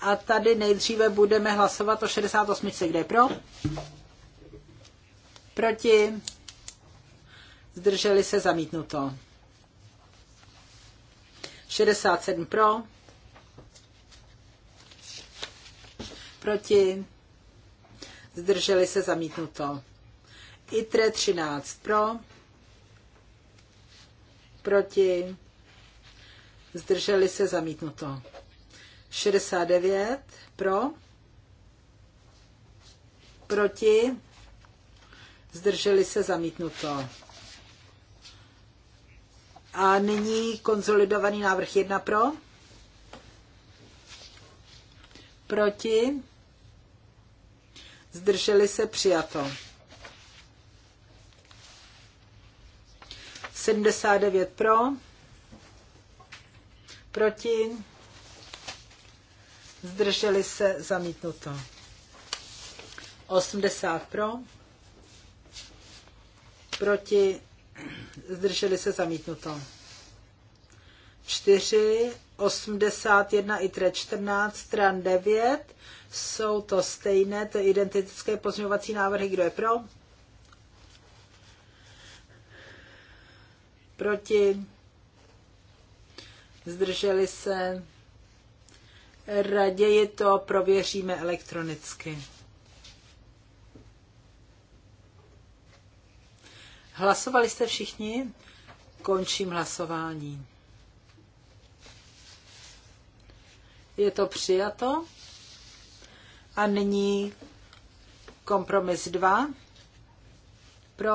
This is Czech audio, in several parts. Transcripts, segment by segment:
A tady nejdříve budeme hlasovat o 68. Kde je pro? Proti? Zdrželi se zamítnuto. 67 pro. Proti? Zdrželi se zamítnuto. ITRE 13 pro. Proti? Zdrželi se zamítnuto. 69 pro, proti, zdrželi se zamítnuto. A nyní konzolidovaný návrh 1 pro, proti, zdrželi se přijato. 79 pro, proti, zdrželi se, zamítnuto. 80 pro, proti, zdrželi se, zamítnuto. 4, 81 i 14, stran 9, jsou to stejné, to je identické pozměňovací návrhy, kdo je pro? Proti, zdrželi se, Raději to prověříme elektronicky. Hlasovali jste všichni? Končím hlasování. Je to přijato. A nyní kompromis 2. Pro.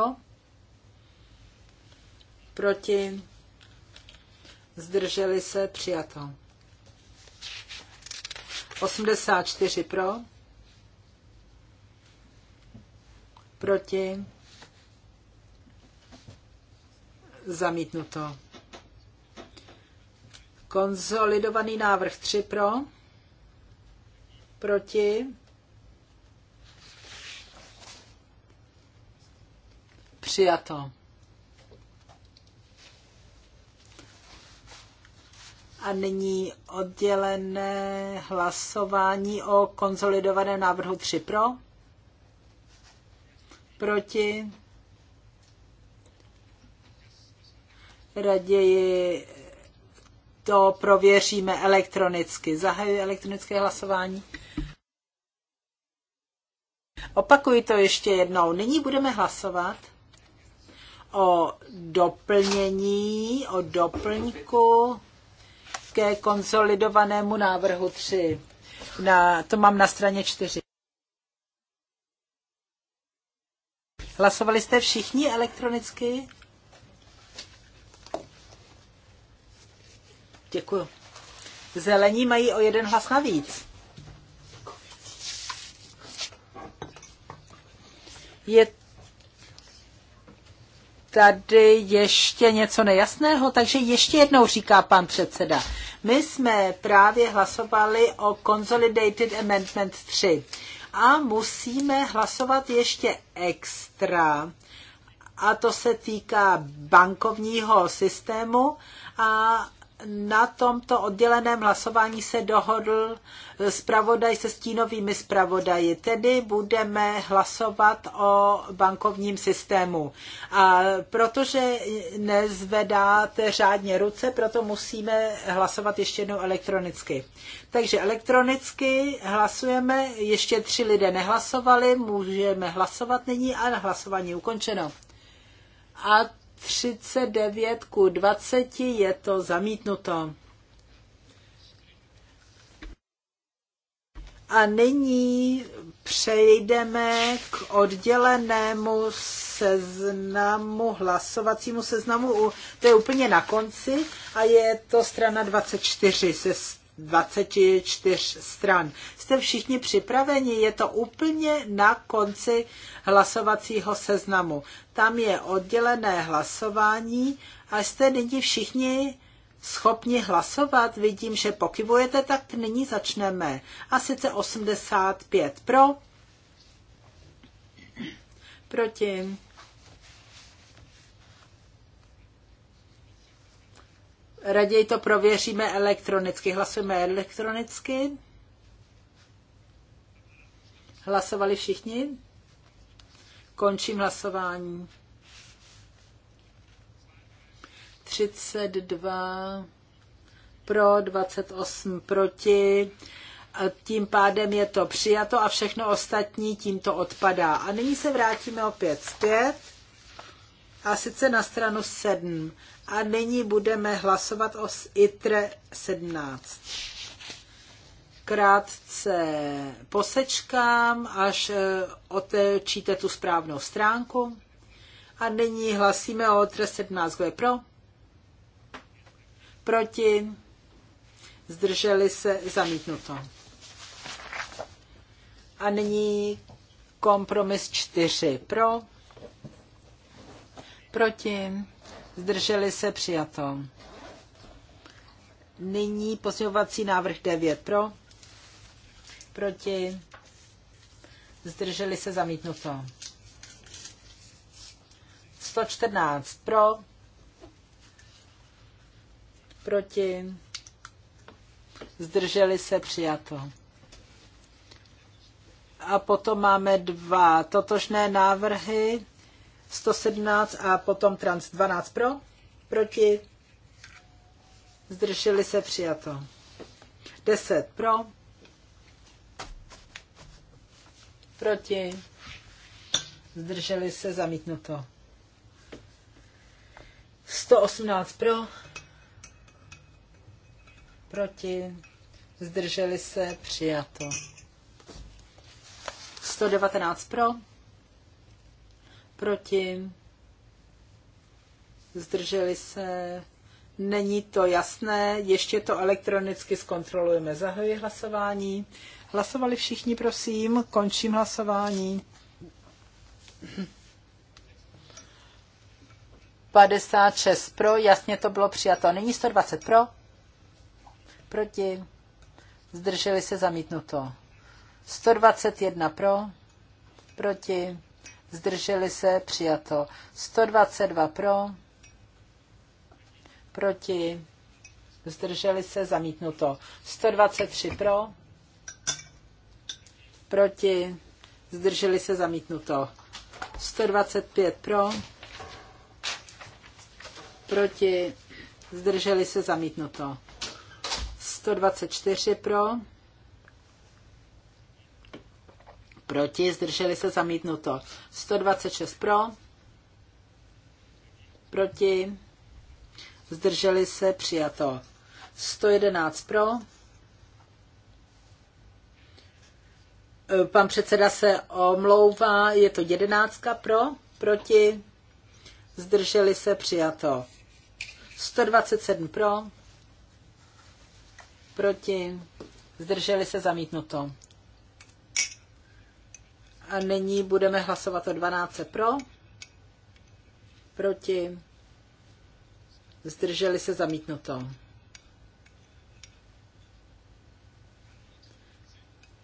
Proti. Zdrželi se. Přijato. 84 pro. Proti. Zamítnuto. Konzolidovaný návrh 3 pro. Proti. Přijato. a nyní oddělené hlasování o konsolidovaném návrhu 3 pro. Proti. Raději to prověříme elektronicky. Zahajuji elektronické hlasování. Opakuji to ještě jednou. Nyní budeme hlasovat o doplnění, o doplňku ke konsolidovanému návrhu 3. Na, to mám na straně 4. Hlasovali jste všichni elektronicky? Děkuju. Zelení mají o jeden hlas navíc. Je tady ještě něco nejasného, takže ještě jednou říká pan předseda. My jsme právě hlasovali o Consolidated Amendment 3 a musíme hlasovat ještě extra. A to se týká bankovního systému a na tomto odděleném hlasování se dohodl zpravodaj se stínovými zpravodaji. Tedy budeme hlasovat o bankovním systému. A protože nezvedáte řádně ruce, proto musíme hlasovat ještě jednou elektronicky. Takže elektronicky hlasujeme, ještě tři lidé nehlasovali, můžeme hlasovat nyní a hlasování ukončeno. A 39 ku 20 je to zamítnuto. A nyní přejdeme k oddělenému seznamu, hlasovacímu seznamu. To je úplně na konci a je to strana 24 se 24 stran. Jste všichni připraveni? Je to úplně na konci hlasovacího seznamu. Tam je oddělené hlasování a jste nyní všichni schopni hlasovat. Vidím, že pokyvujete, tak nyní začneme. A sice 85 pro, proti Raději to prověříme elektronicky. Hlasujeme elektronicky. Hlasovali všichni? Končím hlasování. 32 pro, 28 proti. A tím pádem je to přijato a všechno ostatní tímto odpadá. A nyní se vrátíme opět zpět. A sice na stranu 7 a nyní budeme hlasovat o ITRE 17. Krátce posečkám, až e, otečíte tu správnou stránku. A nyní hlasíme o ITRE 17. Kdo je pro? Proti? Zdrželi se? Zamítnuto. A nyní kompromis 4 pro, proti zdrželi se přijato. Nyní pozměňovací návrh 9 pro, proti, zdrželi se zamítnuto. 114 pro, proti, zdrželi se přijato. A potom máme dva totožné návrhy 117 a potom trans 12 pro, proti, zdrželi se přijato. 10 pro, proti, zdrželi se zamítnuto. 118 pro, proti, zdrželi se přijato. 119 pro, proti, zdrželi se, není to jasné, ještě to elektronicky zkontrolujeme. Zahajuji hlasování. Hlasovali všichni, prosím, končím hlasování. 56 pro, jasně to bylo přijato. Nyní 120 pro, proti, zdrželi se zamítnuto. 121 pro, proti, zdrželi se, přijato. 122 pro, proti, zdrželi se, zamítnuto. 123 pro, proti, zdrželi se, zamítnuto. 125 pro, proti, zdrželi se, zamítnuto. 124 pro, proti, zdrželi se zamítnuto. 126 pro, proti, zdrželi se přijato. 111 pro, pan předseda se omlouvá, je to 11 pro, proti, zdrželi se přijato. 127 pro, proti, zdrželi se zamítnuto. A nyní budeme hlasovat o 12 pro, proti, zdrželi se zamítnuto.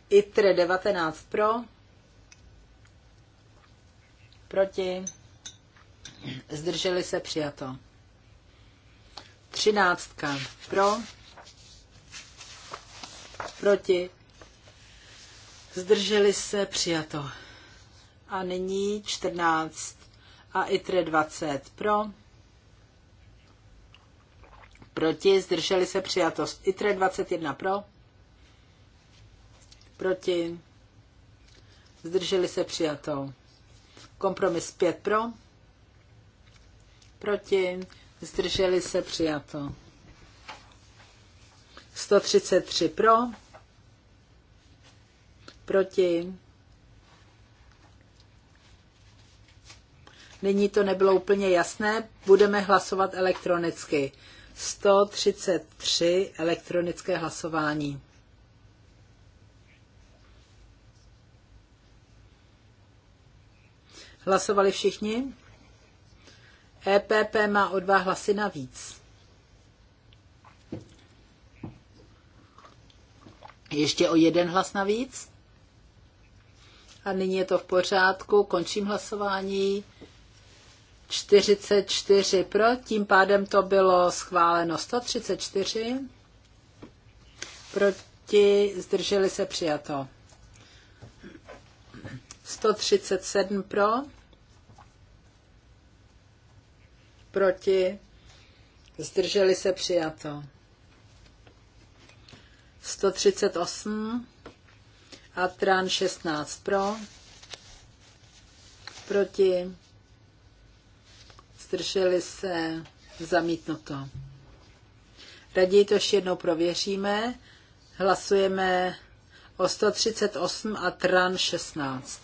ITRE 19 pro, proti, zdrželi se přijato. Třináctka pro, proti, zdrželi se, přijato. A nyní 14 a ITRE 20 pro, proti, zdrželi se, přijato. ITRE 21 pro, proti, zdrželi se, přijato. Kompromis 5 pro, proti, zdrželi se, přijato. 133 pro, Proti. Nyní to nebylo úplně jasné. Budeme hlasovat elektronicky. 133 elektronické hlasování. Hlasovali všichni? EPP má o dva hlasy navíc. Ještě o jeden hlas navíc? A nyní je to v pořádku, končím hlasování. 44 pro, tím pádem to bylo schváleno 134, proti zdrželi se přijato. 137 pro, proti zdrželi se přijato. 138 a tran 16 pro, proti, zdrželi se, zamítnuto. Raději to ještě jednou prověříme. Hlasujeme o 138 a tran 16.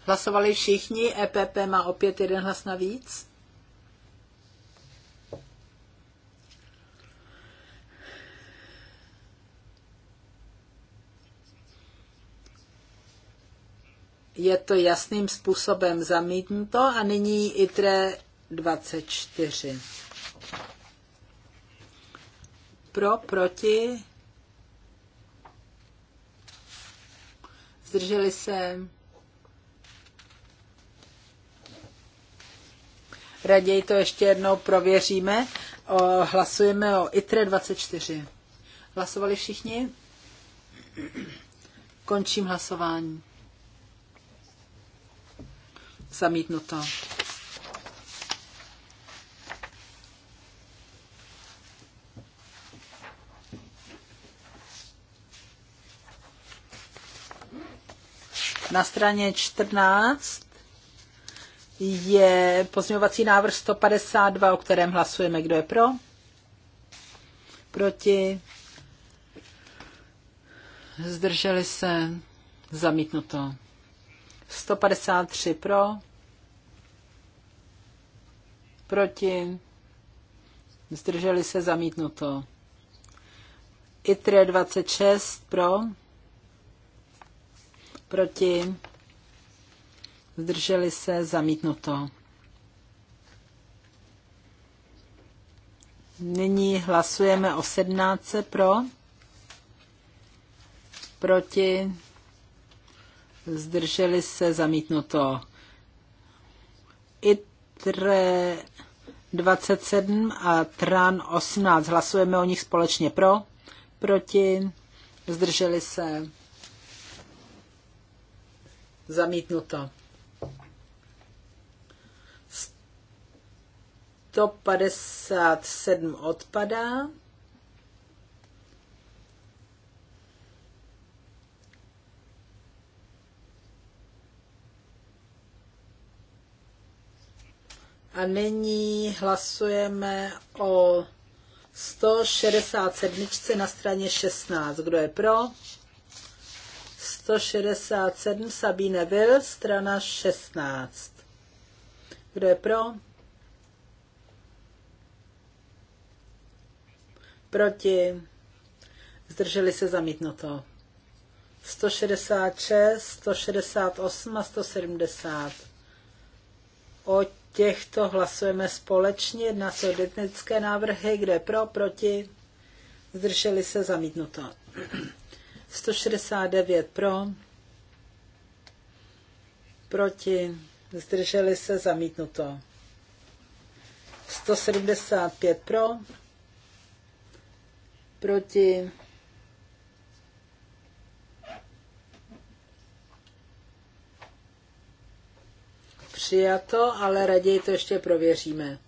Hlasovali všichni, EPP má opět jeden hlas navíc. je to jasným způsobem zamítnuto a nyní ITRE 24. Pro, proti, zdrželi se, raději to ještě jednou prověříme. O, hlasujeme o ITRE 24. Hlasovali všichni? Končím hlasování. Zamítnuto. Na straně 14 je pozměňovací návrh 152, o kterém hlasujeme. Kdo je pro? Proti? Zdrželi se? Zamítnuto. 153 pro? proti, zdrželi se zamítnuto. ITRE 26 pro, proti, zdrželi se zamítnuto. Nyní hlasujeme o sednáce pro, proti, zdrželi se zamítnuto. ITRE ITRE 27 a TRAN 18. Hlasujeme o nich společně pro, proti, zdrželi se. Zamítnuto. 157 odpadá. A nyní hlasujeme o 167 na straně 16. Kdo je pro? 167 Sabine Will, strana 16. Kdo je pro? Proti? Zdrželi se zamítnuto. 166, 168 a 170. O těchto hlasujeme společně. Jedná se o identické návrhy, kde pro, proti, zdrželi se zamítnuto. 169 pro, proti, zdrželi se zamítnuto. 175 pro, proti, přijato, ale raději to ještě prověříme.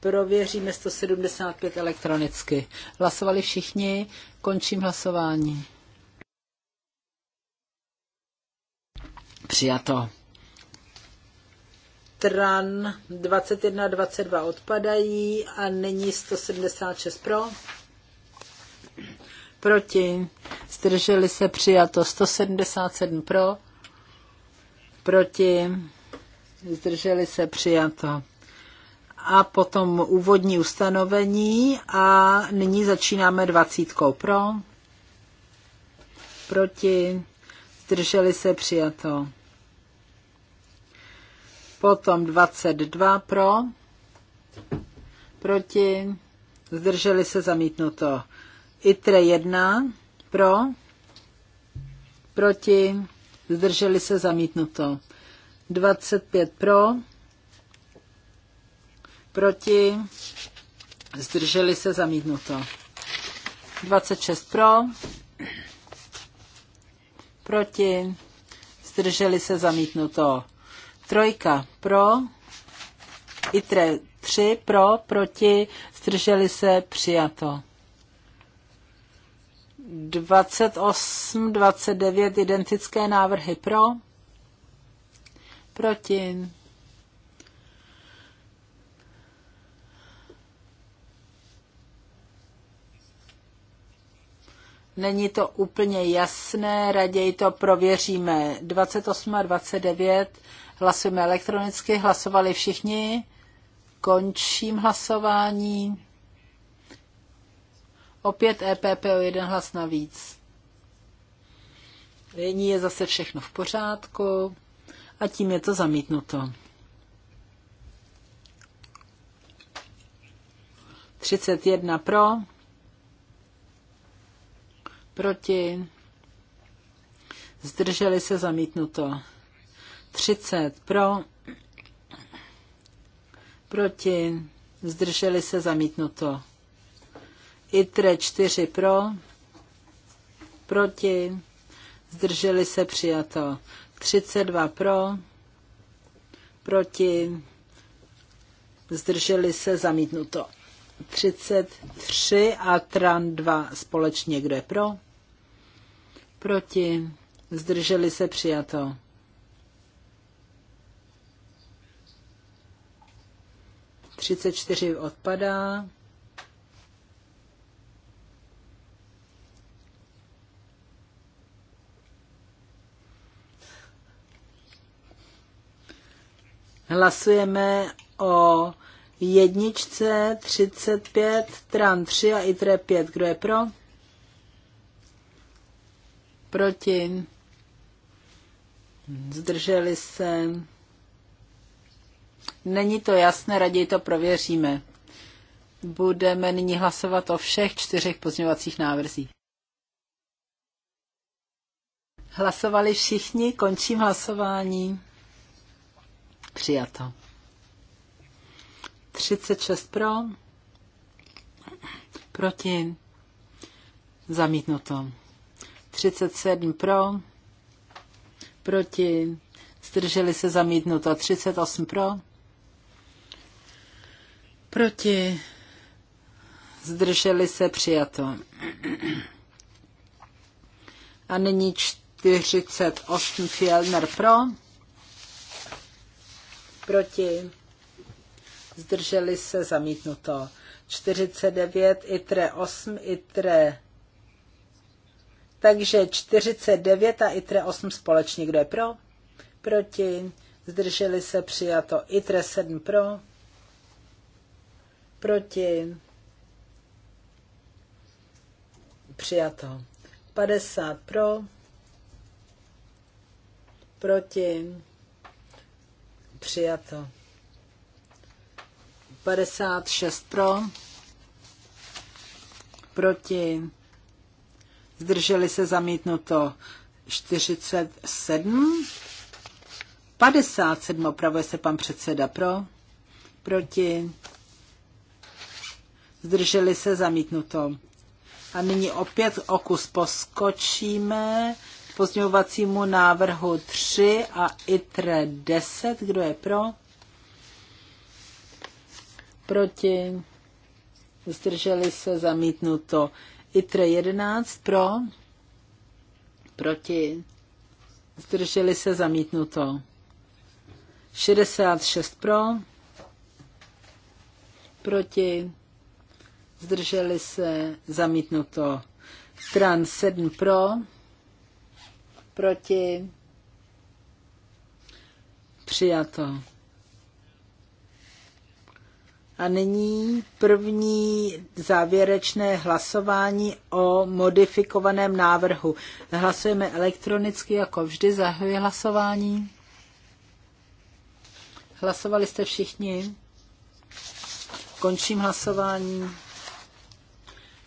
Prověříme 175 elektronicky. Hlasovali všichni, končím hlasování. Přijato. Tran 21 22 odpadají a není 176 pro. Proti. Zdrželi se přijato 177 pro. Proti zdrželi se přijato. A potom úvodní ustanovení a nyní začínáme dvacítkou pro, proti, zdrželi se přijato. Potom 22 pro, proti, zdrželi se zamítnuto. ITRE 1 pro, proti, zdrželi se zamítnuto. 25 pro, proti, zdrželi se zamítnuto. 26 pro, proti, zdrželi se zamítnuto. Trojka pro, ITRE tři pro, proti, zdrželi se přijato. 28, 29 identické návrhy pro, Proti. Není to úplně jasné, raději to prověříme. 28 a 29 hlasujeme elektronicky, hlasovali všichni. Končím hlasování. Opět EPP o jeden hlas navíc. Nyní je zase všechno v pořádku a tím je to zamítnuto. 31 pro, proti, zdrželi se zamítnuto. 30 pro, proti, zdrželi se zamítnuto. ITRE 4 pro, proti, zdrželi se přijato. 32 pro, proti, zdrželi se, zamítnuto. 33 a tran 2 společně, kdo je pro, proti, zdrželi se, přijato. Třicet čtyři odpadá. Hlasujeme o jedničce 35, tran 3 a itre 5. Kdo je pro? Proti? Zdrželi se? Není to jasné, raději to prověříme. Budeme nyní hlasovat o všech čtyřech pozměňovacích návrzích. Hlasovali všichni, končím hlasování. Přijato. 36 pro. Proti. Zamítnuto. 37 pro. Proti. Zdrželi se zamítnuto. 38 pro. Proti. Zdrželi se přijato. A nyní 48 Fielner pro proti, zdrželi se, zamítnuto. 49, ITRE 8, ITRE. Takže 49 a ITRE 8 společně. Kdo je pro? Proti, zdrželi se, přijato. ITRE 7 pro, proti, přijato. 50 pro, proti, Přijato. 56 pro. Proti. Zdrželi se zamítnuto 47. 57 opravuje se pan předseda pro. Proti. Zdrželi se zamítnuto. A nyní opět okus poskočíme pozměňovacímu návrhu 3 a ITR 10. Kdo je pro? Proti? Zdrželi se zamítnuto. ITR 11 pro? Proti? Zdrželi se zamítnuto. 66 pro? Proti? Zdrželi se zamítnuto. Tran 7 pro? proti, přijato. A nyní první závěrečné hlasování o modifikovaném návrhu. Hlasujeme elektronicky, jako vždy zahajuje hlasování. Hlasovali jste všichni? Končím hlasování.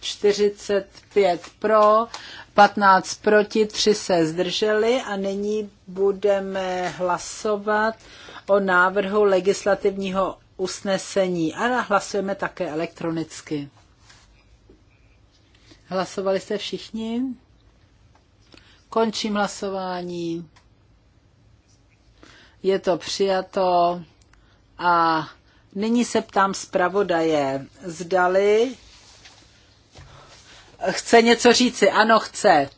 45 pro, 15 proti, 3 se zdrželi a nyní budeme hlasovat o návrhu legislativního usnesení a hlasujeme také elektronicky. Hlasovali jste všichni? Končím hlasování. Je to přijato. A nyní se ptám zpravodaje, zdali chce něco říci. Ano, chce.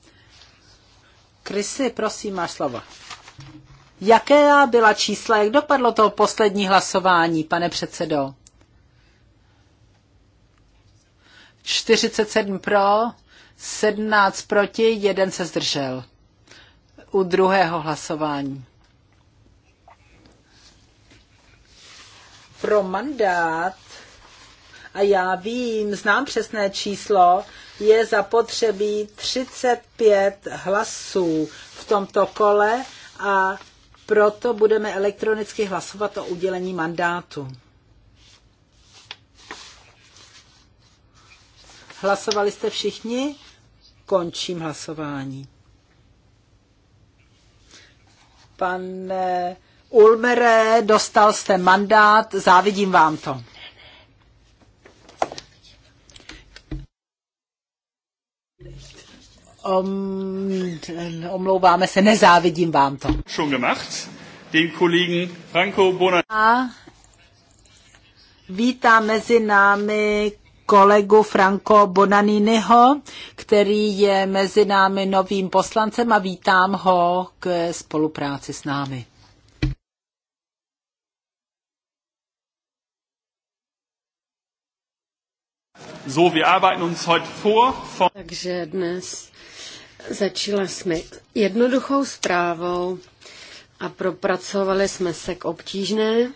Krysy, prosím, máš slovo. Jaké byla čísla, jak dopadlo to poslední hlasování, pane předsedo? 47 pro, 17 proti, jeden se zdržel. U druhého hlasování. Pro mandát, a já vím, znám přesné číslo, je zapotřebí 35 hlasů v tomto kole a proto budeme elektronicky hlasovat o udělení mandátu. Hlasovali jste všichni? Končím hlasování. Pane Ulmere, dostal jste mandát, závidím vám to. Um, omlouváme se, nezávidím vám to. Schon gemacht, den Kollegen Franco Bonan. A vítá mezi námi kolegu Franco Bonaniniho, který je mezi námi novým poslancem a vítám ho k spolupráci s námi. So, wir arbeiten uns heute vor. Takže dnes Začala jsme jednoduchou zprávou a propracovali jsme se k obtížné.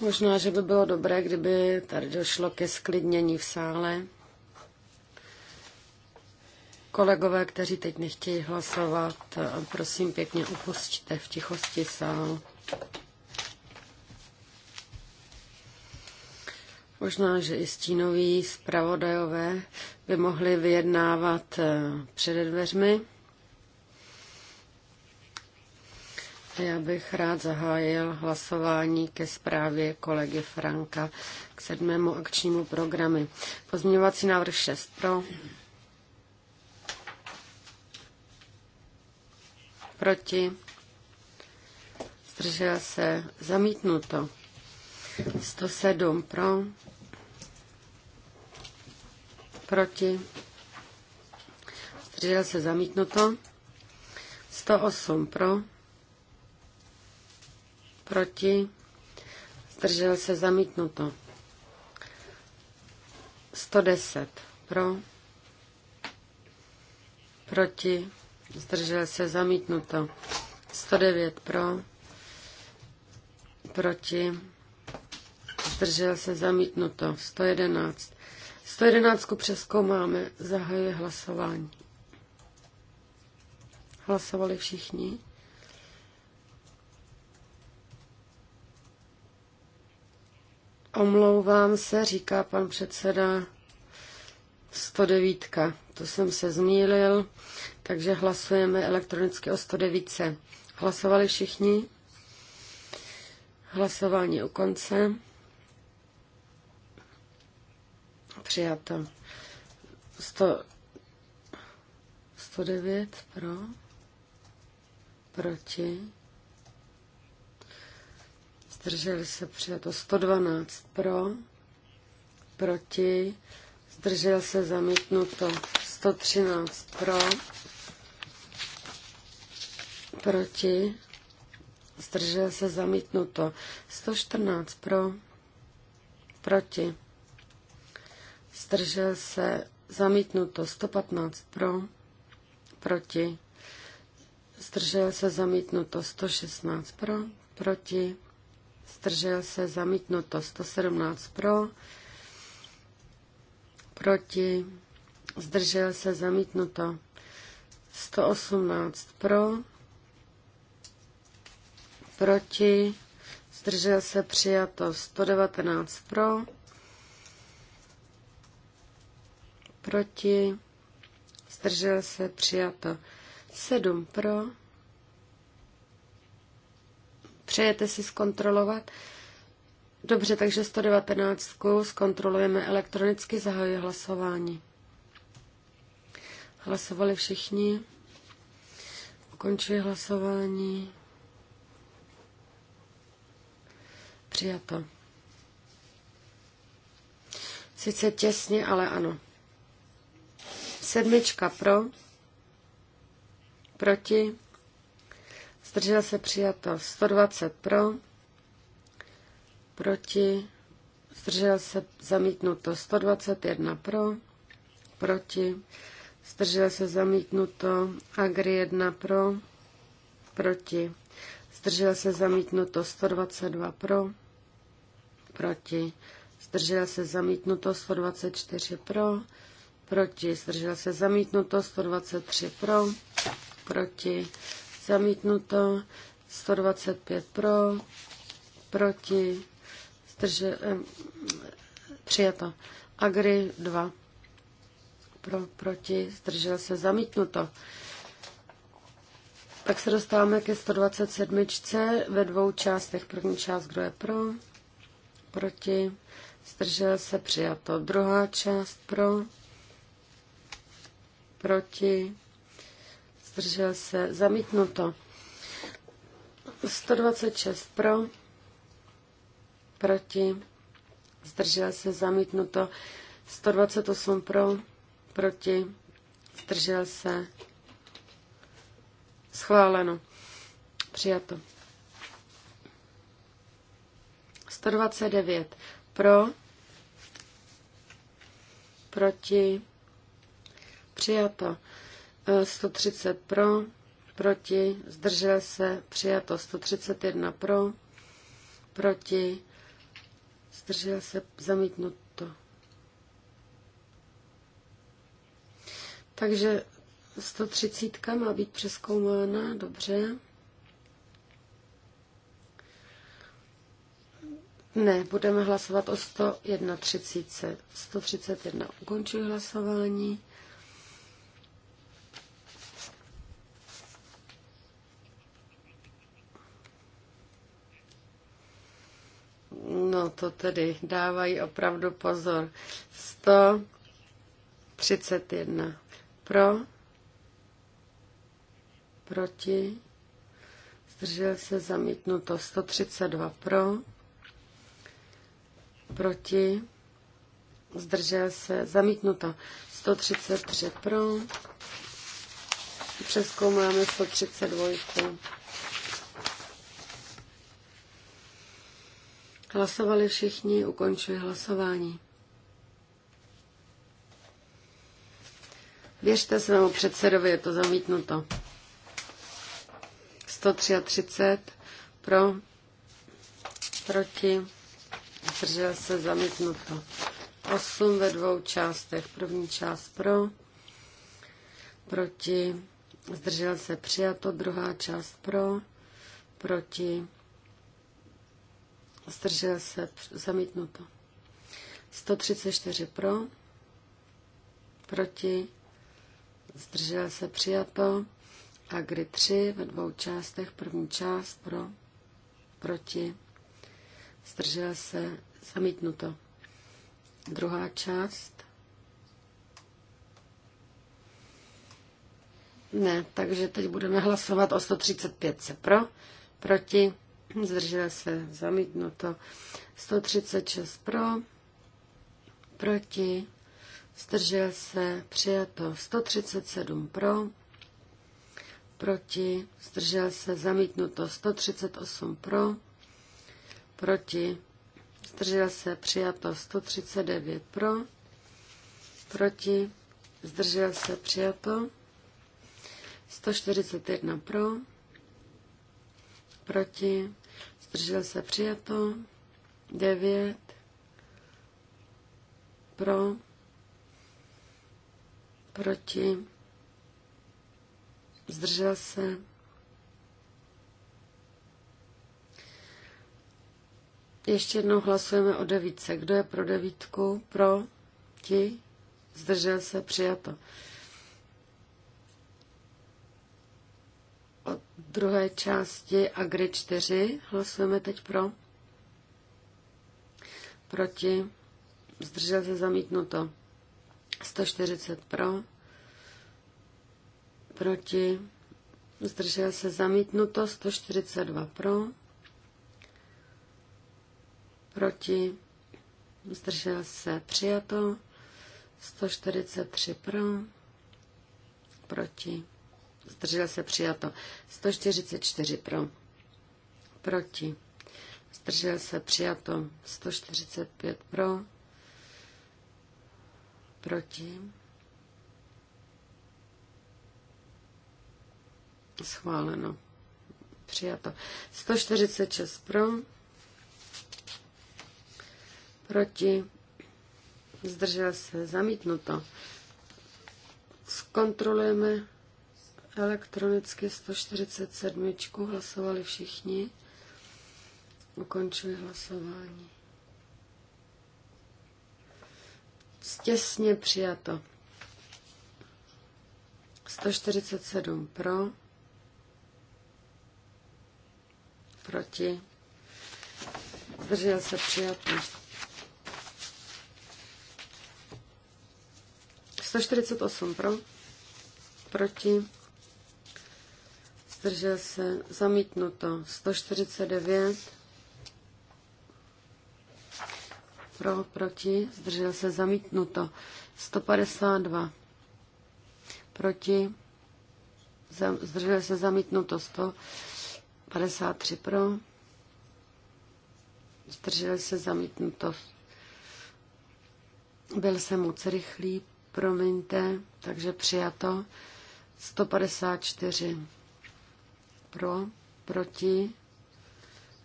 Možná, že by bylo dobré, kdyby tady došlo ke sklidnění v sále. Kolegové, kteří teď nechtějí hlasovat, prosím pěkně opustíte v tichosti sál. Možná, že i stínoví zpravodajové by mohli vyjednávat eh, před dveřmi. Já bych rád zahájil hlasování ke zprávě kolegy Franka k sedmému akčnímu programu. Pozměňovací návrh 6 pro. Proti. Zdržel se. Zamítnuto. 107 pro proti, zdržel se zamítnuto, 108 pro, proti, zdržel se zamítnuto, 110 pro, proti, zdržel se zamítnuto, 109 pro, proti, zdržel se zamítnuto, 111 111 přeskoumáme. Zahajuje hlasování. Hlasovali všichni. Omlouvám se, říká pan předseda 109. To jsem se zmýlil, takže hlasujeme elektronicky o 109. Hlasovali všichni? Hlasování u konce. Přijato. 100, 109 pro, proti, zdrželi se přijato. 112 pro, proti, zdržel se zamítnuto. 113 pro, proti, zdržel se zamítnuto. 114 pro, proti zdržel se, zamítnuto 115 pro, proti, zdržel se, zamítnuto 116 pro, proti, zdržel se, zamítnuto 117 pro, proti, zdržel se, zamítnuto 118 pro, proti, zdržel se, přijato 119 pro, proti, zdržel se, přijato. 7 pro. Přejete si zkontrolovat? Dobře, takže 119 zkontrolujeme elektronicky, zahajuje hlasování. Hlasovali všichni. Ukončuji hlasování. Přijato. Sice těsně, ale ano. Sedmička pro, proti, zdržel se přijato 120 pro, proti, zdržel se zamítnuto 121 pro, proti, zdržel se zamítnuto Agri 1 pro, proti, zdržel se zamítnuto 122 pro, proti, zdržel se zamítnuto 124 pro, proti, zdržel se zamítnuto, 123 pro, proti, zamítnuto, 125 pro, proti, zdržel, eh, přijato. Agri 2 pro, proti, zdržel se zamítnuto. Tak se dostáváme ke 127 ve dvou částech. První část, kdo je pro, proti, zdržel se přijato. Druhá část pro, proti, zdržel se, zamítnuto. 126 pro, proti, zdržel se, zamítnuto. 128 pro, proti, zdržel se, schváleno, přijato. 129 pro, proti, přijato. 130 e, pro, proti, zdržel se, přijato. 131 pro, proti, zdržel se, zamítnuto. Takže 130 má být přeskoumána, dobře. Ne, budeme hlasovat o 131. 131 ukončuji hlasování. No to tedy dávají opravdu pozor. 131 pro, proti, zdržel se zamítnuto 132 pro, proti, zdržel se zamítnuto 133 pro, přeskoumáme 132. Hlasovali všichni, ukončuji hlasování. Věřte svému předsedovi, je to zamítnuto. 133 pro, proti, držel se zamítnuto. 8 ve dvou částech. První část pro, proti, zdržel se přijato, druhá část pro, proti, zdržel se, zamítnuto. 134 pro, proti, zdržel se, přijato. A kdy 3 ve dvou částech, první část pro, proti, zdržel se, zamítnuto. Druhá část Ne, takže teď budeme hlasovat o 135 pro, proti, zdržel se, zamítnuto. 136 pro, proti, zdržel se, přijato. 137 pro, proti, zdržel se, zamítnuto. 138 pro, proti, zdržel se, přijato. 139 pro, proti, zdržel se, přijato. 141 pro, proti, zdržel se přijato, 9 pro, proti, zdržel se, Ještě jednou hlasujeme o devítce. Kdo je pro devítku? Pro? Ti? Zdržel se? Přijato. druhé části Agri 4. Hlasujeme teď pro. Proti. Zdržel se zamítnuto. 140 pro. Proti. Zdržel se zamítnuto. 142 pro. Proti. Zdržel se přijato. 143 pro. Proti zdržel se přijato. 144 pro, proti, zdržel se přijato. 145 pro, proti, schváleno, přijato. 146 pro, proti, zdržel se, zamítnuto. Zkontrolujeme Elektronicky 147. hlasovali všichni. Ukončili hlasování. Stěsně přijato. 147 pro, proti, zdržel se přijatý. 148 pro, proti, zdržel se, zamítnuto 149, pro, proti, zdržel se, zamítnuto 152, proti, zdržel se, zamítnuto 153 pro, zdržel se, zamítnuto. Byl jsem moc rychlý, promiňte, takže přijato 154 pro, proti,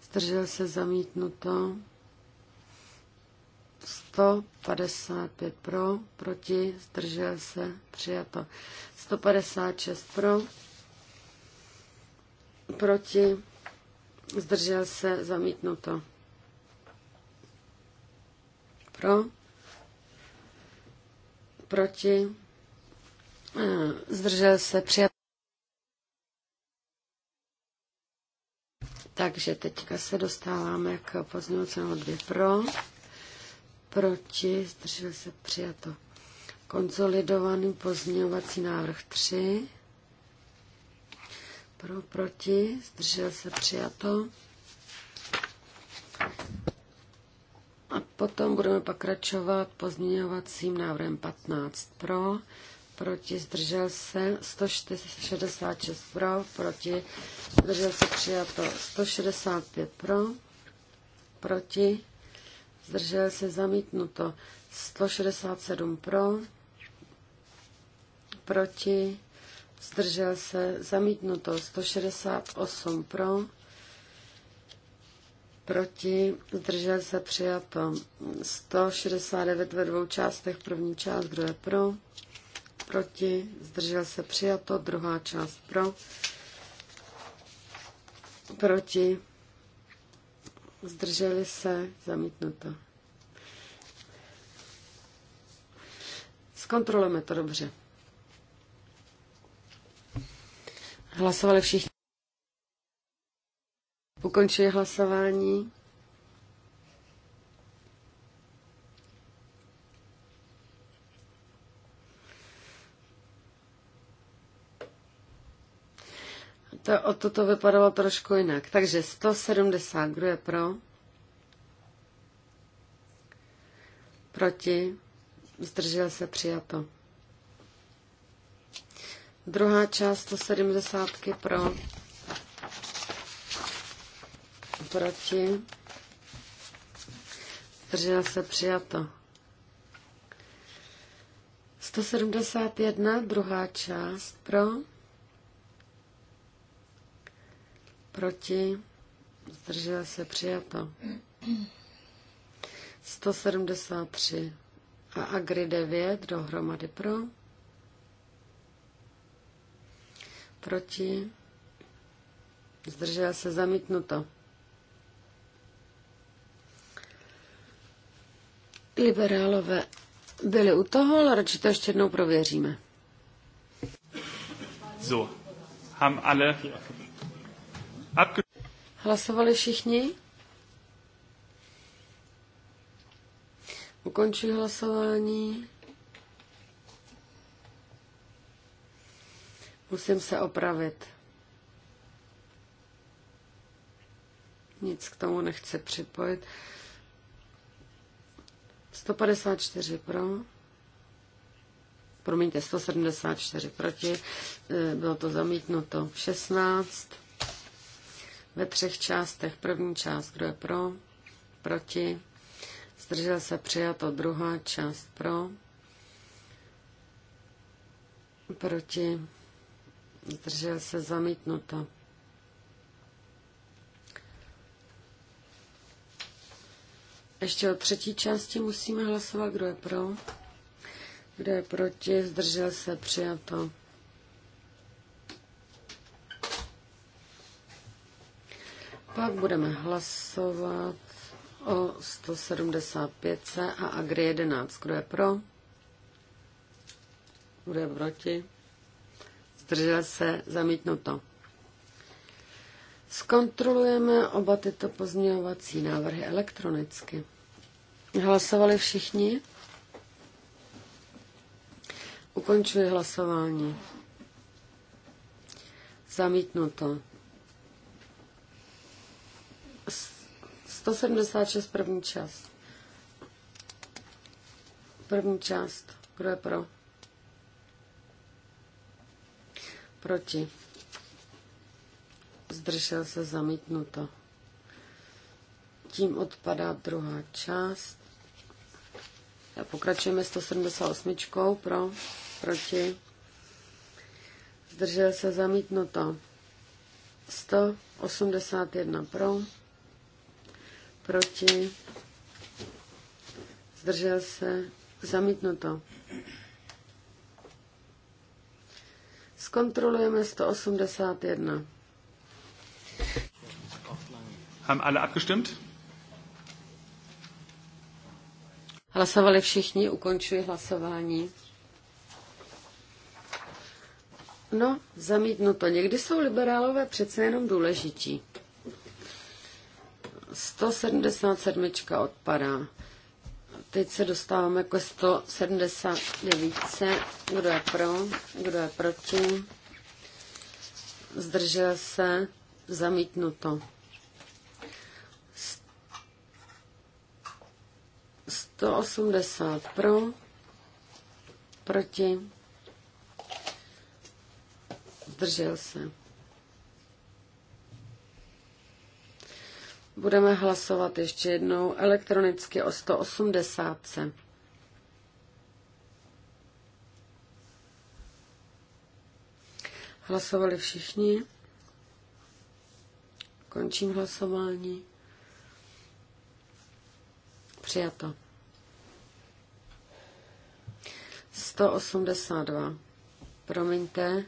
zdržel se zamítnuto, 155 pro, proti, zdržel se, přijato. 156 pro, proti, zdržel se, zamítnuto. Pro, proti, eh, zdržel se, přijato. Takže teďka se dostáváme k pozměňovacímu 2 pro, proti, zdržel se přijato. Konsolidovaný pozměňovací návrh 3, pro, proti, zdržel se přijato. A potom budeme pokračovat pozměňovacím návrhem 15 pro, proti, zdržel se, 166 pro, proti, zdržel se, přijato, 165 pro, proti, zdržel se, zamítnuto, 167 pro, proti, zdržel se, zamítnuto, 168 pro, proti, zdržel se, přijato, 169 ve dvou částech, první část, kdo je pro, proti, zdržel se přijato, druhá část pro, proti, zdrželi se, zamítnuto. Zkontrolujeme to dobře. Hlasovali všichni. Ukončuji hlasování. To, o toto vypadalo trošku jinak. Takže 170, kdo je pro? Proti? Zdržel se přijato. Druhá část 170 pro. Proti? Zdržel se přijato. 171, druhá část pro Proti? Zdržel se přijato. 173 a Agri 9 dohromady pro. Proti? Zdržel se zamítnuto. Liberálové byli u toho, ale radši to ještě jednou prověříme. So, haben alle Hlasovali všichni? Ukončuji hlasování. Musím se opravit. Nic k tomu nechci připojit. 154 pro. Promiňte, 174 proti. E, bylo to zamítnuto. 16 ve třech částech. První část, kdo je pro, proti, zdržel se přijato. Druhá část pro, proti, zdržel se zamítnuto. Ještě o třetí části musíme hlasovat, kdo je pro, kdo je proti, zdržel se přijato. Pak budeme hlasovat o 175C a Agri 11. Kdo je pro? Kdo je proti? Zdržel se zamítnuto. Zkontrolujeme oba tyto pozměňovací návrhy elektronicky. Hlasovali všichni? Ukončuji hlasování. Zamítnuto. 176 první část. První část. Kdo je pro? Proti. Zdržel se zamítnuto. Tím odpadá druhá část. A pokračujeme 178. Pro, proti. Zdržel se zamítnuto. 181 pro proti, zdržel se, zamítnuto. Zkontrolujeme 181. Haben alle abgestimmt? Hlasovali všichni, ukončuji hlasování. No, zamítnuto. Někdy jsou liberálové přece jenom důležití. 177 odpadá. Teď se dostáváme ke 179. Kdo je pro? Kdo je proti? Zdržel se? Zamítnuto. 180 pro, proti, zdržel se. Budeme hlasovat ještě jednou elektronicky o 180. Hlasovali všichni. Končím hlasování. Přijato. 182. Promiňte.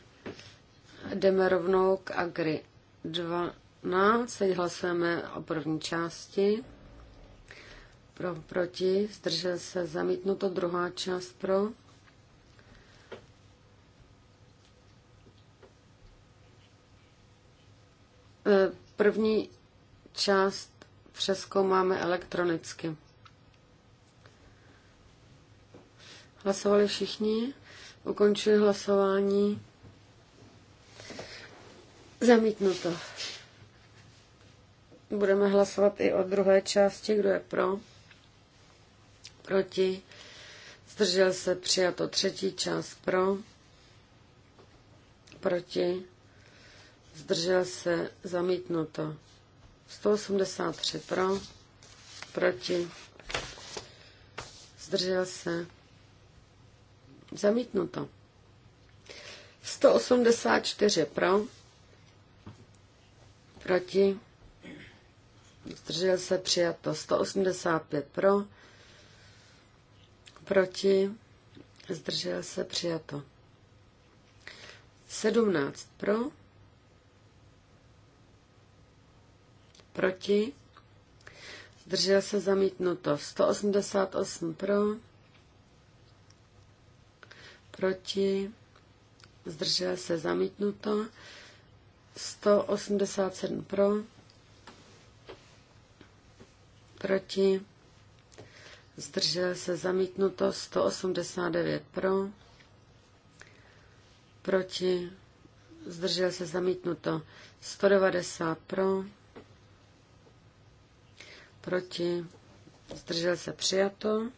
Jdeme rovnou k Agri. 2 No, Teď hlasujeme o první části. Pro, proti, zdržel se zamítnuto, druhá část pro. E, první část přeskoumáme elektronicky. Hlasovali všichni? Ukončuji hlasování. Zamítnuto. Budeme hlasovat i o druhé části, kdo je pro, proti, zdržel se přijato třetí část pro, proti, zdržel se zamítnuto 183 pro, proti, zdržel se zamítnuto 184 pro, proti, zdržel se přijato 185 pro, proti, zdržel se přijato 17 pro, proti, zdržel se zamítnuto 188 pro, proti, zdržel se zamítnuto 187 pro, proti, zdržel se zamítnuto 189 pro, proti, zdržel se zamítnuto 190 pro, proti, zdržel se přijato,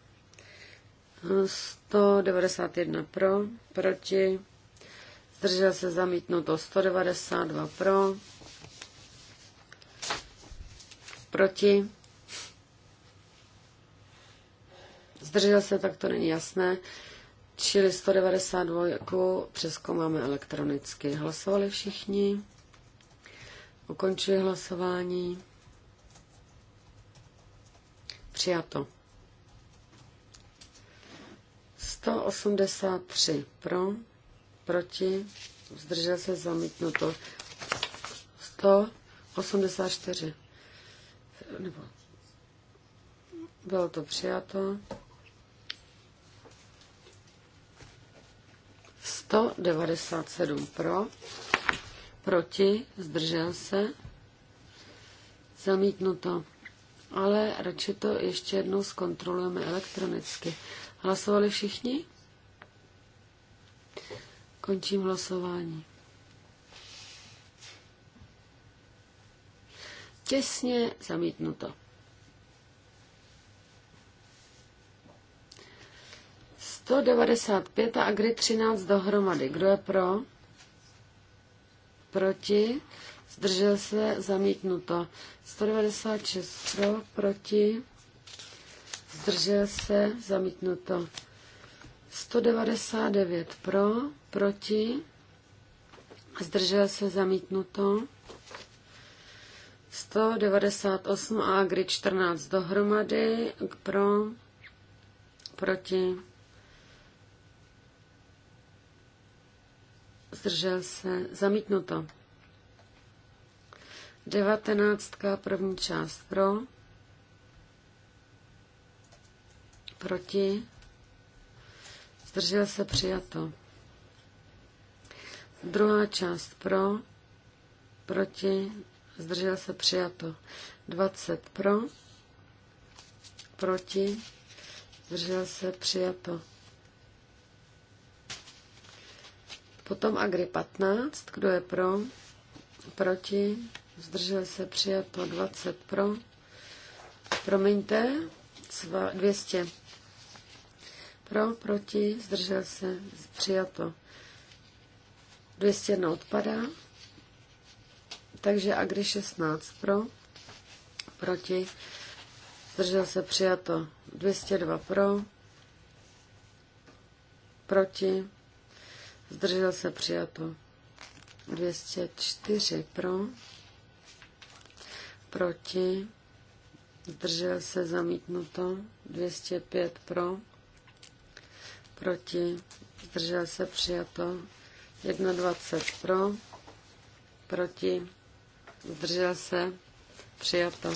191 pro, proti, zdržel se zamítnuto 192 pro, proti, Zdržel se, tak to není jasné. Čili 192 jako přeskoumáme elektronicky. Hlasovali všichni. Ukončuji hlasování. Přijato. 183 pro, proti, zdržel se zamítnuto. 184. Nebo bylo to přijato. 197 pro, proti, zdržel se, zamítnuto. Ale radši to ještě jednou zkontrolujeme elektronicky. Hlasovali všichni? Končím hlasování. Těsně zamítnuto. 195 a Agri 13 dohromady. Kdo je pro? Proti? Zdržel se? Zamítnuto. 196 pro? Proti? Zdržel se? Zamítnuto. 199 pro? Proti? Zdržel se? Zamítnuto. 198 a Agri 14 dohromady. Pro? Proti? zdržel se, zamítnuto. Devatenáctka, první část pro, proti, zdržel se, přijato. Druhá část pro, proti, zdržel se, přijato. Dvacet pro, proti, zdržel se, přijato. Potom Agri 15, kdo je pro, proti, zdržel se přijato 20 pro, promiňte, 200 pro, proti, zdržel se přijato 201 odpadá, takže Agri 16 pro, proti, zdržel se přijato 202 pro, proti, Zdržel se přijato. 204 pro. Proti. Zdržel se zamítnuto. 205 pro. Proti. Zdržel se přijato. 21 pro. Proti. Zdržel se. Přijato.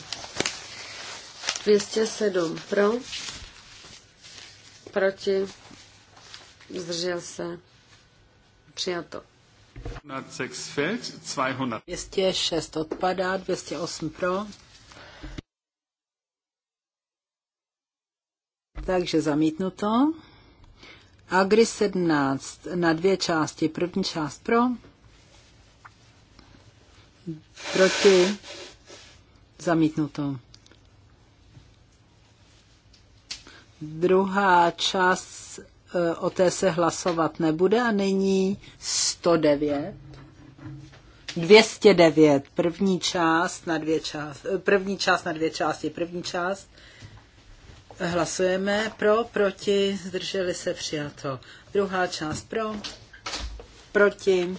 207 pro. Proti. Zdržel se Přijato. 206 odpadá, 208 pro. Takže zamítnuto. Agri 17 na dvě části. První část pro. Proti. Zamítnuto. Druhá část E, o té se hlasovat nebude a nyní 109. 209, první část na dvě části. E, první část na dvě části, první část. Hlasujeme pro, proti, zdrželi se přijato. Druhá část pro, proti,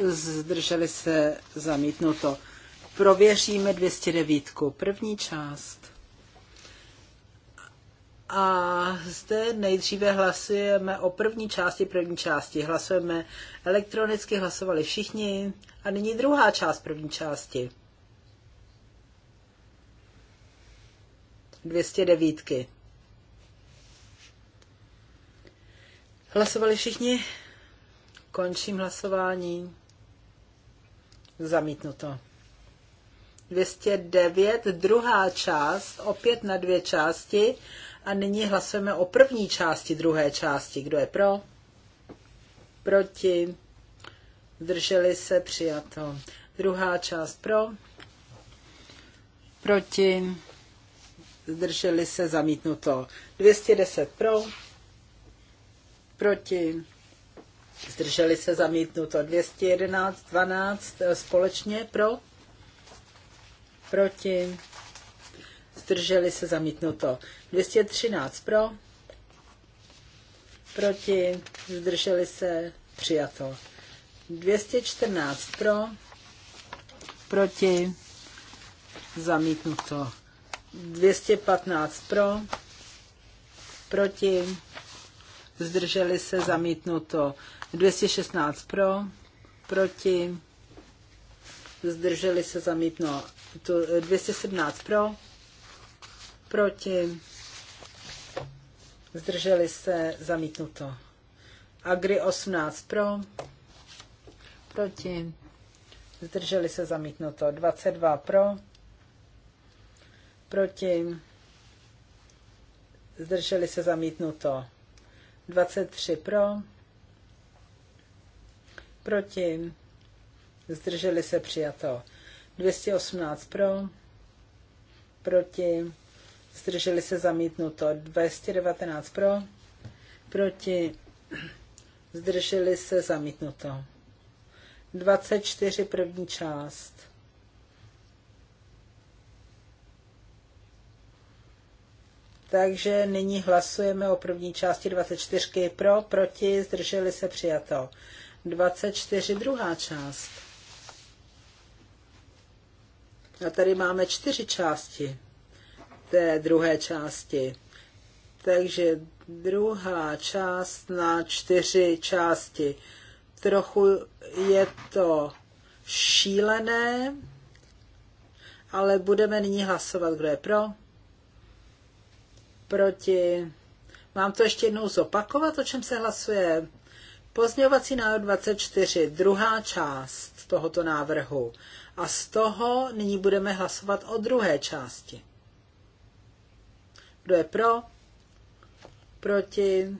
zdrželi se zamítnuto. Prověříme 209, první část. A zde nejdříve hlasujeme o první části první části. Hlasujeme elektronicky, hlasovali všichni. A nyní druhá část první části. 209. Hlasovali všichni? Končím hlasování. Zamítnuto. 209, druhá část, opět na dvě části a nyní hlasujeme o první části druhé části. Kdo je pro? Proti? Zdrželi se? Přijato. Druhá část pro? Proti? Zdrželi se? Zamítnuto. 210 pro? Proti? Zdrželi se? Zamítnuto. 211, 12 eh, společně pro? Proti? zdrželi se zamítnuto. 213 pro, proti, zdrželi se přijato. 214 pro, proti, zamítnuto. 215 pro, proti, zdrželi se zamítnuto. 216 pro, proti, zdrželi se zamítnuto. 217 pro, Proti. Zdrželi se. Zamítnuto. Agri 18 pro. Proti. Zdrželi se. Zamítnuto. 22 pro. Proti. Zdrželi se. Zamítnuto. 23 pro. Proti. Zdrželi se. Přijato. 218 pro. Proti zdrželi se zamítnuto 219 pro, proti, zdrželi se zamítnuto 24 první část. Takže nyní hlasujeme o první části 24 pro, proti, zdrželi se přijato. 24 druhá část. A tady máme čtyři části té druhé části. Takže druhá část na čtyři části. Trochu je to šílené, ale budeme nyní hlasovat, kdo je pro, proti. Mám to ještě jednou zopakovat, o čem se hlasuje. Pozměňovací návrh 24, druhá část tohoto návrhu. A z toho nyní budeme hlasovat o druhé části. Kdo je pro? Proti?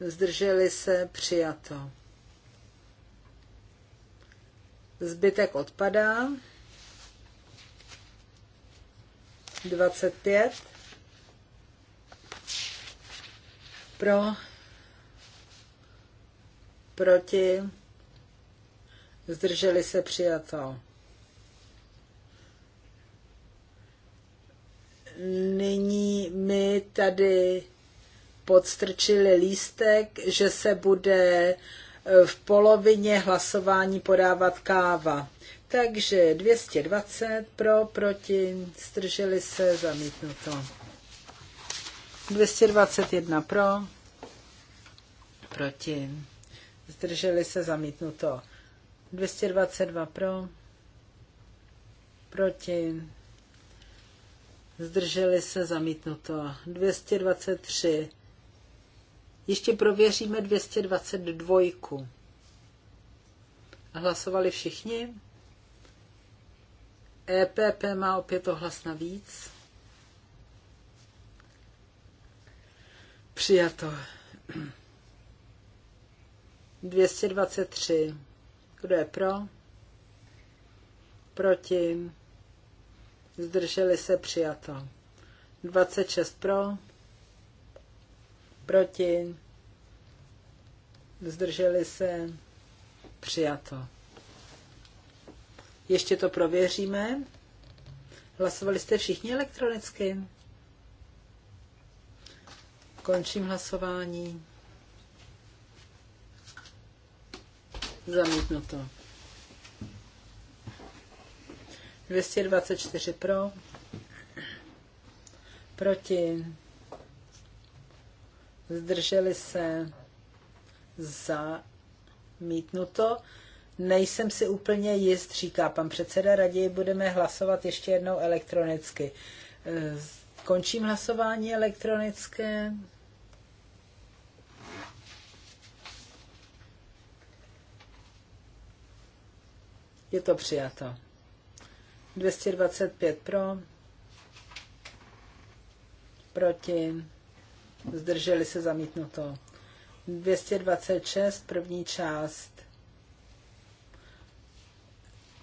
Zdrželi se? Přijato. Zbytek odpadá. 25. Pro. Proti. Zdrželi se přijato. nyní mi tady podstrčili lístek, že se bude eh, v polovině hlasování podávat káva. Takže 220 pro, proti, strželi se, zamítnuto. 221 pro, proti, zdrželi se, zamítnuto. 222 pro, proti, zdrželi se zamítnuto. 223. Ještě prověříme 222. Hlasovali všichni? EPP má opět ohlas navíc. Přijato. 223. Kdo je pro? Proti? zdrželi se přijato. 26 pro, proti, zdrželi se přijato. Ještě to prověříme. Hlasovali jste všichni elektronicky? Končím hlasování. Zamítnuto. to. 224 pro, proti, zdrželi se za mítnuto. Nejsem si úplně jist, říká pan předseda, raději budeme hlasovat ještě jednou elektronicky. Eh, končím hlasování elektronické. Je to přijato. 225 pro, proti, zdrželi se zamítnuto. 226, první část.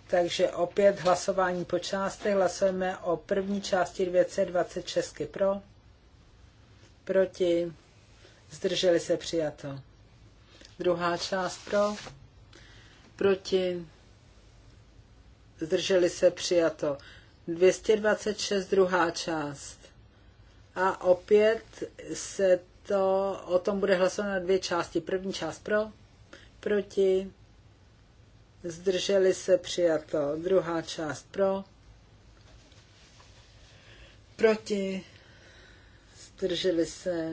Takže opět hlasování po částech. Hlasujeme o první části 226 pro, proti, zdrželi se přijato. Druhá část pro, proti, zdrželi se přijato. 226 druhá část. A opět se to, o tom bude hlasovat na dvě části. První část pro, proti, zdrželi se přijato. Druhá část pro, proti, zdrželi se.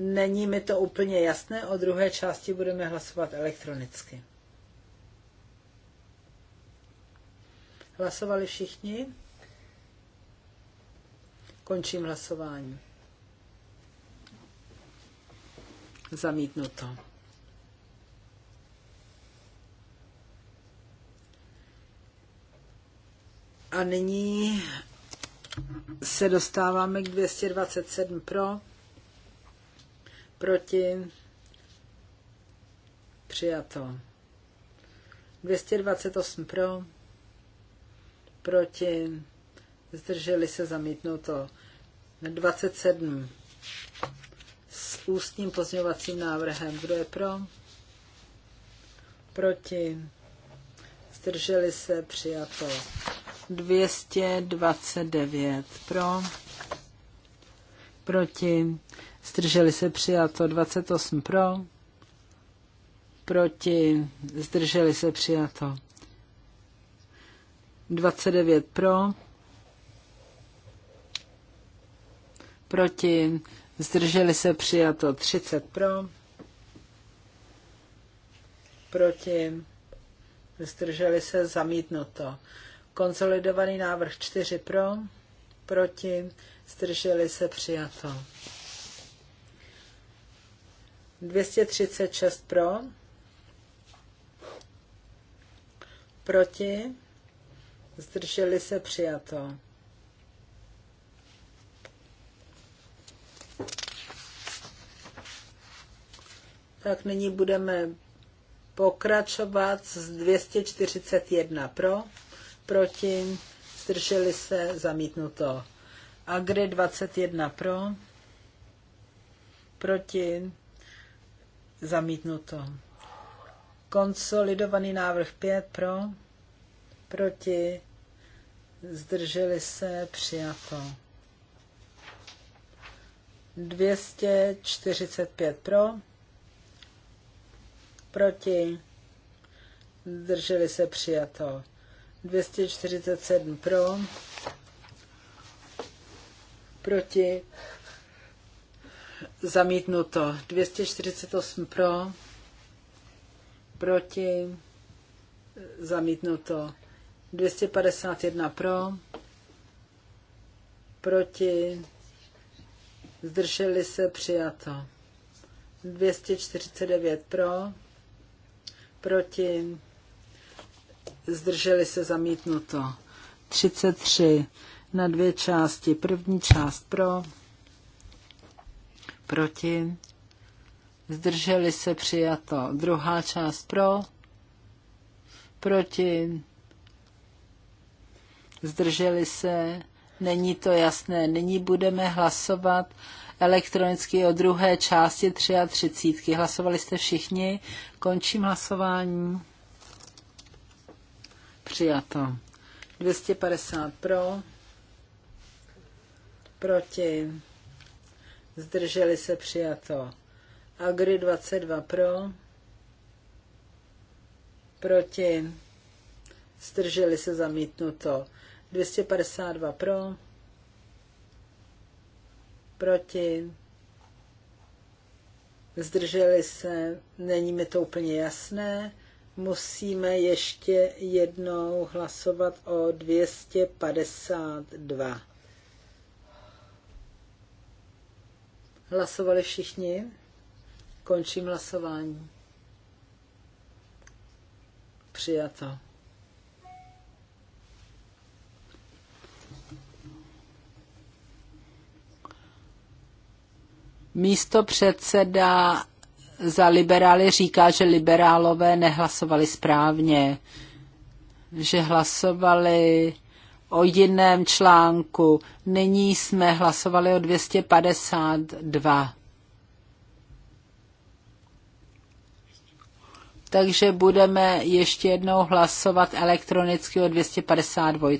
Není mi to úplně jasné, o druhé části budeme hlasovat elektronicky. Hlasovali všichni? Končím hlasování. Zamítnuto. A nyní se dostáváme k 227 pro, proti, přijato. 228 pro, proti, zdrželi se zamítnuto. 27 s ústním pozměňovacím návrhem. Kdo je pro? Proti, zdrželi se přijato. 229 pro, proti, zdrželi se přijato 28 pro, proti, zdrželi se přijato 29 pro, proti, zdrželi se přijato 30 pro, proti, zdrželi se zamítnuto. Konsolidovaný návrh 4 pro, proti, zdrželi se přijato. 236 pro, proti, zdrželi se přijato. Tak nyní budeme pokračovat z 241 pro, proti, zdrželi se, zamítnuto. Agri 21 pro, proti, zamítnuto. Konsolidovaný návrh 5 pro, proti, zdrželi se, přijato. 245 pro, proti, zdrželi se, přijato. 247 pro, proti, zamítnuto. 248 pro, proti, zamítnuto. 251 pro, proti, zdrželi se přijato. 249 pro, proti, zdrželi se zamítnuto. 33 na dvě části. První část pro, proti, zdrželi se přijato. Druhá část pro, proti, zdrželi se, není to jasné. Nyní budeme hlasovat elektronicky o druhé části 33. Hlasovali jste všichni, končím hlasování. Přijato. 250 pro, proti, zdrželi se přijato. Agri 22 pro, proti, zdrželi se zamítnuto. 252 pro, proti, zdrželi se, není mi to úplně jasné. Musíme ještě jednou hlasovat o 252. Hlasovali všichni? Končím hlasování. Přijato. Místo předseda za liberály říká, že liberálové nehlasovali správně, že hlasovali o jiném článku. Nyní jsme hlasovali o 252. Takže budeme ještě jednou hlasovat elektronicky o 252.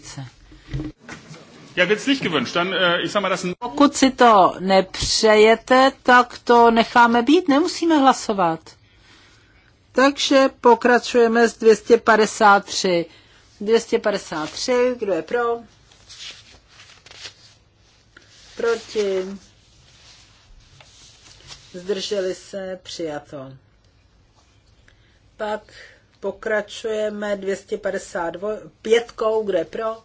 Äh, Pokud si to nepřejete, tak to necháme být, nemusíme hlasovat. Takže pokračujeme s 253. 253, kdo je pro? Proti? Zdrželi se, přijato. Pak pokračujeme pětkou, kdo je pro?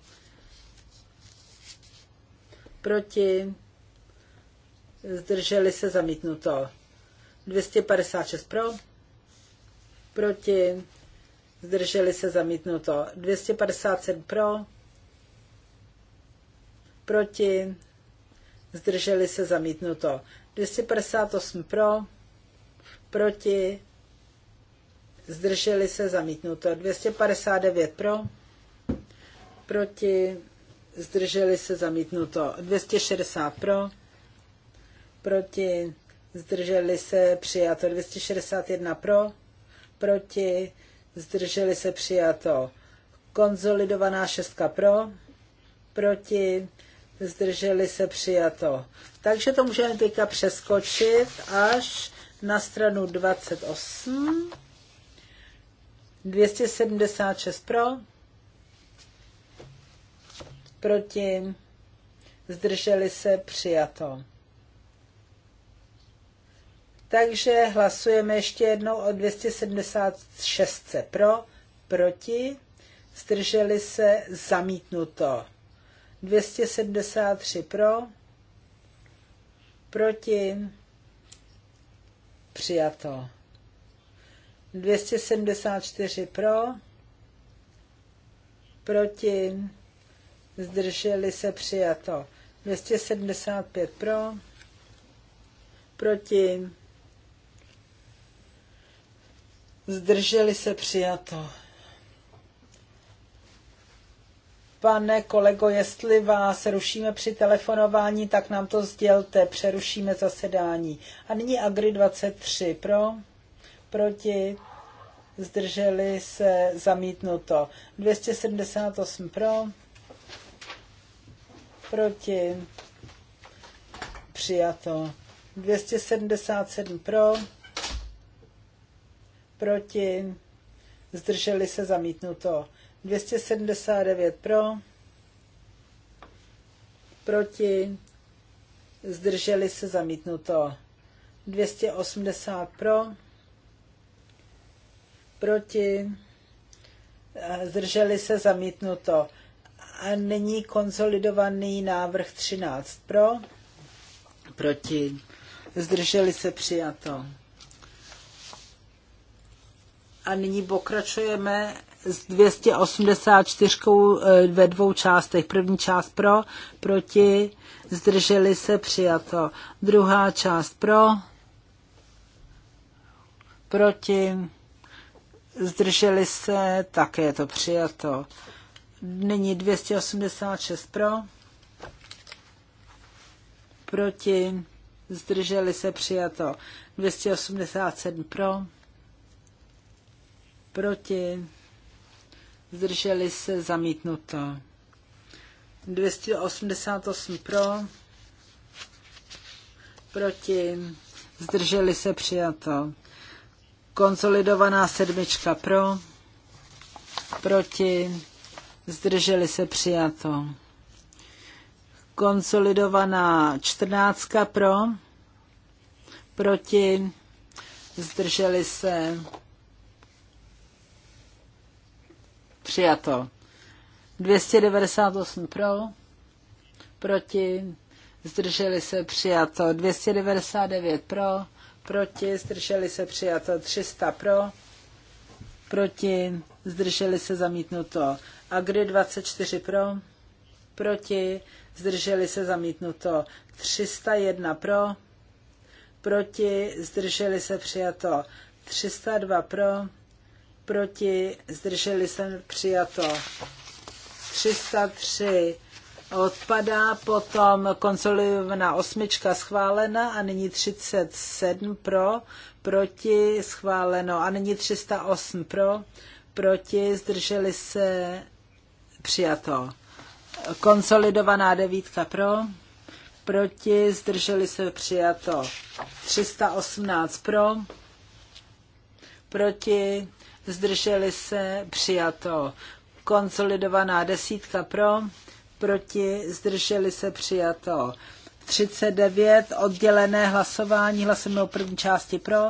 proti, zdrželi se zamítnuto. 256 pro, proti, zdrželi se zamítnuto. 257 pro, proti, zdrželi se zamítnuto. 258 pro, proti, zdrželi se zamítnuto. 259 pro, proti, zdrželi se zamítnuto. 260 pro, proti, zdrželi se přijato. 261 pro, proti, zdrželi se přijato. Konzolidovaná šestka pro, proti, zdrželi se přijato. Takže to můžeme teďka přeskočit až na stranu 28. 276 pro, proti, zdrželi se, přijato. Takže hlasujeme ještě jednou o 276 pro, proti, zdrželi se, zamítnuto. 273 pro, proti, přijato. 274 pro, proti, zdrželi se přijato. 275 pro, proti, zdrželi se přijato. Pane kolego, jestli vás rušíme při telefonování, tak nám to sdělte, přerušíme zasedání. A nyní Agri 23 pro, proti, zdrželi se zamítnuto. 278 pro, proti, přijato. 277 pro, proti, zdrželi se zamítnuto. 279 pro, proti, zdrželi se zamítnuto. 280 pro, proti, zdrželi se zamítnuto. A nyní konsolidovaný návrh 13 pro, proti, zdrželi se přijato. A nyní pokračujeme s 284 eh, ve dvou částech. První část pro, proti, zdrželi se přijato. Druhá část pro, proti, zdrželi se, také je to přijato. Nyní 286 pro. Proti. Zdrželi se přijato. 287 pro. Proti. Zdrželi se zamítnuto. 288 pro. Proti. Zdrželi se přijato. Konsolidovaná sedmička pro. Proti zdrželi se přijato. Konsolidovaná čtrnáctka pro, proti, zdrželi se přijato. 298 pro, proti, zdrželi se přijato. 299 pro, proti, zdrželi se přijato. 300 pro, proti, zdrželi se zamítnuto. Agri 24 pro, proti, zdrželi se zamítnuto. 301 pro, proti, zdrželi se přijato. 302 pro, proti, zdrželi se přijato. 303 odpadá, potom konsolidovaná osmička schválena a nyní 37 pro, proti, schváleno. A nyní 308 pro, proti, zdrželi se, přijato. Konsolidovaná devítka pro, proti, zdrželi se, přijato. 318 pro, proti, zdrželi se, přijato. Konsolidovaná desítka pro, proti, zdrželi se, přijato. 39, oddělené hlasování, hlasujeme o první části pro,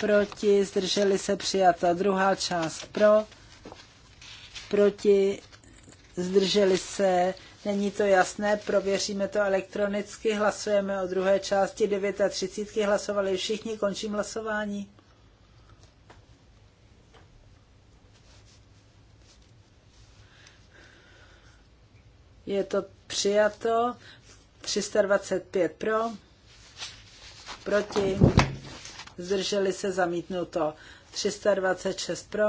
proti, zdrželi se přijata druhá část pro, proti, zdrželi se, není to jasné, prověříme to elektronicky, hlasujeme o druhé části 39, hlasovali všichni, končím hlasování. Je to přijato. 325 pro, proti, zdrželi se zamítnuto. 326 pro,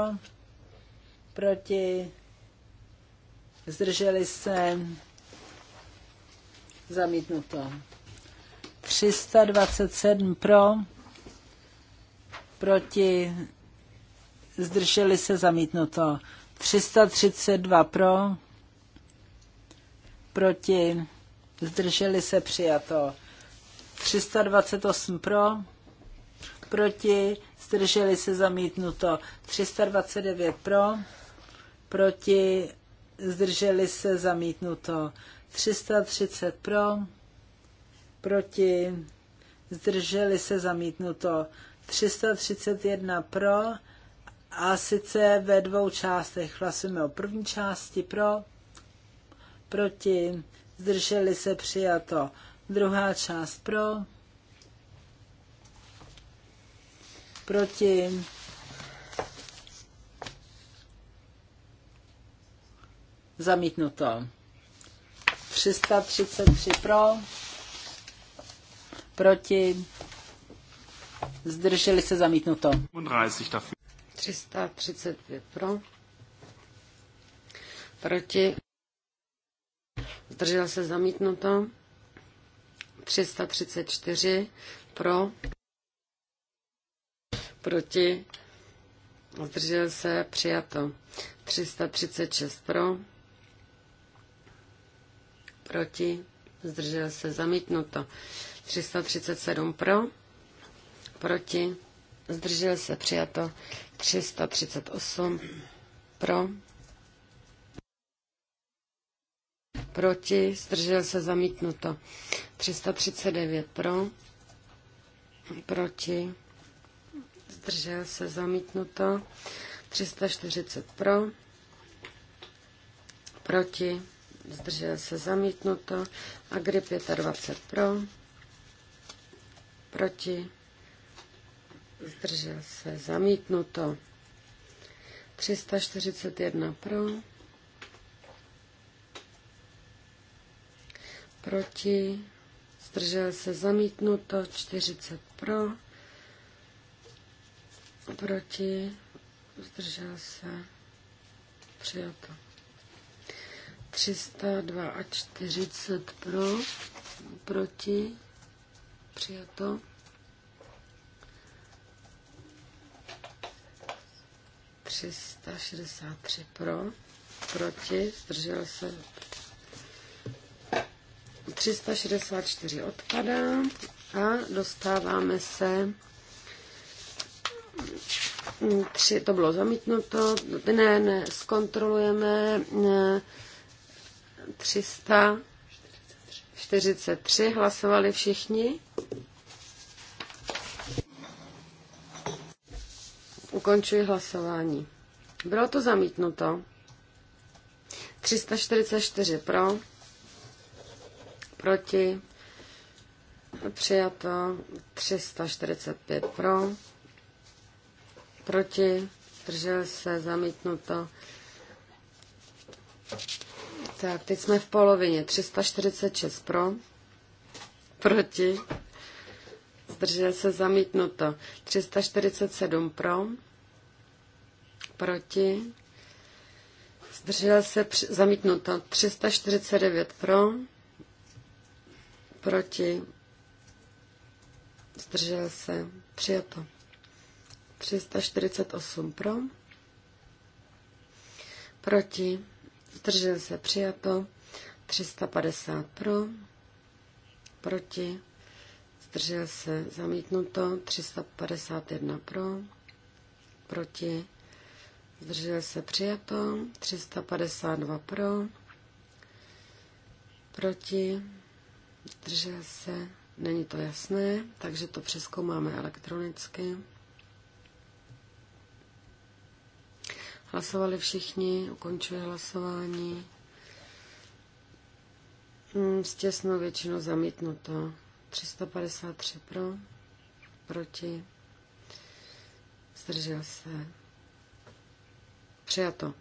proti, zdrželi se zamítnuto. 327 pro, proti, zdrželi se zamítnuto. 332 pro, proti, zdrželi se přijato. 328 pro, proti, zdrželi se zamítnuto. 329 pro, proti, zdrželi se zamítnuto. 330 pro, proti, zdrželi se zamítnuto. 331 pro, a sice ve dvou částech hlasujeme o první části pro, proti, zdrželi se přijato. Druhá část pro, proti, zamítnuto. 333 pro, proti, zdrželi se zamítnuto. 335 pro, proti, Zdržel se zamítnuto. 334 pro. Proti. Zdržel se přijato. 336 pro. Proti. Zdržel se zamítnuto. 337 pro. Proti. Zdržel se přijato. 338 pro proti, zdržel se zamítnuto. 339 pro, proti, zdržel se zamítnuto. 340 pro, proti, zdržel se zamítnuto. Agri 25 pro, proti, zdržel se zamítnuto. 341 pro, proti, zdržel se zamítnuto, 40 pro, proti, zdržel se přijato. 302 a 40 pro, proti, přijato. 363 pro, proti, zdržel se 364 odpadá a dostáváme se mm, tři, to bylo zamítnuto, ne, ne, zkontrolujeme 343, hlasovali všichni. Ukončuji hlasování. Bylo to zamítnuto. 344 pro, proti, přijato 345 pro, proti, držel se, zamítnuto. Tak, teď jsme v polovině, 346 pro, proti, zdržel se, zamítnuto, 347 pro, proti, zdržel se, zamítnuto, 349 pro, proti, zdržel se, přijato. 348 pro, proti, zdržel se, přijato. 350 pro, proti, zdržel se, zamítnuto. 351 pro, proti, zdržel se, přijato. 352 pro, proti, Zdržel se. Není to jasné, takže to přeskoumáme elektronicky. Hlasovali všichni, ukončuje hlasování. Hmm, S těsnou většinou zamítnuto. 353 pro, proti, zdržel se. Přijato.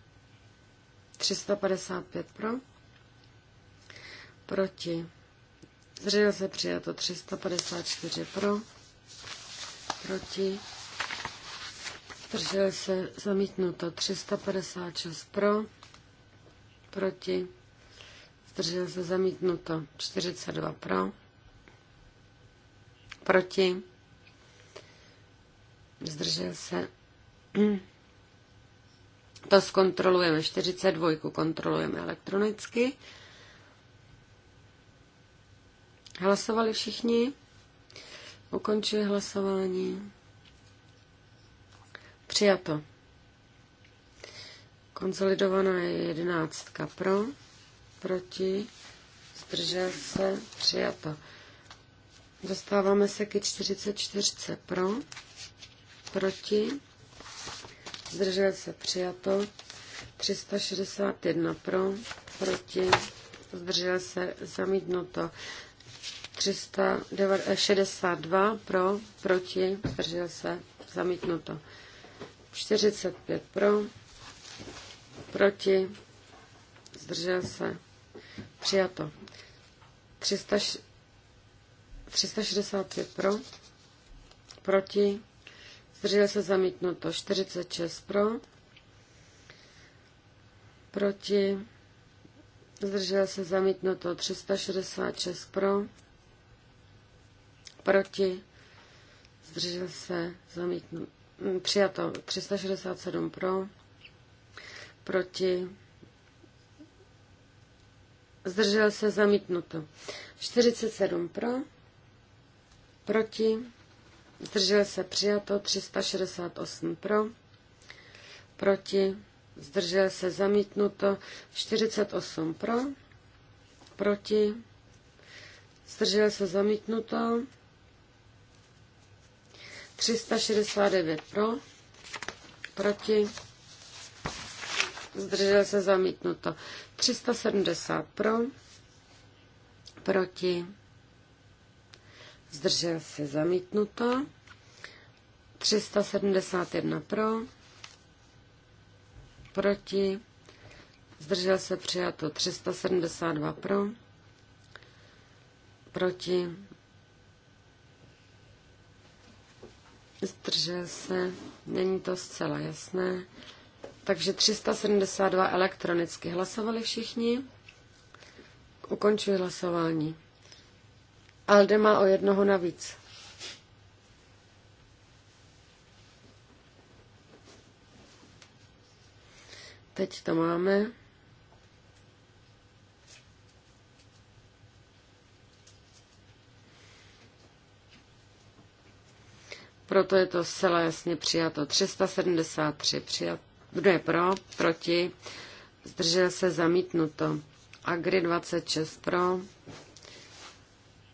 355 pro, proti, Zřejmě se přijato 354 pro, proti. Zdržel se zamítnuto 356 pro, proti. Zdržel se zamítnuto 42 pro, proti. Zdržel se. To zkontrolujeme. 42 kontrolujeme elektronicky. Hlasovali všichni? Ukončuji hlasování. Přijato. Konsolidovaná je jedenáctka pro, proti, zdržel se, přijato. Dostáváme se ke 44 pro, proti, zdržel se, přijato. 361 pro, proti, zdržel se, zamítnuto. 362 pro, proti, zdržel se, zamítnuto. 45 pro, proti, zdržel se, přijato. 365 pro, proti, zdržel se, zamítnuto. 46 pro, proti, zdržel se, zamítnuto. 366 pro, proti, zdržel se, zamítnu, mm, Přijato 367 pro, proti, zdržel se, zamítnuto. 47 pro, proti, zdržel se, přijato 368 pro, proti, zdržel se, zamítnuto 48 pro, proti, zdržel se, zamítnuto 369 pro, proti, zdržel se zamítnuto. 370 pro, proti, zdržel se zamítnuto. 371 pro, proti, zdržel se přijato 372 pro, proti, zdržel se, není to zcela jasné. Takže 372 elektronicky hlasovali všichni. Ukončuji hlasování. Alde má o jednoho navíc. Teď to máme. Proto je to zcela jasně přijato. 373 přijat. Kdo je pro? Proti? Zdržel se zamítnuto. Agri 26 pro.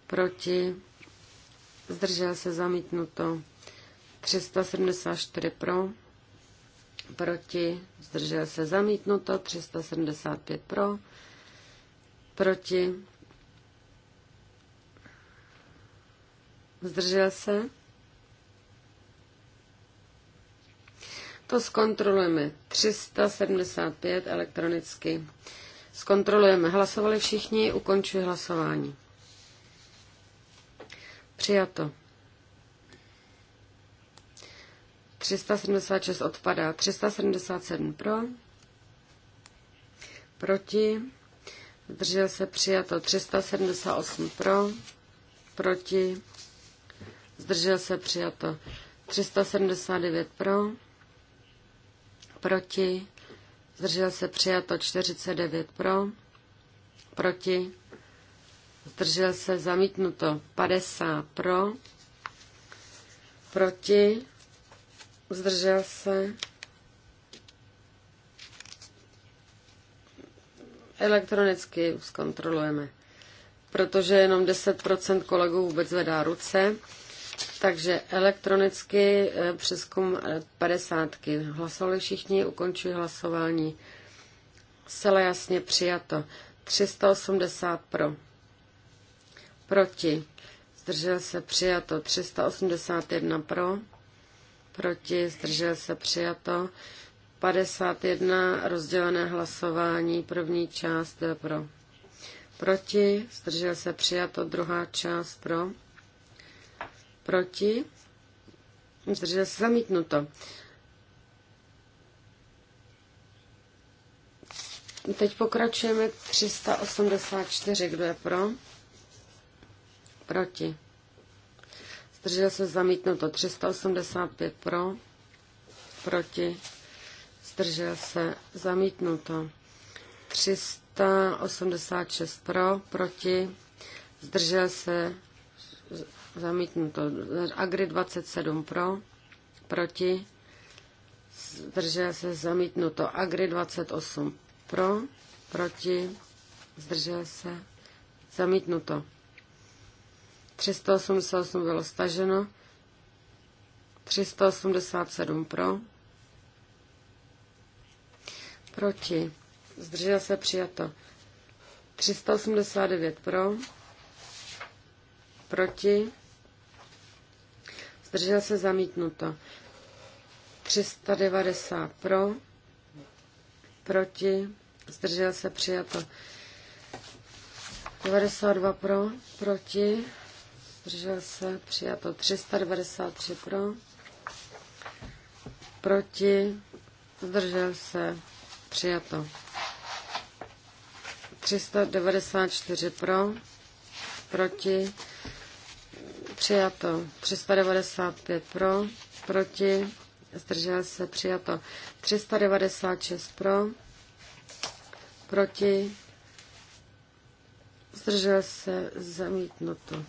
Proti? Zdržel se zamítnuto. 374 pro. Proti? Zdržel se zamítnuto. 375 pro. Proti? Zdržel se? To zkontrolujeme. 375 elektronicky. Zkontrolujeme. Hlasovali všichni, ukončuji hlasování. Přijato. 376 odpadá. 377 pro. Proti. Zdržel se přijato. 378 pro. Proti. Zdržel se přijato. 379 pro proti, zdržel se přijato 49 pro, proti, zdržel se zamítnuto 50 pro, proti, zdržel se elektronicky zkontrolujeme, protože jenom 10% kolegů vůbec zvedá ruce. Takže elektronicky eh, přeskum 50. Eh, Hlasovali všichni, ukončuji hlasování. Zcela jasně přijato. 380 pro. Proti. Zdržel se přijato. 381 pro. Proti. Zdržel se přijato. 51 rozdělené hlasování. První část je eh, pro. Proti. Zdržel se přijato. Druhá část pro Proti? Zdržel se zamítnuto. Teď pokračujeme 384. Kdo je pro? Proti. Zdržel se zamítnuto. 385 pro. Proti. Zdržel se zamítnuto. 386 pro. Proti. Zdržel se Zamítnuto. Agri 27 pro, proti, zdržel se zamítnuto. Agri 28 pro, proti, zdržel se zamítnuto. 388 bylo staženo, 387 pro, proti, zdržel se přijato. 389 pro, proti, zdržel se zamítnuto. 390 pro, proti, zdržel se přijato. 92 pro, proti, zdržel se přijato. 393 pro, proti, zdržel se přijato. 394 pro, proti, Přijato. 395 pro, proti, zdržel se, přijato. 396 pro, proti, zdržel se, zamítnuto.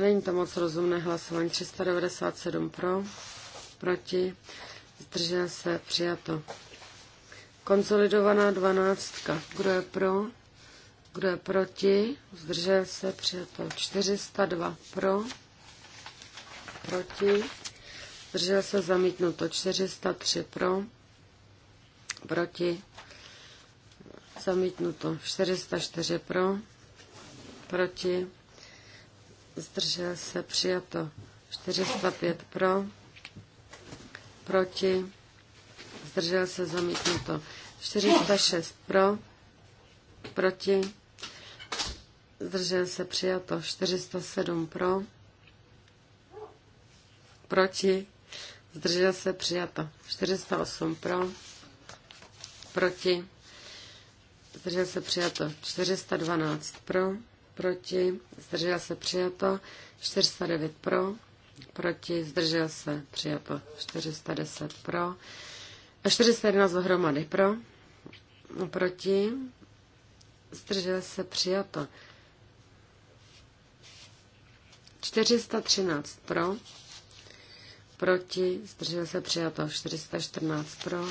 Není to moc rozumné hlasování. 397 pro, proti, zdržel se, přijato. Konsolidovaná dvanáctka. Kdo je pro? Kdo je proti? Zdržel se přijato 402 pro. Proti. Zdržel se zamítnuto 403 pro. Proti. Zamítnuto 404 pro. Proti. Zdržel se přijato 405 pro. Proti. Zdržel se zamítnuto 406 pro. Proti zdržel se přijato 407 pro, proti, zdržel se přijato 408 pro, proti, zdržel se přijato 412 pro, proti, zdržel se přijato 409 pro, proti, zdržel se přijato 410 pro, a 411 dohromady pro, proti, zdržel se přijato 413 pro, proti, zdržel se přijato 414 pro.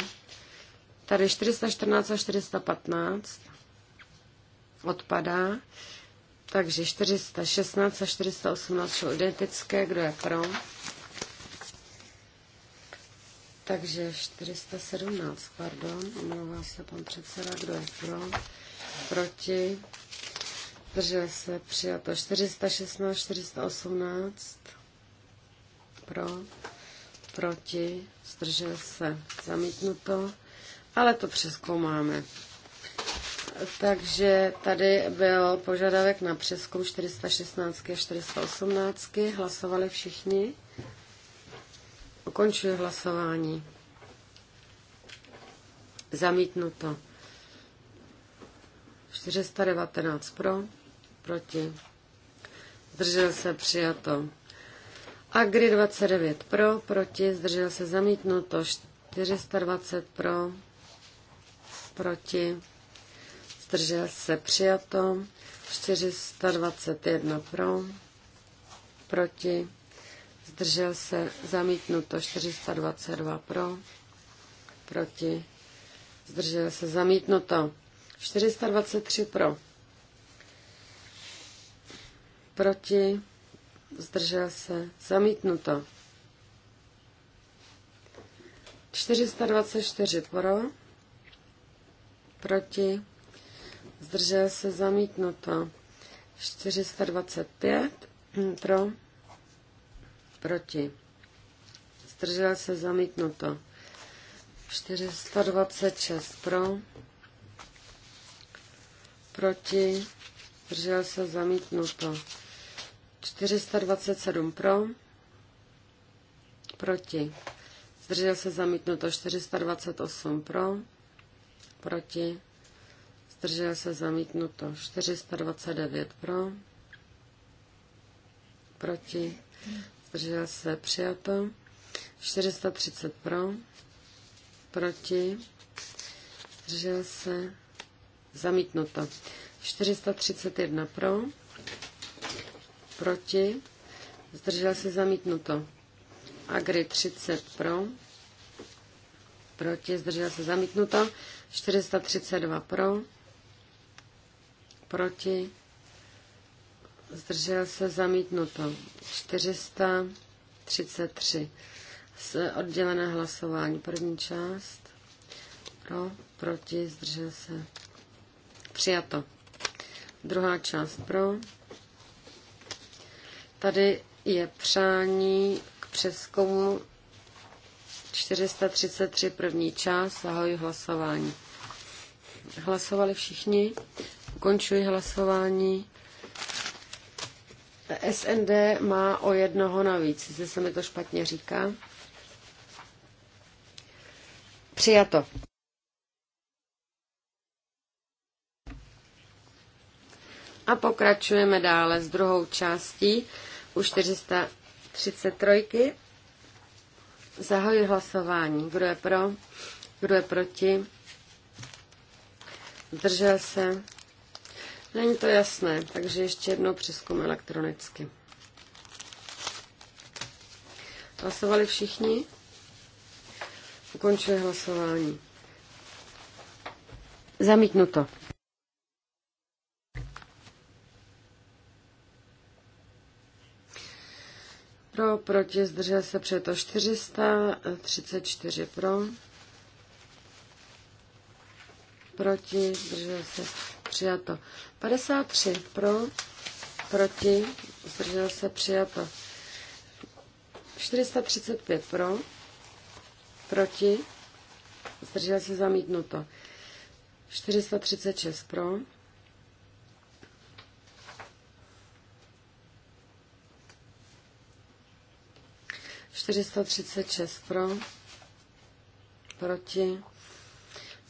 Tady 414 a 415 odpadá, takže 416 a 418 jsou identické, kdo je pro. Takže 417, pardon, omlouvá se pan předseda, kdo je pro, proti, zdržel se, to, 416, 418, pro, proti, zdržel se, zamítnuto, ale to přeskoumáme. Takže tady byl požadavek na přeskum 416 a 418. Hlasovali všichni. Ukončuji hlasování. Zamítnuto. 419 pro proti, zdržel se přijato. Agri 29 pro, proti, zdržel se zamítnuto, 420 pro, proti, zdržel se přijato, 421 pro, proti, zdržel se zamítnuto, 422 pro, proti, zdržel se zamítnuto, 423 pro proti, zdržel se, zamítnuto. 424 pro, proti, zdržel se, zamítnuto. 425 pro, proti, zdržel se, zamítnuto. 426 pro, proti, zdržel se, zamítnuto. 427 pro, proti, zdržel se zamítnuto 428 pro, proti, zdržel se zamítnuto 429 pro, proti, zdržel se přijato 430 pro, proti, zdržel se zamítnuto 431 pro, proti, zdržel se zamítnuto. Agri 30 pro, proti, zdržel se zamítnuto. 432 pro, proti, zdržel se zamítnuto. 433 s oddělené hlasování. První část pro, proti, zdržel se. Přijato. Druhá část pro, Tady je přání k přeskumu 433 první část. Zahoj hlasování. Hlasovali všichni. Ukončuji hlasování. SND má o jednoho navíc, jestli se mi to špatně říká. Přijato. A pokračujeme dále s druhou částí u 433. Zahoji hlasování. Kdo je pro? Kdo je proti? Držel se? Není to jasné, takže ještě jednou přeskum elektronicky. Hlasovali všichni? Ukončuje hlasování. Zamítnuto. proti, zdržel se před přijato 434 pro, proti, zdržel se přijato 53 pro, proti, zdržel se přijato 435 pro, proti, zdržel se zamítnuto 436 pro, 436 pro, proti,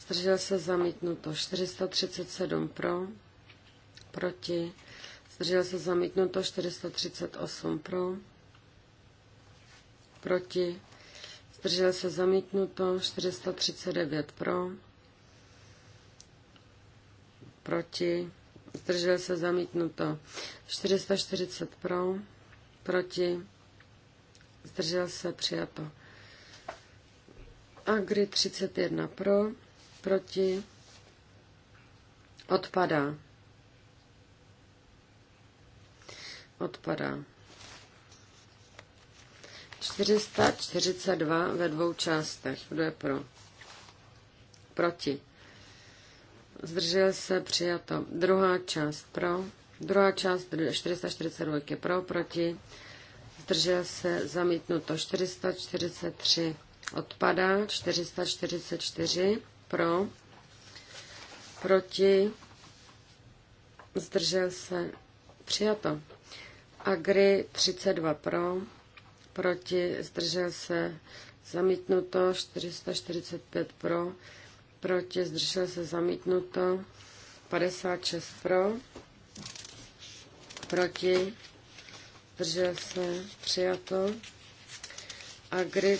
zdržel se zamítnuto. 437 pro, proti, zdržel se zamítnuto. 438 pro, proti, zdržel se zamítnuto. 439 pro, proti, zdržel se zamítnuto. 440 pro, proti, zdržel se, přijato. Agri 31 pro, proti, odpadá. Odpadá. 442 ve dvou částech. Kdo je pro? Proti. Zdržel se, přijato. Druhá část pro. Druhá část 442 pro, proti zdržel se, zamítnuto 443 odpadá, 444 pro, proti, zdržel se, přijato. Agri 32 pro, proti, zdržel se, zamítnuto, 445 pro, proti, zdržel se, zamítnuto, 56 pro, proti, zdržel se, přijato. Agri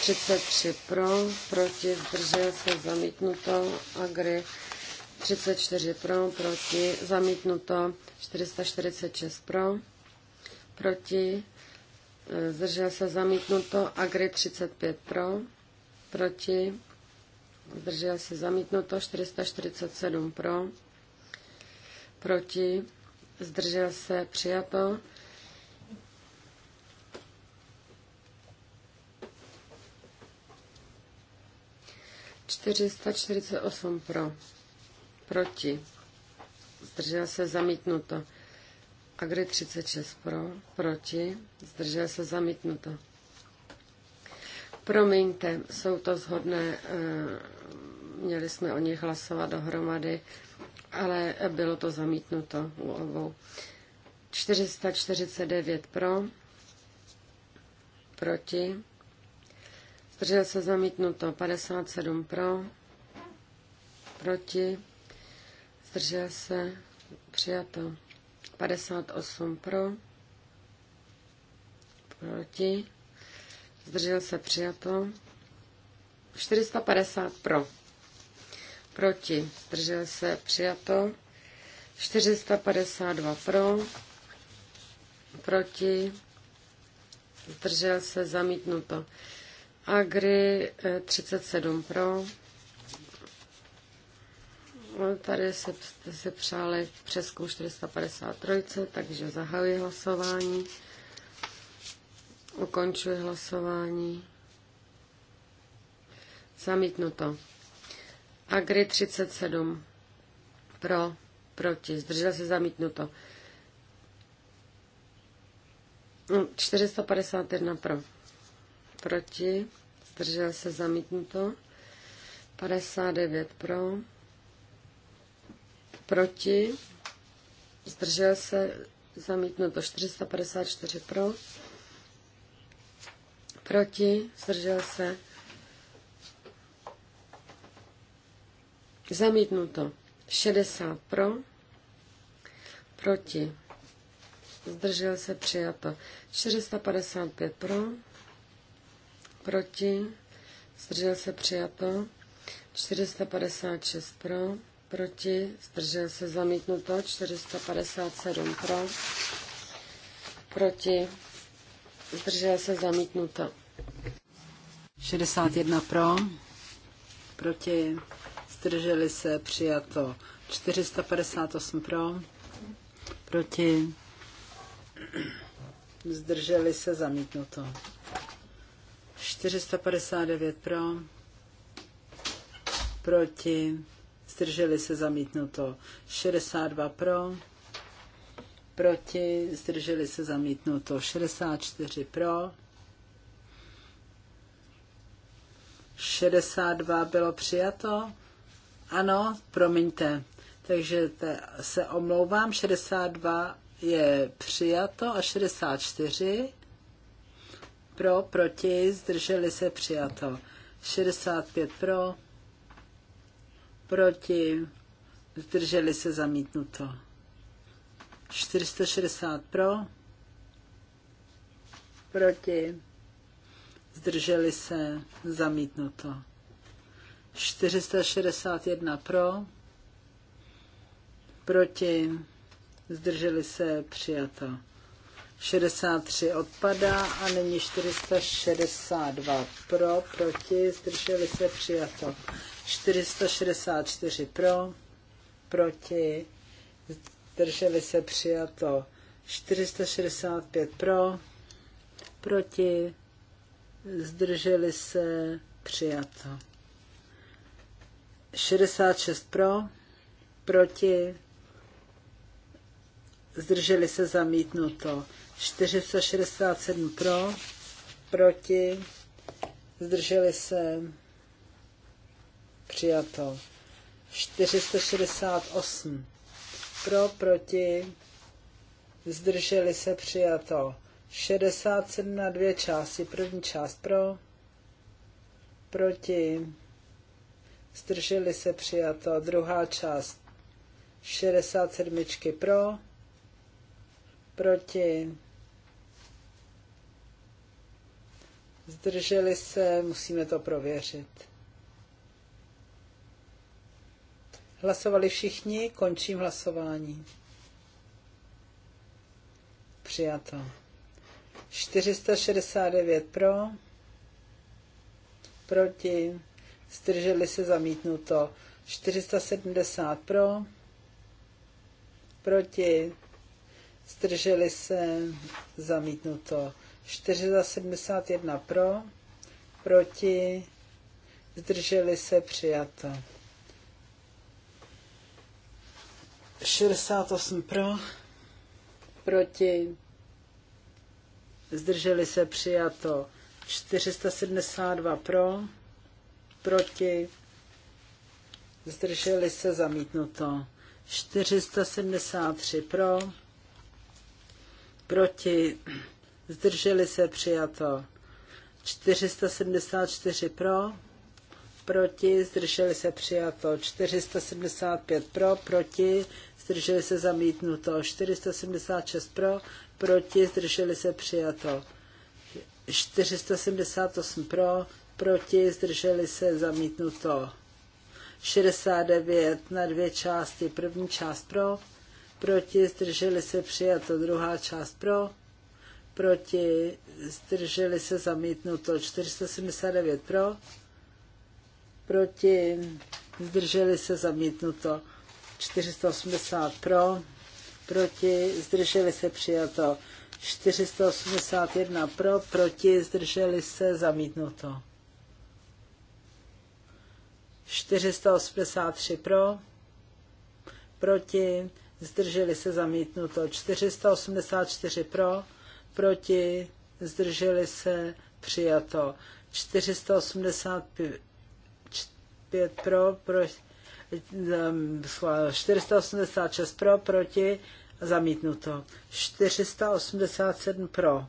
33 pro, proti, zdržel se, zamítnuto. Agri 34 pro, proti, zamítnuto. 446 eh, pro, proti, zdržel se, zamítnuto. Agri 35 pro, proti, zdržel se, zamítnuto. 447 pro, proti, zdržel se, přijato. 448 pro. Proti. Zdržel se zamítnuto. Agri 36 pro. Proti. Zdržel se zamítnuto. Promiňte, jsou to zhodné, eh, měli jsme o nich hlasovat dohromady, ale bylo to zamítnuto u obou. 449 pro, proti, Zdržel se zamítnuto 57 pro, proti, zdržel se přijato 58 pro, proti, zdržel se přijato 450 pro, proti, zdržel se přijato 452 pro, proti, zdržel se zamítnuto Agri 37 eh, pro. No, tady se, jste si přáli přeskum 453, takže zahajuji hlasování. Ukončuji hlasování. Zamítnuto. Agri 37. Pro, proti. Zdržel se zamítnuto. 451 no, pro proti, zdržel se zamítnuto, 59 pro, proti, zdržel se zamítnuto, 454 pro, proti, zdržel se zamítnuto, 60 pro, proti, zdržel se přijato, 455 pro, proti, zdržel se přijato, 456 pro, proti, zdržel se zamítnuto, 457 pro, proti, zdržel se zamítnuto. 61 pro, proti, zdrželi se přijato, 458 pro, proti, zdrželi se zamítnuto. 459 pro, proti, zdrželi se zamítnuto. 62 pro, proti, zdrželi se zamítnuto. 64 pro, 62 bylo přijato. Ano, promiňte. Takže te, se omlouvám, 62 je přijato a 64 pro, proti, zdrželi se přijato. 65 pro, proti, zdrželi se zamítnuto. 460 pro, proti, zdrželi se zamítnuto. 461 pro, proti, zdrželi se přijato. 63 odpadá a nyní 462 pro, proti, zdrželi se přijato. 464 pro, proti, zdrželi se přijato. 465 pro, proti, zdrželi se přijato. 66 pro, proti, zdrželi se zamítnuto. 467 pro, proti, zdrželi se, přijato. 468 pro, proti, zdrželi se, přijato. 67 na dvě části, první část pro, proti, zdrželi se, přijato. Druhá část 67 pro, proti, zdrželi se, musíme to prověřit. Hlasovali všichni, končím hlasování. Přijato. 469 pro, proti, zdrželi se zamítnuto. 470 pro, proti, zdrželi se zamítnuto. 471 pro, proti, zdrželi se přijato. 68 pro, proti, zdrželi se přijato. 472 pro, proti, zdrželi se zamítnuto. 473 pro, proti, zdrželi se přijato. 474 pro, proti, zdrželi se přijato. 475 pro, proti, zdrželi se zamítnuto. 476 pro, proti, zdrželi se přijato. 478 pro, proti, zdrželi se zamítnuto. 69 na dvě části. První část pro, proti, zdrželi se přijato. Druhá část pro, proti, zdrželi se zamítnuto 479 pro, proti, zdrželi se zamítnuto 480 pro, proti, zdrželi se přijato 481 pro, proti, zdrželi se zamítnuto 483 pro, proti, zdrželi se zamítnuto 484 pro, proti, zdrželi se, přijato. 485 pro, pro 486 um, pro, proti, zamítnuto. 487 pro,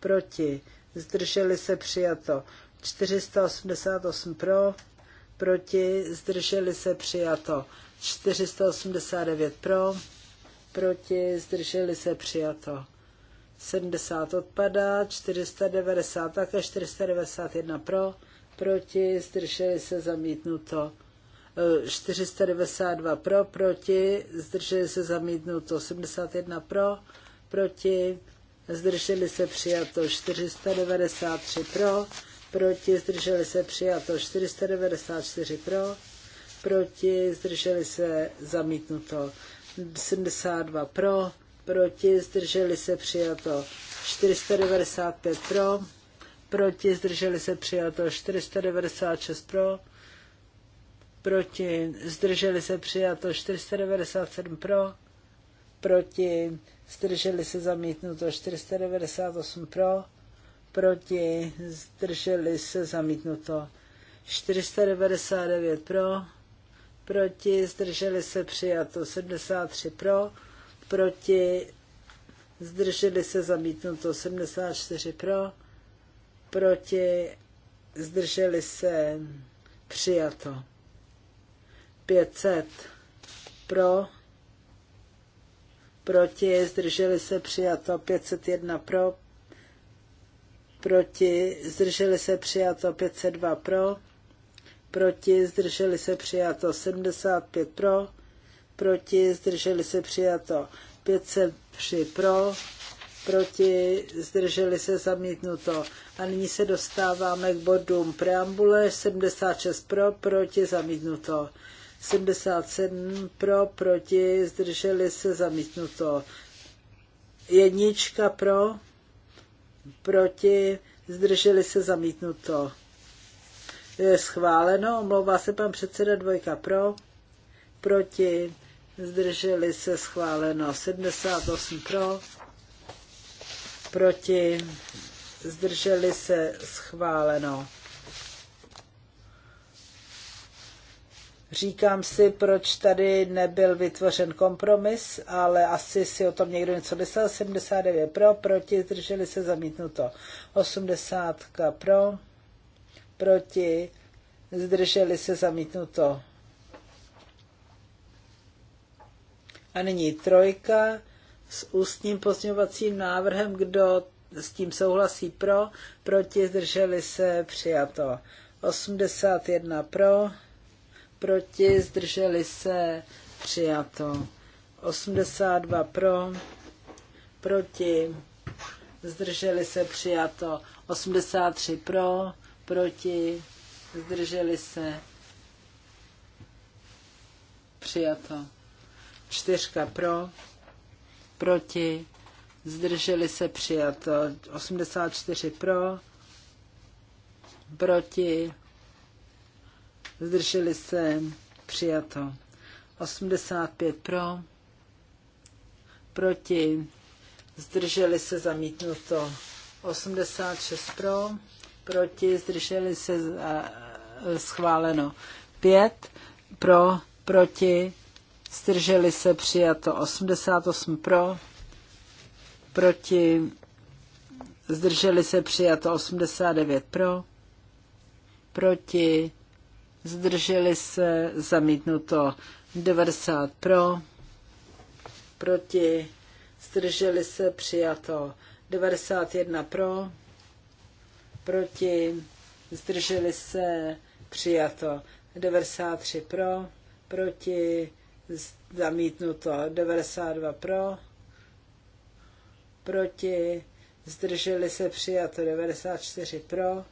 proti, zdrželi se, přijato. 488 pro, proti, zdrželi se, přijato. 489 pro, proti, zdrželi se, přijato. 70 odpadá, 490 také, 491 pro, proti, zdrželi se zamítnuto. 492 e, pro, proti, zdrželi se zamítnuto. 71 pro, proti, zdrželi se přijato. 493 pro, proti, zdrželi se přijato. 494 pro, proti, zdrželi se zamítnuto. 72 pro, proti, zdrželi se přijato 495 pro, proti, zdrželi se přijato 496 pro, proti, zdrželi se přijato 497 pro, proti, zdrželi se zamítnuto 498 pro, proti, zdrželi se zamítnuto 499 pro, proti, zdrželi se přijato 73 pro, proti, zdrželi se zamítnuto 74 pro, proti, zdrželi se přijato 500 pro, proti, zdrželi se přijato 501 pro, proti, zdrželi se přijato 502 pro, proti, zdrželi se přijato 75 pro, proti, zdrželi se přijato. 503 pro, proti, zdrželi se zamítnuto. A nyní se dostáváme k bodům preambule 76 pro, proti, zamítnuto. 77 pro, proti, zdrželi se zamítnuto. Jednička pro, proti, zdrželi se zamítnuto. Je schváleno, omlouvá se pan předseda dvojka pro, proti, zdrželi se schváleno 78 pro, proti, zdrželi se schváleno. Říkám si, proč tady nebyl vytvořen kompromis, ale asi si o tom někdo něco myslel. 79 pro, proti, zdrželi se zamítnuto. 80 pro, proti, zdrželi se zamítnuto. A nyní trojka s ústním pozměňovacím návrhem, kdo s tím souhlasí pro, proti zdrželi se přijato. 81 pro, proti zdrželi se přijato. 82 pro, proti zdrželi se přijato. 83 pro, proti zdrželi se přijato. Čtyřka pro, proti, zdrželi se přijato. 84 pro, proti, zdrželi se přijato. 85 pro, proti, zdrželi se zamítnuto. 86 pro, proti, zdrželi se schváleno. 5 pro, proti, zdrželi se přijato 88 pro, proti, zdrželi se přijato 89 pro, proti, zdrželi se zamítnuto 90 pro, proti, zdrželi se přijato 91 pro, proti, zdrželi se přijato 93 pro, proti, zamítnuto 92 pro, proti, zdrželi se přijato 94 pro,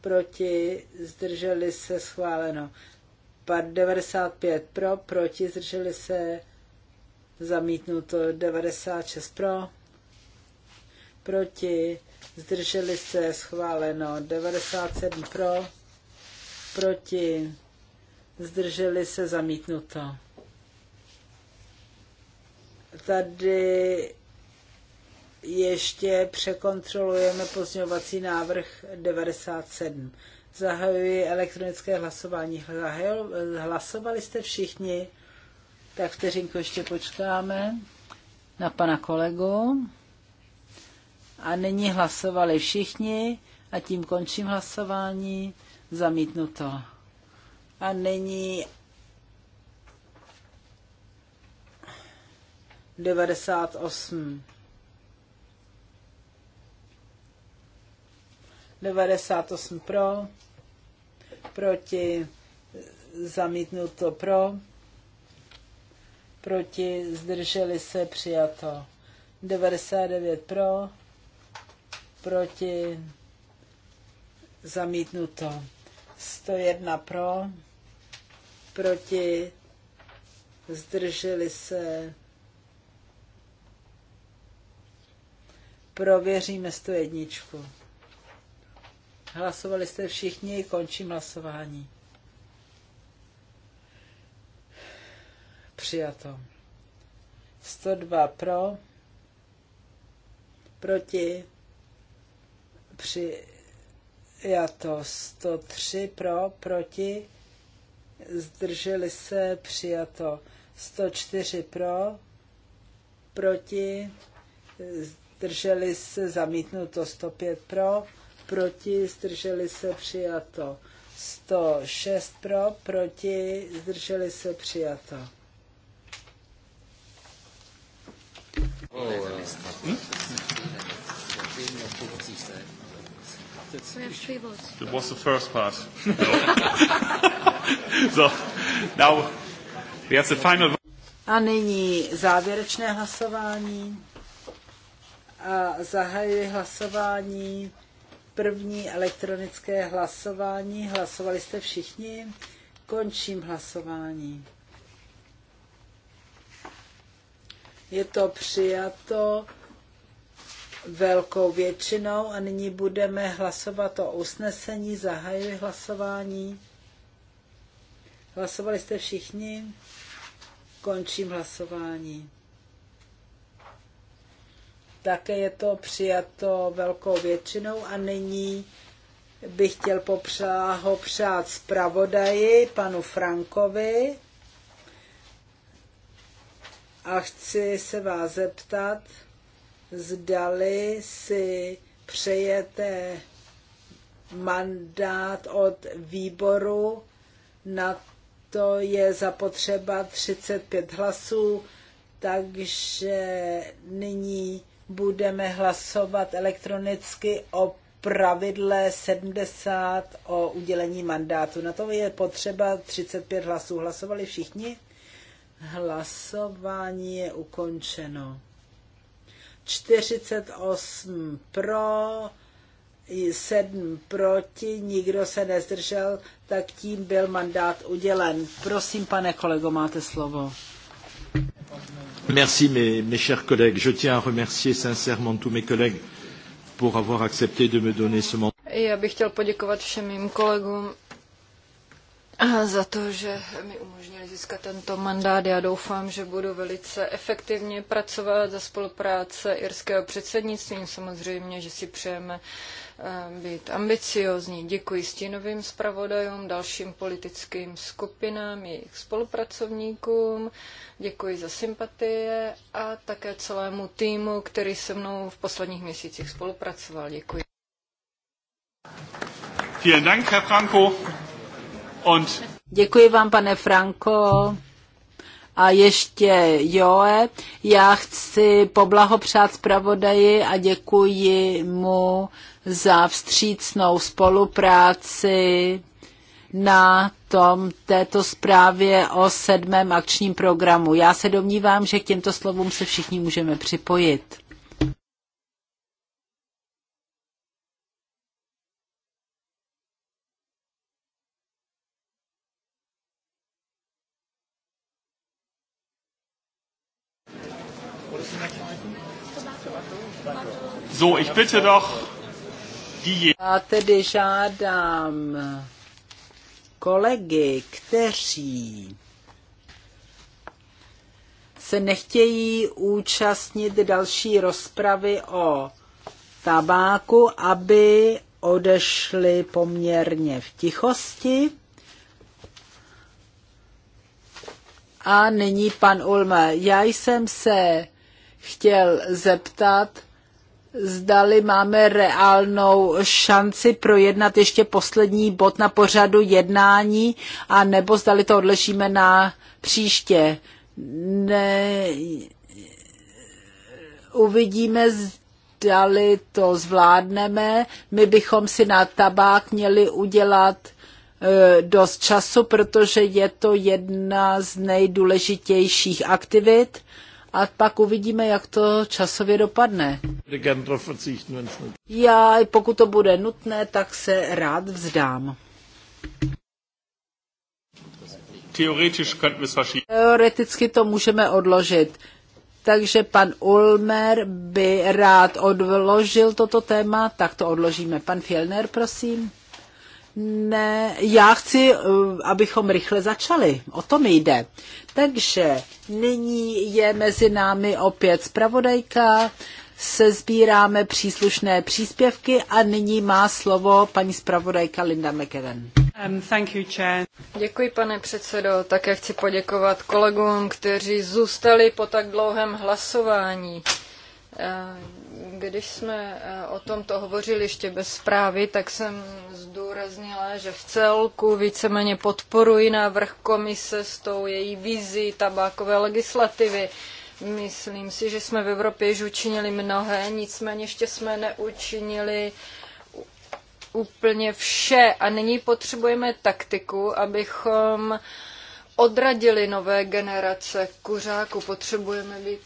proti, zdrželi se schváleno 95 pro, proti, zdrželi se zamítnuto 96 pro, proti, zdrželi se schváleno 97 pro, proti, zdrželi se zamítnuto. Tady ještě překontrolujeme pozňovací návrh 97. Zahajuji elektronické hlasování. Hlasovali jste všichni? Tak vteřinku ještě počkáme na pana kolegu. A nyní hlasovali všichni a tím končím hlasování. Zamítnuto. A nyní 98. 98 pro, proti zamítnuto pro, proti zdrželi se přijato. 99 pro, proti zamítnuto. 101 pro, proti, zdrželi se. Prověříme 101. Hlasovali jste všichni, končím hlasování. Přijato. 102 pro, proti, při, já to 103 pro, proti, zdrželi se, přijato 104 pro, proti, zdrželi se, zamítnuto 105 pro, proti, zdrželi se, přijato 106 pro, proti, zdrželi se, přijato. Oh, uh. hmm? That's we have three votes. That was the first part. so, now we have the final A nyní závěrečné hlasování. A zahajuji hlasování. První elektronické hlasování. Hlasovali jste všichni. Končím hlasování. Je to přijato velkou většinou a nyní budeme hlasovat o usnesení. Zahajuji hlasování. Hlasovali jste všichni? Končím hlasování. Také je to přijato velkou většinou a nyní bych chtěl popřát, přát zpravodaji panu Frankovi a chci se vás zeptat, zdali si přejete mandát od výboru, na to je zapotřeba 35 hlasů, takže nyní budeme hlasovat elektronicky o pravidle 70 o udělení mandátu. Na to je potřeba 35 hlasů. Hlasovali všichni? Hlasování je ukončeno. 48 pro, 7 proti, nikdo se nezdržel, tak tím byl mandát udělen. Prosím, pane kolego, máte slovo. Merci, mes, mes chers collègues. Je tiens à remercier sincèrement tous mes collègues pour avoir accepté de me donner ce mandat. Já bych chtěl poděkovat všem mým kolegům za to, že mi umožnili získat tento mandát. Já doufám, že budu velice efektivně pracovat za spolupráce irského předsednictví. Samozřejmě, že si přejeme eh, být ambiciozní. Děkuji stínovým zpravodajům, dalším politickým skupinám, jejich spolupracovníkům, děkuji za sympatie a také celému týmu, který se mnou v posledních měsících spolupracoval. Děkuji. Vielen Dank, Herr Franco. Und Děkuji vám, pane Franko. A ještě Joe, já chci poblahopřát zpravodaji a děkuji mu za vstřícnou spolupráci na tom této zprávě o sedmém akčním programu. Já se domnívám, že k těmto slovům se všichni můžeme připojit. bitte doch Já tedy žádám kolegy, kteří se nechtějí účastnit další rozpravy o tabáku, aby odešli poměrně v tichosti. A nyní pan Ulme. Já jsem se chtěl zeptat, zdali máme reálnou šanci projednat ještě poslední bod na pořadu jednání, a nebo zdali to odležíme na příště. Ne, uvidíme, zdali to zvládneme. My bychom si na tabák měli udělat eh, dost času, protože je to jedna z nejdůležitějších aktivit a pak uvidíme, jak to časově dopadne. Já, pokud to bude nutné, tak se rád vzdám. Teoreticky to můžeme odložit. Takže pan Ulmer by rád odložil toto téma, tak to odložíme. Pan Fielner, prosím. Ne, já chci, eh, abychom rychle začali. O to mi jde. Takže nyní je mezi námi opět zpravodajka sezbíráme příslušné příspěvky a nyní má slovo paní zpravodajka Linda McEwen. Um, thank you, Chair. Děkuji, pane předsedo. Také chci poděkovat kolegům, kteří zůstali po tak dlouhém hlasování. Eh, když jsme eh, o tomto hovořili ještě bez zprávy, tak jsem zdůraznila, že v celku víceméně podporuji návrh komise s tou její vizí tabákové legislativy. Myslím si, že jsme v Evropě již učinili mnohé, nicméně ještě jsme neučinili úplně vše a nyní potřebujeme taktiku, abychom odradili nové generace kuřáků. Potřebujeme být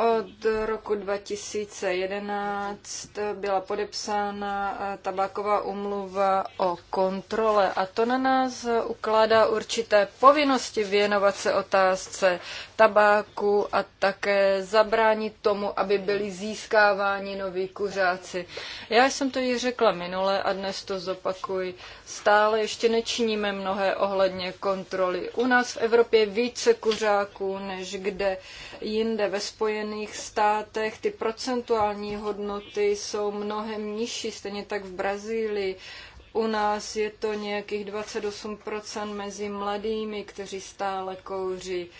Od roku 2011 byla podepsána eh, tabáková umluva o kontrole a to na nás ukládá určité povinnosti věnovat se otázce tabáku a také zabránit tomu, aby byli získáváni noví kuřáci. Já jsem to již řekla minule a dnes to zopakuji. Stále ještě nečiníme mnohé ohledně kontroly. U nás v Evropě je více kuřáků než kde jinde ve Spojených Spojených státech ty procentuální hodnoty jsou mnohem nižší, stejně tak v Brazílii. U nás je to nějakých 28% mezi mladými, kteří stále kouří.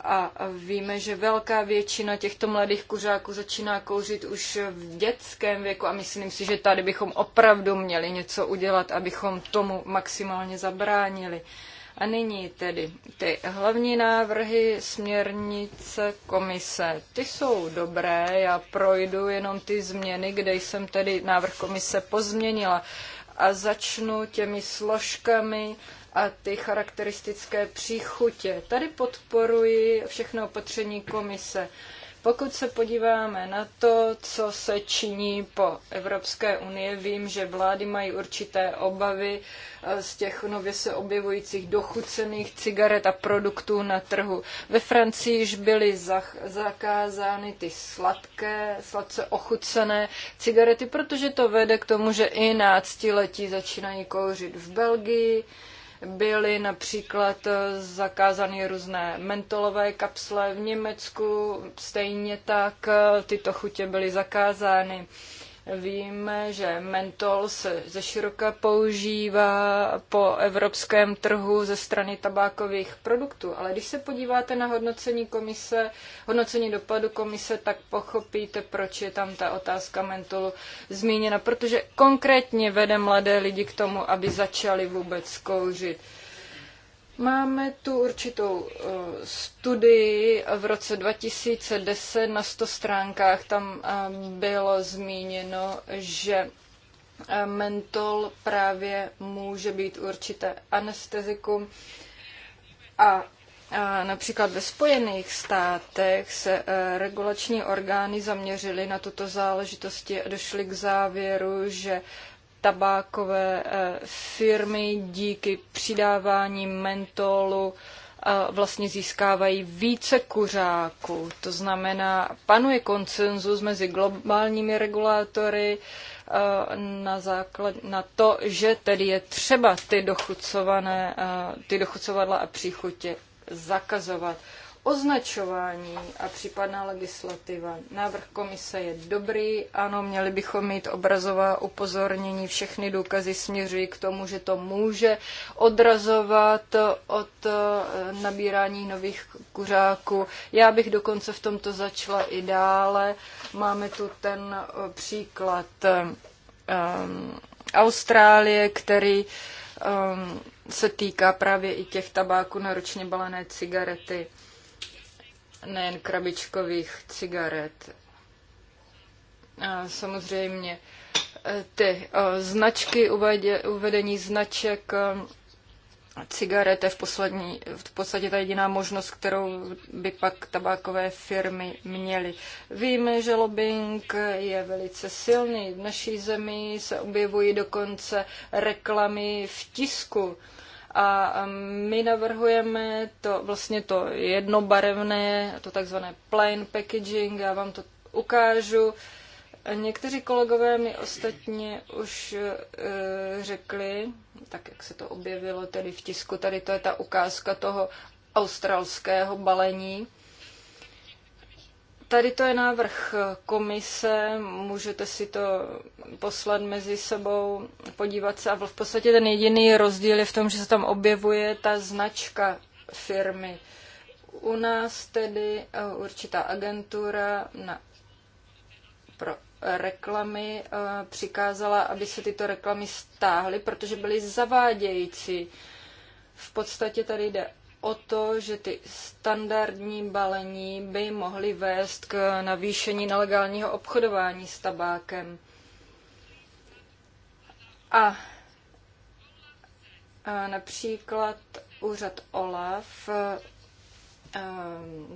A víme, že velká většina těchto mladých kuřáků začíná kouřit už v dětském věku a myslím si, že tady bychom opravdu měli něco udělat, abychom tomu maximálně zabránili. A nyní tedy ty hlavní návrhy směrnice komise. Ty jsou dobré, já projdu jenom ty změny, kde jsem tedy návrh komise pozměnila. A začnu těmi složkami a ty charakteristické příchutě. Tady podporuji všechno opatření komise. Pokud se podíváme na to, co se činí po Evropské unii, vím, že vlády mají určité obavy eh, z těch nově se objevujících dochucených cigaret a produktů na trhu. Ve Francii již byly zakázány ty sladké, sladce ochucené cigarety, protože to vede k tomu, že i náctiletí začínají kouřit v Belgii byly například zakázány různé mentolové kapsle v Německu, stejně tak tyto chutě byly zakázány. Víme, že mentol se ze široka používá po evropském trhu ze strany tabákových produktů, ale když se podíváte na hodnocení komise, hodnocení dopadu komise, tak pochopíte, proč je tam ta otázka mentolu zmíněna, protože konkrétně vede mladé lidi k tomu, aby začali vůbec kouřit. Máme tu určitou eh, studii v roce 2010 na 100 stránkách. Tam eh, bylo zmíněno, že eh, mentol právě může být určité anestezikum a Například ve Spojených státech se regulační orgány zaměřily na tuto záležitosti a došly k závěru, že tabákové eh, firmy díky přidávání mentolu eh, vlastně získávají více kuřáků. To znamená, panuje konsenzus mezi globálními regulátory eh, na, základ, na to, že tedy je třeba ty, dochucované, ty dochucovadla a příchutě zakazovat označování a případná legislativa. Návrh komise je dobrý, ano, měli bychom mít obrazová upozornění, všechny důkazy směřují k tomu, že to může odrazovat od eh, nabírání nových kuřáků. Já bych dokonce v tomto začala i dále. Máme tu ten eh, příklad um, Austrálie, který um, se týká právě i těch tabáků na ročně balené cigarety nejen krabičkových cigaret. A samozřejmě e, ty e, značky, uvedení značek e, cigaret je v, poslední, v podstatě ta jediná možnost, kterou by pak tabákové firmy měly. Víme, že lobbying je velice silný. V naší zemi se objevují dokonce reklamy v tisku a my navrhujeme to vlastně to jednobarevné, to takzvané plain packaging, já vám to ukážu. Někteří kolegové mi ostatně už uh, řekli, tak jak se to objevilo tedy v tisku, tady to je ta ukázka toho australského balení. Tady to je návrh komise, můžete si to poslat mezi sebou, podívat se. A v podstatě ten jediný rozdíl je v tom, že se tam objevuje ta značka firmy. U nás tedy eh, určitá agentura na, pro reklamy eh, přikázala, aby se tyto reklamy stáhly, protože byly zavádějící. V podstatě tady jde o to, že ty standardní balení by mohly vést k navýšení nelegálního obchodování s tabákem. A například úřad OLAF e,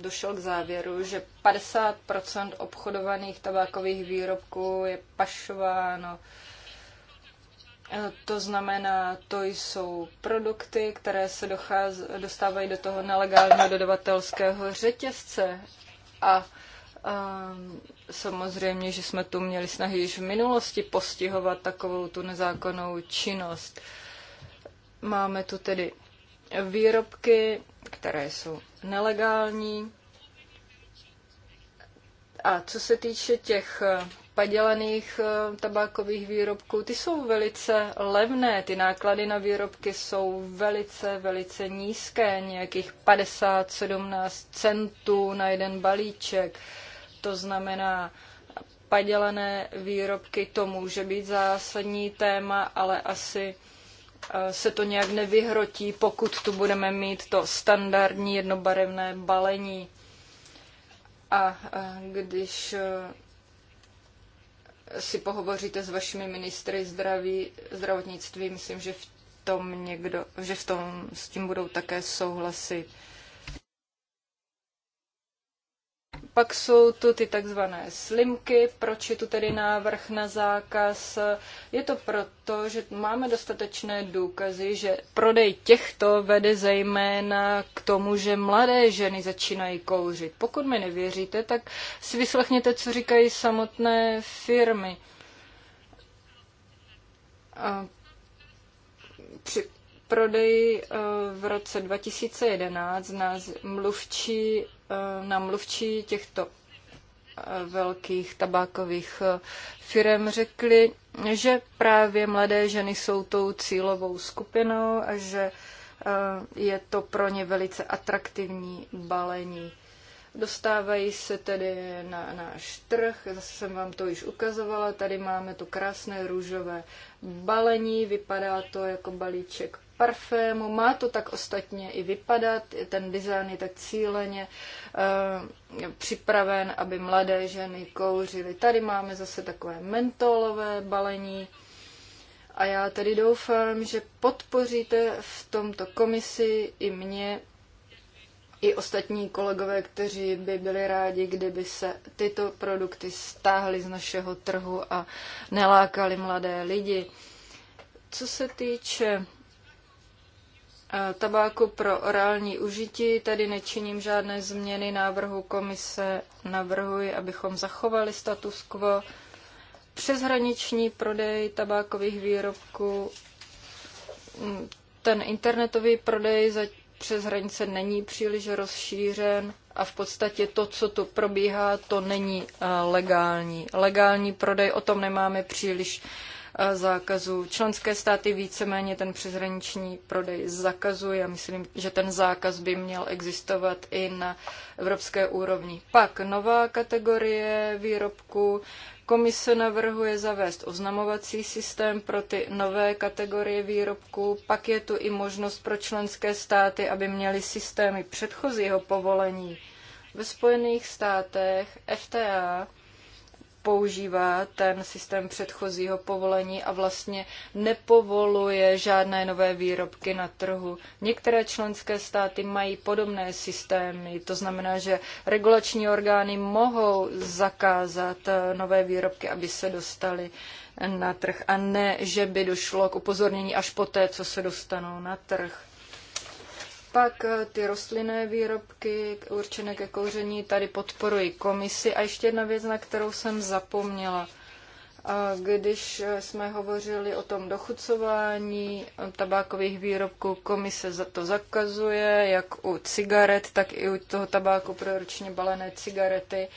došel k závěru, že 50 obchodovaných tabákových výrobků je pašováno Eh, to znamená, to jsou produkty, které se docház, dostávají do toho nelegálního dodavatelského řetězce. A um, samozřejmě, že jsme tu měli snahy již v minulosti postihovat takovou tu nezákonnou činnost. Máme tu tedy výrobky, které jsou nelegální. A co se týče těch padělaných eh, tabákových výrobků, ty jsou velice levné, ty náklady na výrobky jsou velice, velice nízké, nějakých 50-17 centů na jeden balíček. To znamená, padělané výrobky, to může být zásadní téma, ale asi eh, se to nějak nevyhrotí, pokud tu budeme mít to standardní jednobarevné balení. A eh, když si pohovoříte s vašimi ministry zdraví, zdravotnictví, myslím, že v tom někdo, že v tom s tím budou také souhlasit. Pak jsou tu ty takzvané slimky. Proč je tu tedy návrh na zákaz? Je to proto, že máme dostatečné důkazy, že prodej těchto vede zejména k tomu, že mladé ženy začínají kouřit. Pokud mi nevěříte, tak si vyslechněte, co říkají samotné firmy. A při prodeji eh, v roce 2011 na mluvčí, eh, na mluvčí těchto eh, velkých tabákových firm řekli, že právě mladé ženy jsou tou cílovou skupinou a že je to pro ně velice atraktivní balení. Dostávají se tedy na náš trh, zase jsem vám to již ukazovala, tady máme to krásné růžové balení, vypadá to jako balíček parfému. Má to tak ostatně i vypadat, ten design je tak cíleně eh, připraven, aby mladé ženy kouřily. Tady máme zase takové mentolové balení. A já tedy doufám, že podpoříte v tomto komisi i mě, i ostatní kolegové, kteří by byli rádi, kdyby se tyto produkty stáhly z našeho trhu a nelákali mladé lidi. Co se týče tabáku pro orální užití. Tady nečiním žádné změny návrhu komise. Navrhuji, abychom zachovali status quo. Přeshraniční prodej tabákových výrobků. Ten internetový prodej za přes hranice není příliš rozšířen a v podstatě to, co tu probíhá, to není eh, legální. Legální prodej, o tom nemáme příliš zákazu. Členské státy víceméně ten přeshraniční prodej zakazují a myslím, že ten zákaz by měl existovat i na evropské úrovni. Pak nová kategorie výrobků. Komise navrhuje zavést oznamovací systém pro ty nové kategorie výrobků. Pak je tu i možnost pro členské státy, aby měly systémy předchozího povolení. Ve Spojených státech FTA používá ten systém předchozího povolení a vlastně nepovoluje žádné nové výrobky na trhu. Některé členské státy mají podobné systémy, to znamená, že regulační orgány mohou zakázat eh, nové výrobky, aby se dostaly eh, na trh a ne, že by došlo k upozornění až poté, co se dostanou na trh. Pak eh, ty rostlinné výrobky určené ke kouření tady podporuji komisi. A ještě jedna věc, na kterou jsem zapomněla. Když eh, jsme hovořili o tom dochucování tabákových výrobků, komise to zakazuje, jak u cigaret, tak i u toho tabáku pro ručně balené cigarety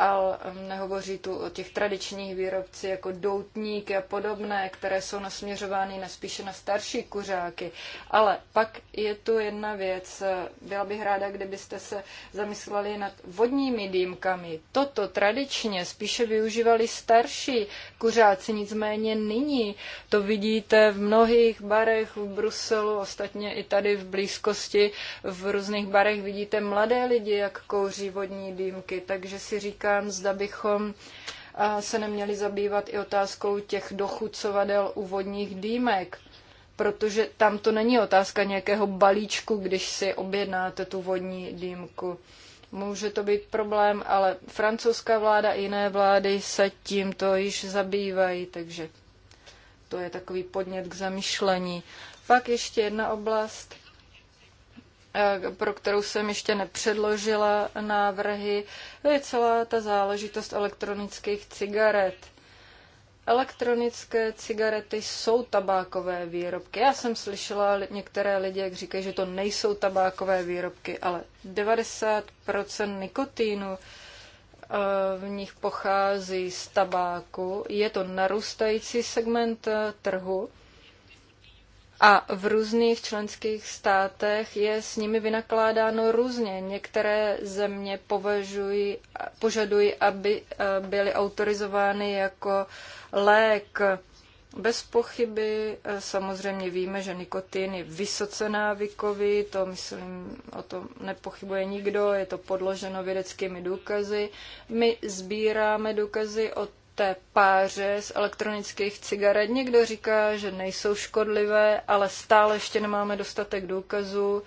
ale nehovoří tu o těch tradičních výrobci jako doutníky a podobné, které jsou nasměřovány na spíše na starší kuřáky. Ale pak je tu jedna věc, byla bych ráda, kdybyste se zamysleli nad vodními dýmkami. Toto tradičně spíše využívali starší kuřáci, nicméně nyní to vidíte v mnohých barech v Bruselu, ostatně i tady v blízkosti v různých barech vidíte mladé lidi, jak kouří vodní dýmky, takže si říká, říkám, zda bychom se neměli zabývat i otázkou těch dochucovadel u vodních dýmek, protože tam to není otázka nějakého balíčku, když si objednáte tu vodní dýmku. Může to být problém, ale francouzská vláda i jiné vlády se tímto již zabývají, takže to je takový podnět k zamyšlení. Pak ještě jedna oblast, Eh, pro kterou jsem ještě nepředložila návrhy, je celá ta záležitost elektronických cigaret. Elektronické cigarety jsou tabákové výrobky. Já jsem slyšela některé lidi, jak říkají, že to nejsou tabákové výrobky, ale 90% nikotínu eh, v nich pochází z tabáku. Je to narůstající segment eh, trhu a v různých členských státech je s nimi vynakládáno různě. Některé země považují, požadují, aby eh, byly autorizovány jako lék. Bez pochyby eh, samozřejmě víme, že nikotin je vysoce návykový, to myslím, o tom nepochybuje nikdo, je to podloženo vědeckými důkazy. My sbíráme důkazy o té páře z elektronických cigaret. Někdo říká, že nejsou škodlivé, ale stále ještě nemáme dostatek důkazů.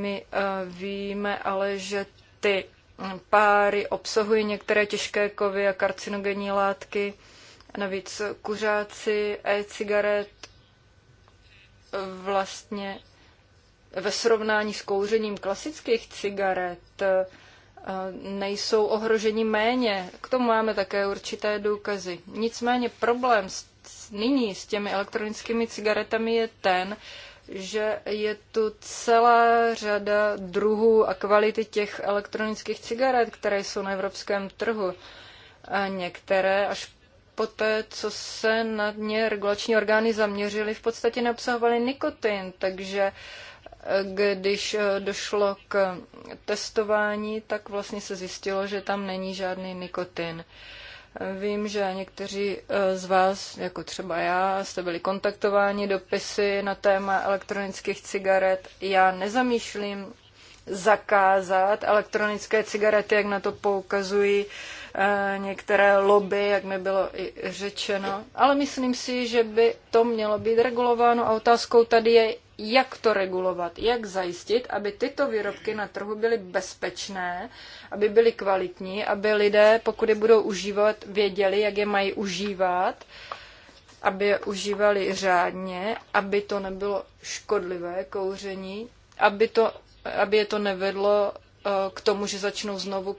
My víme ale, že ty páry obsahují některé těžké kovy a karcinogenní látky. navíc kuřáci e-cigaret vlastně ve srovnání s kouřením klasických cigaret Eh, nejsou ohroženi méně. K tomu máme také určité důkazy. Nicméně problém s, nyní s těmi elektronickými cigaretami je ten, že je tu celá řada druhů a kvality těch elektronických cigaret, které jsou na evropském trhu. A některé až poté, co se na ně regulační orgány zaměřily, v podstatě neobsahovaly nikotin, takže uh, když eh, došlo k testování, tak vlastně se zjistilo, že tam není žádný nikotin. Vím, že někteří eh, z vás, jako třeba já, jste byli kontaktováni dopisy na téma elektronických cigaret. Já nezamýšlím zakázat elektronické cigarety, jak na to poukazují eh, některé lobby, jak mi bylo i řečeno. Ale myslím si, že by to mělo být regulováno a otázkou tady je, jak to regulovat, jak zajistit, aby tyto výrobky na trhu byly bezpečné, aby byly kvalitní, aby lidé, pokud je budou užívat, věděli, jak je mají užívat, aby je užívali řádně, aby to nebylo škodlivé kouření, aby, to, aby je to nevedlo eh, k tomu, že začnou znovu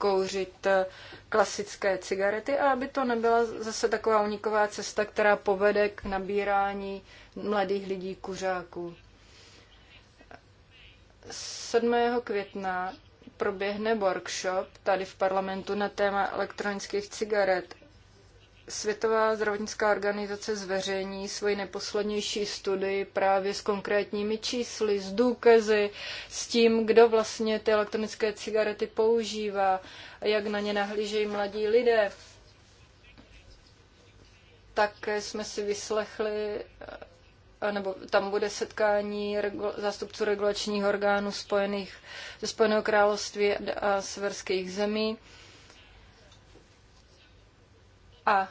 kouřit eh, klasické cigarety a aby to nebyla zase taková uniková cesta, která povede k nabírání mladých lidí kuřáků. 7. května proběhne workshop tady v parlamentu na téma elektronických cigaret Světová zdravotnická organizace zveřejní svoji neposlednější studii právě s konkrétními čísly, s důkazy, s tím, kdo vlastně ty elektronické cigarety používá, jak na ně nahlížejí mladí lidé. Tak jsme si vyslechli eh, nebo tam bude setkání zástupců regulačních orgánů spojených, ze Spojeného království a severských zemí. A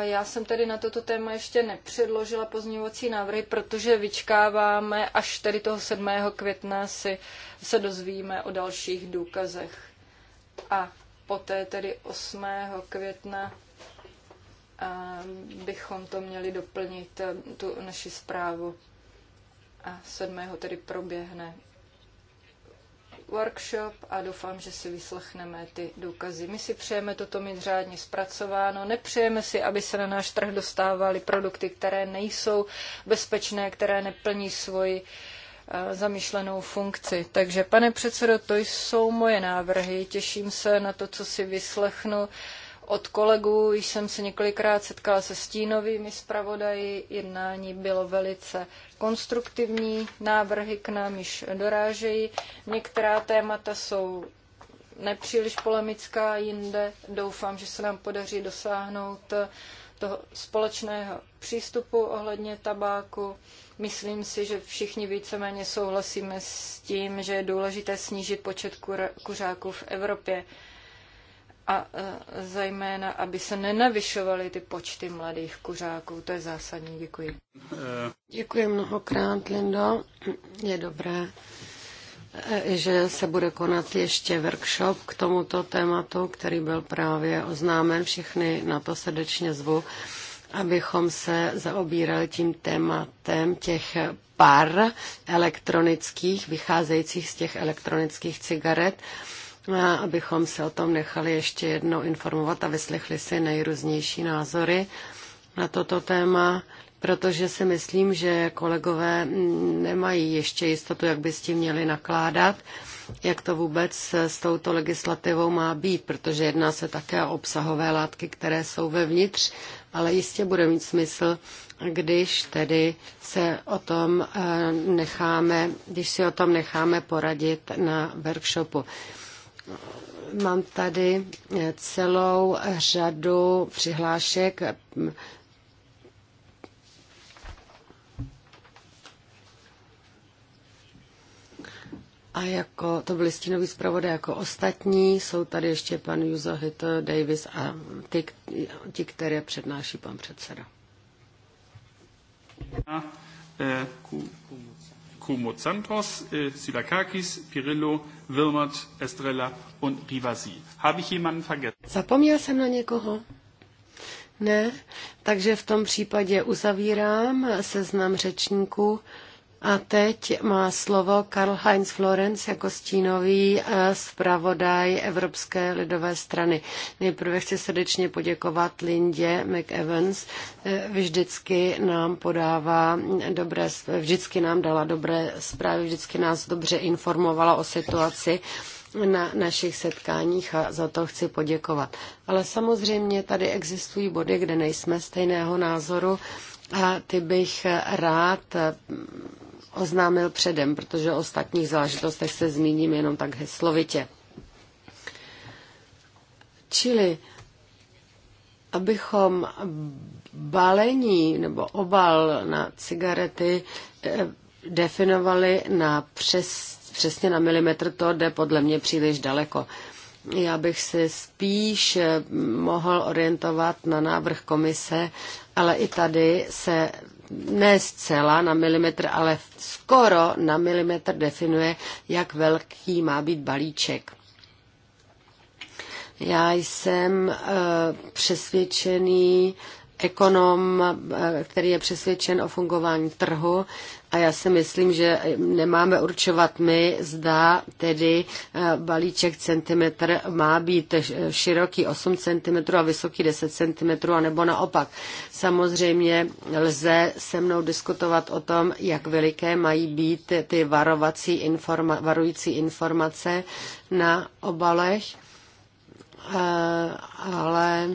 já jsem tedy na toto téma ještě nepředložila pozměňovací návrhy, protože vyčkáváme, až tedy toho 7. května si se dozvíme o dalších důkazech. A poté tedy 8. května bychom to měli doplnit, e, tu naši zprávu. A 7. tedy proběhne workshop a doufám, že si vyslechneme ty důkazy. My si přejeme toto mít řádně zpracováno, nepřejeme si, aby se na náš trh dostávaly produkty, které nejsou bezpečné, které neplní svoji eh, zamýšlenou funkci. Takže, pane předsedo, to jsou moje návrhy. Těším se na to, co si vyslechnu od kolegů jsem se několikrát setkala se stínovými zpravodaji, jednání bylo velice konstruktivní, návrhy k nám již dorážejí. Některá témata jsou nepříliš polemická, jinde doufám, že se nám podaří dosáhnout toho společného přístupu ohledně tabáku. Myslím si, že všichni víceméně souhlasíme s tím, že je důležité snížit počet kuřáků v Evropě a e, zejména, aby se nenavyšovaly ty počty mladých kuřáků. To je zásadní. Děkuji. Děkuji mnohokrát, Lindo. Je dobré, e, že se bude konat ještě workshop k tomuto tématu, který byl právě oznámen. Všechny na to srdečně zvu, abychom se zaobírali tím tématem těch par elektronických, vycházejících z těch elektronických cigaret abychom se o tom nechali ještě jednou informovat a vyslechli si nejrůznější názory na toto téma, protože si myslím, že kolegové nemají ještě jistotu, jak by s tím měli nakládat, jak to vůbec s touto legislativou má být, protože jedná se také o obsahové látky, které jsou vevnitř, ale jistě bude mít smysl, když tedy se o tom eh, necháme, když si o tom necháme poradit na workshopu. Mám tady eh, celou řadu přihlášek. A jako, to byl stínový zpravodaj jako ostatní, jsou tady ještě pan Juzo Hito, Davis a ty, ty, které přednáší pan předseda. A, eh, ku, ku. Komozantos, äh, eh, Silakakis, Pirillo, Wilmot, Estrella und Rivasi. Habe ich jemanden vergessen? Zapomněl jsem na někoho? Ne, takže v tom případě uzavírám seznam řečníků a teď má slovo Karl-Heinz Florenz jako stínový eh, zpravodaj Evropské lidové strany. Nejprve chci srdečně poděkovat Lindě McEvans. Eh, vždycky nám podává dobré, vždycky nám dala dobré zprávy, vždycky nás dobře informovala o situaci na našich setkáních a za to chci poděkovat. Ale samozřejmě tady existují body, kde nejsme stejného názoru a ty bych rád oznámil předem, protože o ostatních záležitostech se zmíním jenom tak heslovitě. Čili abychom balení nebo obal na cigarety eh, definovali na přes, přesně na milimetr, to jde podle mě příliš daleko. Já bych se spíš eh, mohl orientovat na návrh komise, ale i tady se ne zcela na milimetr, ale skoro na milimetr definuje, jak velký má být balíček. Já jsem eh, přesvědčený, ekonom, eh, který je přesvědčen o fungování trhu a já si myslím, že nemáme určovat my, zda tedy eh, balíček centimetr má být široký 8 cm a vysoký 10 cm, nebo naopak. Samozřejmě lze se mnou diskutovat o tom, jak veliké mají být ty varovací informa- varující informace na obalech, eh, ale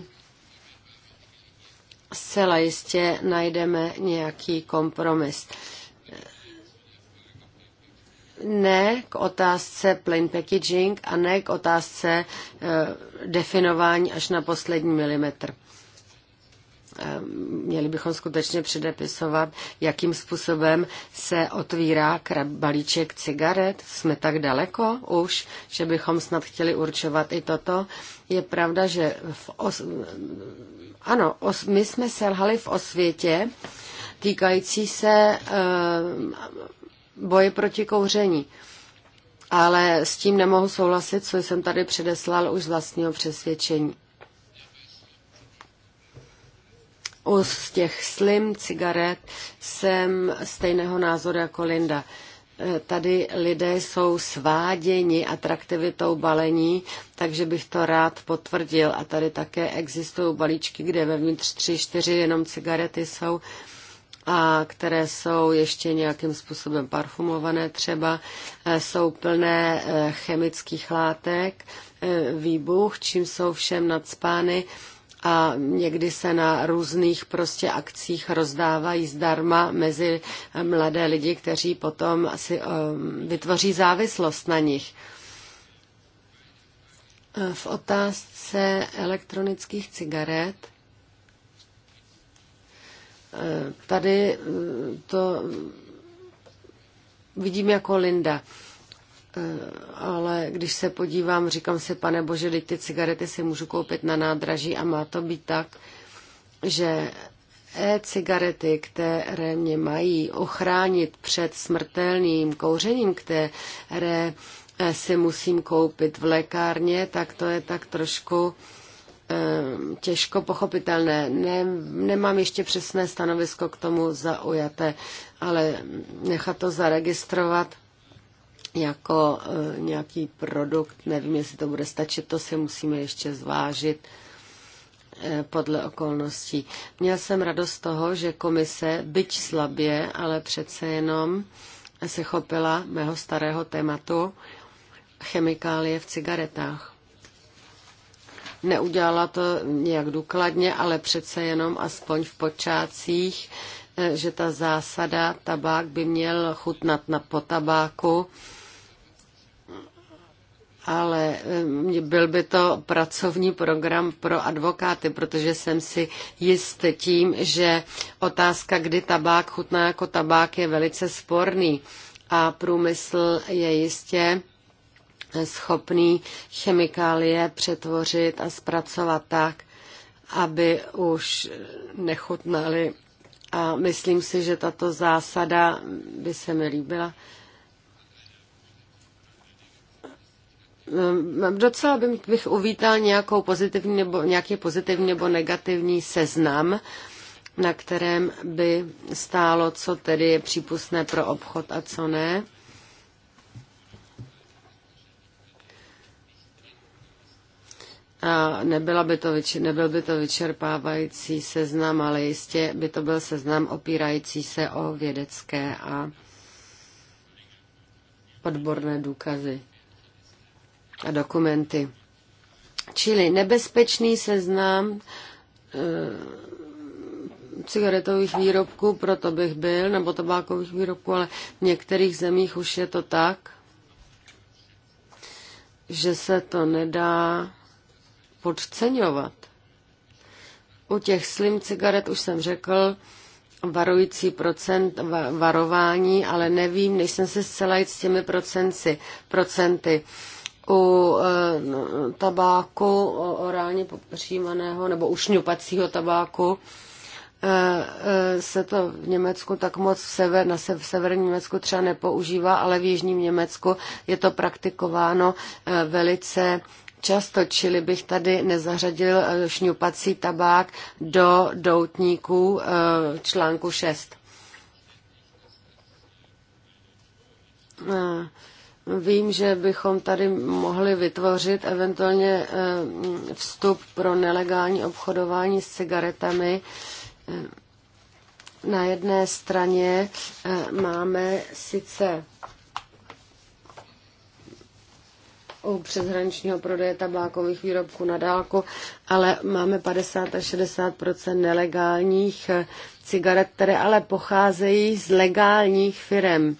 zcela jistě najdeme nějaký kompromis. Ne k otázce plain packaging a ne k otázce eh, definování až na poslední milimetr. Ehm, měli bychom skutečně předepisovat, jakým způsobem se otvírá balíček cigaret. Jsme tak daleko už, že bychom snad chtěli určovat i toto. Je pravda, že v os... ano, os... my jsme selhali v osvětě týkající se ehm, boje proti kouření. Ale s tím nemohu souhlasit, co jsem tady předeslal už z vlastního přesvědčení. U z těch slim cigaret jsem stejného názoru jako Linda. E, tady lidé jsou sváděni atraktivitou balení, takže bych to rád potvrdil. A tady také existují balíčky, kde vevnitř tři, čtyři jenom cigarety jsou a které jsou ještě nějakým způsobem parfumované třeba, e, jsou plné e, chemických látek, výbuch, čím jsou všem nadspány a někdy se na různých prostě akcích rozdávají zdarma mezi mladé lidi, kteří potom asi eh, vytvoří závislost na nich. Eh, v otázce elektronických cigaret eh, tady to vidím jako Linda ale když se podívám, říkám si, pane bože, teď ty cigarety si můžu koupit na nádraží a má to být tak, že e-cigarety, které mě mají ochránit před smrtelným kouřením, které eh, si musím koupit v lékárně, tak to je tak trošku eh, těžko pochopitelné. Ne, nemám ještě přesné stanovisko k tomu zaujaté, ale nechat to zaregistrovat jako e, nějaký produkt, nevím, jestli to bude stačit, to si musíme ještě zvážit e, podle okolností. Měl jsem radost toho, že komise, byť slabě, ale přece jenom se chopila mého starého tématu chemikálie v cigaretách. Neudělala to nějak důkladně, ale přece jenom aspoň v počátcích, e, že ta zásada tabák by měl chutnat na, potabáku. tabáku, ale byl by to pracovní program pro advokáty, protože jsem si jist tím, že otázka, kdy tabák chutná jako tabák, je velice sporný a průmysl je jistě schopný chemikálie přetvořit a zpracovat tak, aby už nechutnali. A myslím si, že tato zásada by se mi líbila Ehm, ehm, docela bych uvítal nějakou pozitivní nebo, nějaký pozitivní nebo negativní seznam, na kterém by stálo, co tedy je přípustné pro obchod a co ne. A nebyla by to, nebyl by to vyčerpávající seznam, ale jistě by to byl seznam opírající se o vědecké a odborné důkazy a dokumenty. Čili nebezpečný seznam eh, cigaretových výrobků, proto bych byl, nebo tabákových výrobků, ale v některých zemích už je to tak, že se to nedá podceňovat. U těch slim cigaret už jsem řekl varující procent varování, ale nevím, než jsem se zcela jít s těmi procenty. procenty u eh, tabáku orálně popřímaného nebo u šňupacího tabáku eh, eh, se to v Německu tak moc v, sever, na se, v severním Německu třeba nepoužívá, ale v jižním Německu je to praktikováno velice často, čili bych tady nezařadil šňupací tabák do doutníků článku 6. Vím, že bychom tady mohli vytvořit eventuálně eh, vstup pro nelegální obchodování s cigaretami. Eh, na jedné straně eh, máme sice u přeshraničního prodeje tabákových výrobků na dálku, ale máme 50 až 60 nelegálních cigaret, které ale pocházejí z legálních firm.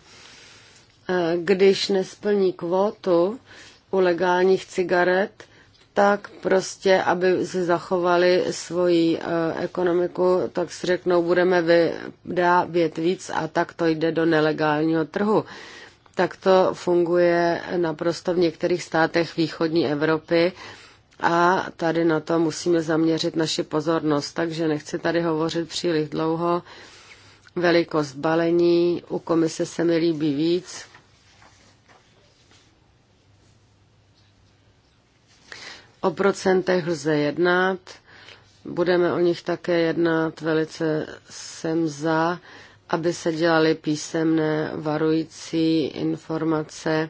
Eh, když nesplní kvótu u legálních cigaret, tak prostě, aby si zachovali svoji eh, ekonomiku, tak si řeknou, budeme vydávět víc a tak to jde do nelegálního trhu. Tak to funguje naprosto v některých státech východní Evropy a tady na to musíme zaměřit naši pozornost. Takže nechci tady hovořit příliš dlouho. Velikost balení u komise se mi líbí víc O procentech lze jednat, budeme o nich také jednat, velice sem za, aby se dělaly písemné varující informace.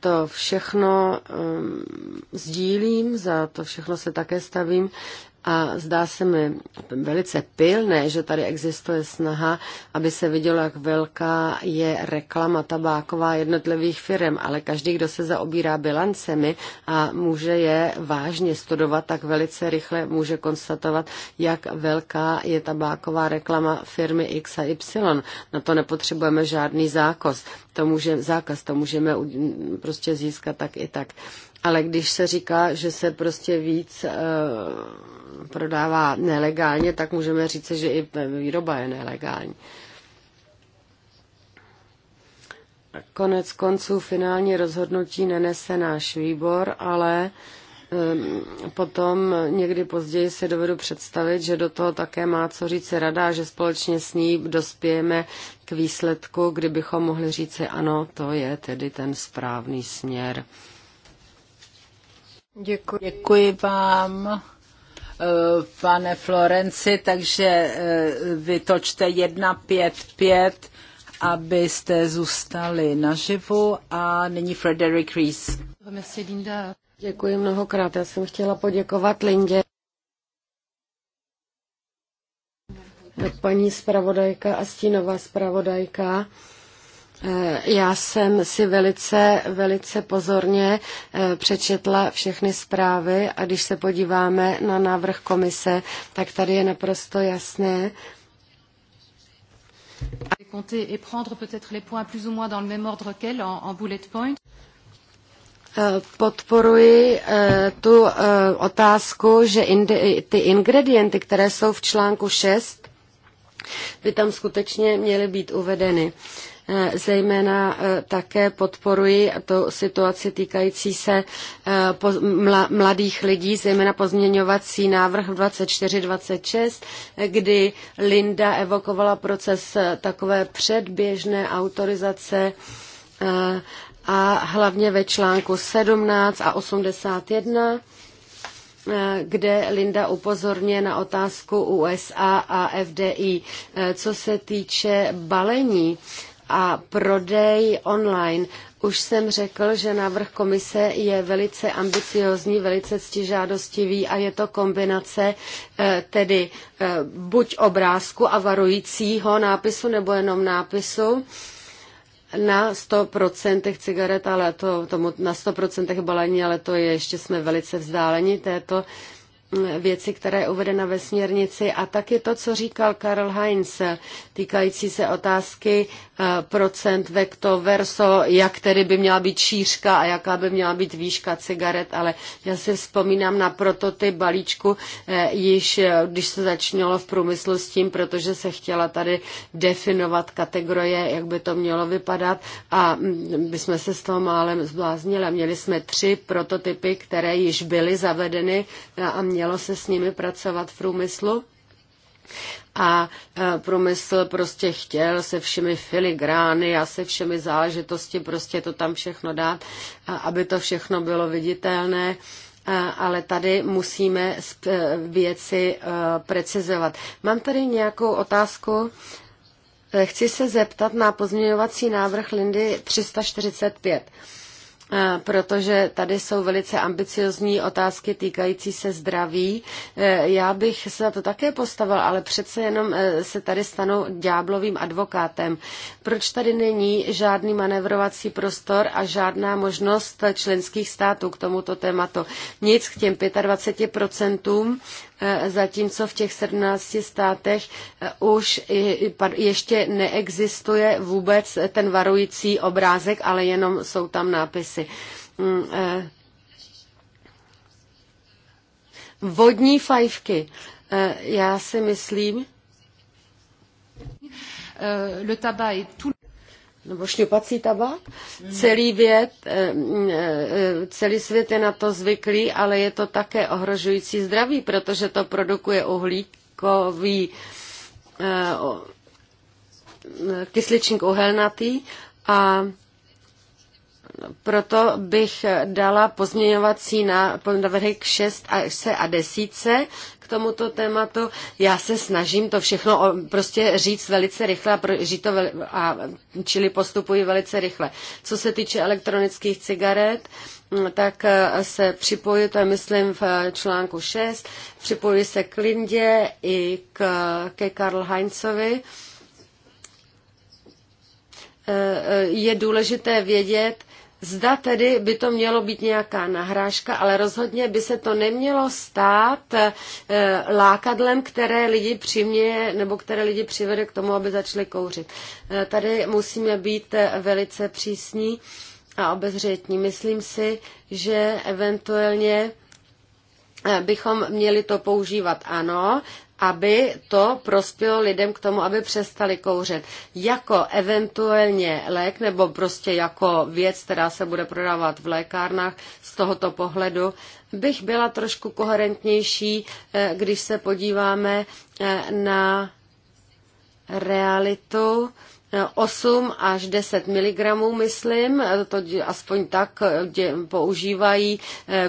To všechno um, sdílím, za to všechno se také stavím, a zdá se mi velice pilné, že tady existuje snaha, aby se vidělo, jak velká je reklama tabáková jednotlivých firm, ale každý, kdo se zaobírá bilancemi a může je vážně studovat, tak velice rychle může konstatovat, jak velká je tabáková reklama firmy X a Y. Na to nepotřebujeme žádný zákaz. To může, zákaz to můžeme prostě získat tak i tak. Ale když se říká, že se prostě víc eh, prodává nelegálně, tak můžeme říct, že i výroba je nelegální. Konec konců finální rozhodnutí nenese náš výbor, ale ehm, potom někdy později si dovedu představit, že do toho také má co říct rada že společně s ní dospějeme k výsledku, kdybychom mohli říci ano, to je tedy ten správný směr. Děkuji, Děkuji vám eh, pane Florenci, takže eh, vytočte 155, abyste zůstali naživu a nyní Frederick Rees. Děkuji mnohokrát, já jsem chtěla poděkovat Lindě. Paní zpravodajka a stínová zpravodajka Eh, já jsem si velice, velice pozorně eh, přečetla všechny zprávy a když se podíváme na návrh komise, tak tady je naprosto jasné, eh, Podporuji tu otázku, že ty ingredienty, které jsou v článku 6, by tam skutečně měly být uvedeny. Eh, zejména eh, také podporuji to situaci týkající se eh, mladých lidí, zejména pozměňovací návrh 24/26, kdy Linda evokovala proces takové předběžné autorizace a hlavně ve článku 17 a 81 kde Linda upozorňuje na otázku USA a FDI. Co se týče balení, a prodej online. Už jsem řekl, že návrh komise je velice ambiciozní, velice ctižádostivý a je to kombinace eh, tedy eh, buď obrázku a varujícího nápisu nebo jenom nápisu na 100% cigaret, ale to, tomu, na 100% balení, ale to je, ještě jsme velice vzdáleni této mm, věci, která je uvedena ve směrnici a taky to, co říkal Karl Heinz týkající se otázky procent vekto verso, jak tedy by měla být šířka a jaká by měla být výška cigaret, ale já si vzpomínám na prototyp balíčku eh, již, eh, když se začínalo v průmyslu s tím, protože se chtěla tady definovat kategorie, jak by to mělo vypadat a mm, my jsme se s toho málem zbláznili. Měli jsme tři prototypy, které již byly zavedeny eh, a mělo se s nimi pracovat v průmyslu a e, promysl prostě chtěl se všemi filigrány a se všemi záležitosti prostě to tam všechno dát, aby to všechno bylo viditelné e, ale tady musíme e, věci precizovat. Mám tady nějakou otázku. Chci se zeptat na pozměňovací návrh Lindy 345 protože tady jsou velice ambiciozní otázky týkající se zdraví. E, já bych se na to také postavil, ale přece jenom e, se tady stanou ďáblovým advokátem. Proč tady není žádný manevrovací prostor a žádná možnost členských států k tomuto tématu? Nic k těm 25% Eh, zatímco v těch 17 státech eh, už ještě neexistuje vůbec ten varující obrázek, ale jenom jsou tam nápisy. Mm, eh, vodní fajfky. Já si myslím, le tabac et tout nebo šňupací tabák. Celý, věd, eh, mm, eh, eh, celý svět je na to zvyklý, ale je to také ohrožující zdraví, protože to produkuje uhlíkový kysličník uhelnatý a proto bych dala pozměňovací návrhy k 6 a 10, k tomuto tématu. Já se snažím to všechno prostě říct velice rychle a, to veli- a čili postupuji velice rychle. Co se týče elektronických cigaret, tak e, se připojuji, to je myslím v e, článku 6, připojuji se k Lindě i k, ke Karl Heinzovi e, je důležité vědět, Zda tedy by to mělo být nějaká nahrážka, ale rozhodně by se to nemělo stát eh, lákadlem, které lidi přiměje nebo které lidi přivede k tomu, aby začali kouřit. Eh, tady musíme být eh, velice přísní a obezřetní. Myslím si, že eventuálně bychom měli to používat ano, aby to prospělo lidem k tomu, aby přestali kouřit. Jako eventuálně lék nebo prostě jako věc, která se bude prodávat v lékárnách z tohoto pohledu, bych byla trošku koherentnější, eh, když se podíváme eh, na realitu. 8 eh, až 10 mg, myslím, to aspoň tak používají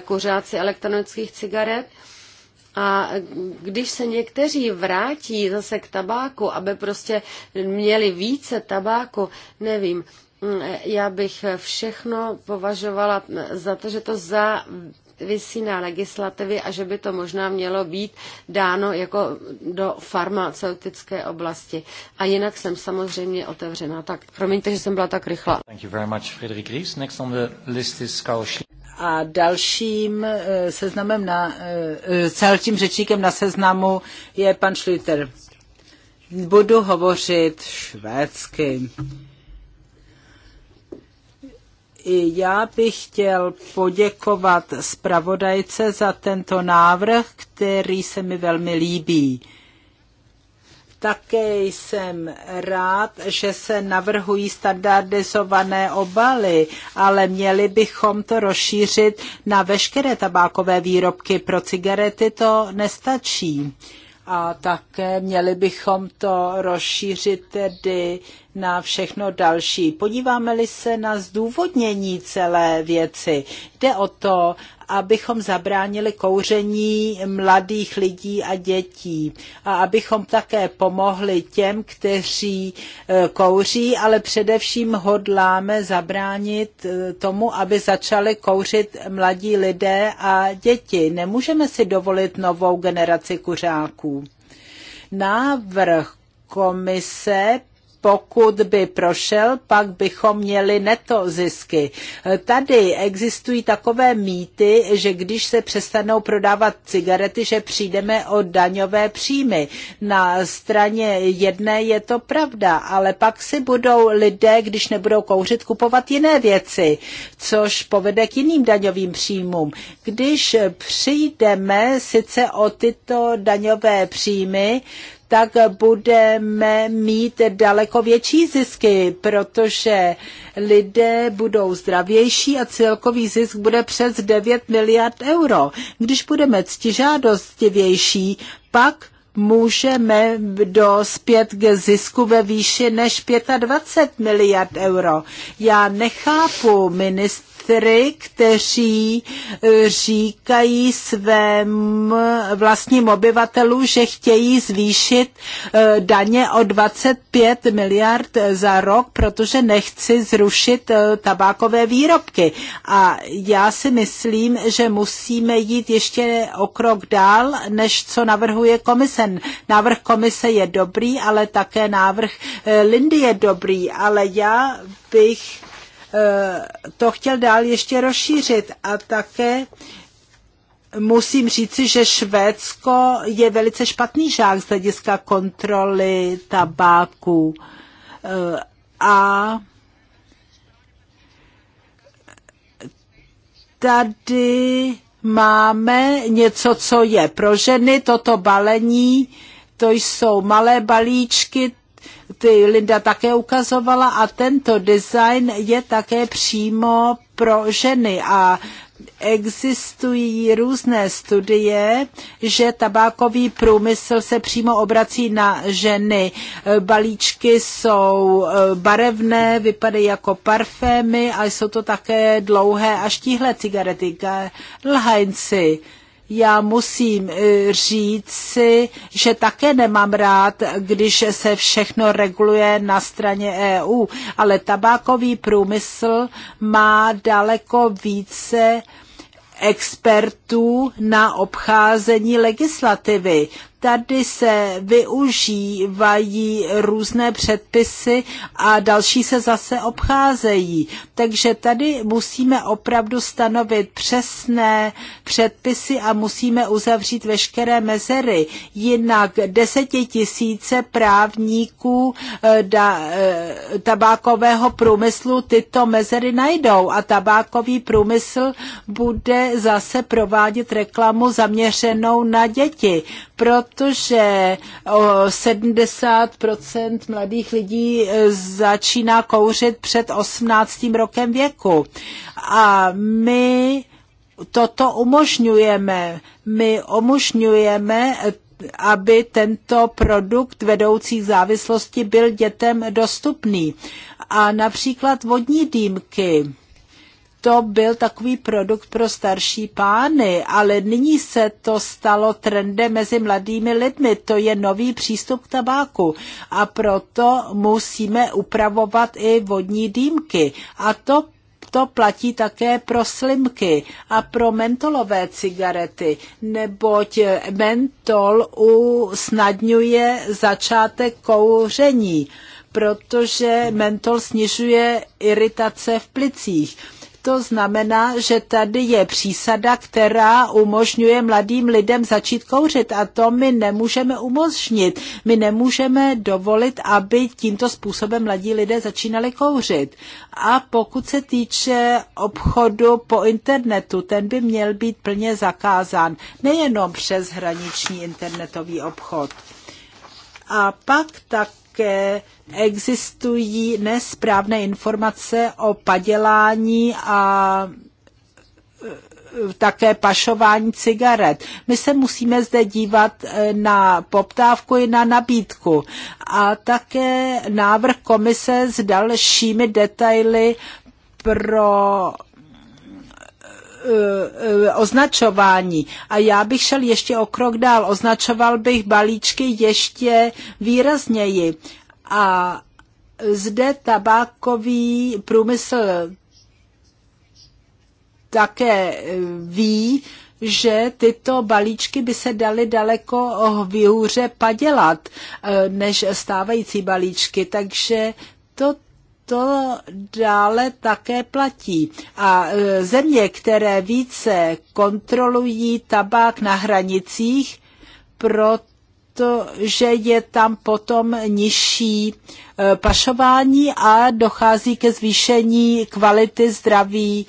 kuřáci elektronických cigaret. A když se někteří vrátí zase k tabáku, aby prostě měli více tabáku, nevím, já bych všechno považovala za to, že to za vysí na legislativy a že by to možná mělo být dáno jako do farmaceutické oblasti. A jinak jsem samozřejmě otevřená. Tak promiňte, že jsem byla tak rychlá a dalším eh, seznamem na, eh, eh, celým řečníkem na seznamu je pan Schlüter. Budu hovořit švédsky. I já bych chtěl poděkovat zpravodajce za tento návrh, který se mi velmi líbí. Také jsem rád, že se navrhují standardizované obaly, ale měli bychom to rozšířit na veškeré tabákové výrobky. Pro cigarety to nestačí. A také měli bychom to rozšířit tedy na všechno další. Podíváme-li se na zdůvodnění celé věci. Jde o to, abychom zabránili kouření mladých lidí a dětí a abychom také pomohli těm, kteří e, kouří, ale především hodláme zabránit e, tomu, aby začali kouřit mladí lidé a děti. Nemůžeme si dovolit novou generaci kuřáků. Návrh komise pokud by prošel, pak bychom měli neto zisky. Tady existují takové mýty, že když se přestanou prodávat cigarety, že přijdeme o daňové příjmy. Na straně jedné je to pravda, ale pak si budou lidé, když nebudou kouřit, kupovat jiné věci, což povede k jiným daňovým příjmům. Když přijdeme sice o tyto daňové příjmy, tak budeme mít daleko větší zisky, protože lidé budou zdravější a celkový zisk bude přes 9 miliard euro. Když budeme ctižádostivější, pak můžeme dospět k zisku ve výši než 25 miliard euro. Já nechápu ministr ministry, kteří eh, říkají svém vlastním obyvatelům, že chtějí zvýšit eh, daně o 25 miliard za rok, protože nechci zrušit eh, tabákové výrobky. A já si myslím, že musíme jít ještě o krok dál, než co navrhuje komise. Návrh komise je dobrý, ale také návrh Lindy je dobrý, ale já bych Eh, to chtěl dál ještě rozšířit a také musím říci, že Švédsko je velice špatný žák z hlediska kontroly tabáku eh, a tady máme něco, co je pro ženy, toto balení, to jsou malé balíčky, ty Linda také ukazovala a tento design je také přímo pro ženy a existují různé studie, že tabákový průmysl se přímo obrací na ženy. Balíčky jsou e, barevné, vypadají jako parfémy a jsou to také dlouhé a štíhlé cigarety. Lhajnci já musím eh, říci, že také nemám rád, když se všechno reguluje na straně EU, ale tabákový průmysl má daleko více expertů na obcházení legislativy tady se využívají různé předpisy a další se zase obcházejí. Takže tady musíme opravdu stanovit přesné předpisy a musíme uzavřít veškeré mezery. Jinak desetitisíce právníků eh, da, eh, tabákového průmyslu tyto mezery najdou a tabákový průmysl bude zase provádět reklamu zaměřenou na děti protože 70% mladých lidí e, začíná kouřit před 18. rokem věku. A my toto umožňujeme. My umožňujeme e, aby tento produkt vedoucích závislosti byl dětem dostupný. A například vodní dýmky to byl takový produkt pro starší pány, ale nyní se to stalo trendem mezi mladými lidmi. To je nový přístup k tabáku a proto musíme upravovat i vodní dýmky. A to to platí také pro slimky a pro mentolové cigarety, neboť mentol usnadňuje začátek kouření, protože mentol snižuje iritace v plicích to znamená, že tady je přísada, která umožňuje mladým lidem začít kouřit a to my nemůžeme umožnit. My nemůžeme dovolit, aby tímto způsobem mladí lidé začínali kouřit. A pokud se týče obchodu po internetu, ten by měl být plně zakázán. Nejenom přes hraniční internetový obchod. A pak tak také existují nesprávné informace o padělání a e, také pašování cigaret. My se musíme zde dívat e, na poptávku i na nabídku. A také návrh komise s dalšími detaily pro Eh, eh, označování. A já bych šel ještě o krok dál. Označoval bych balíčky ještě výrazněji. A zde tabákový průmysl také eh, ví, že tyto balíčky by se daly daleko výhůře padělat než stávající balíčky, takže to to dále také platí. A e, země, které více kontrolují tabák na hranicích, protože je tam potom nižší e, pašování a dochází ke zvýšení kvality zdraví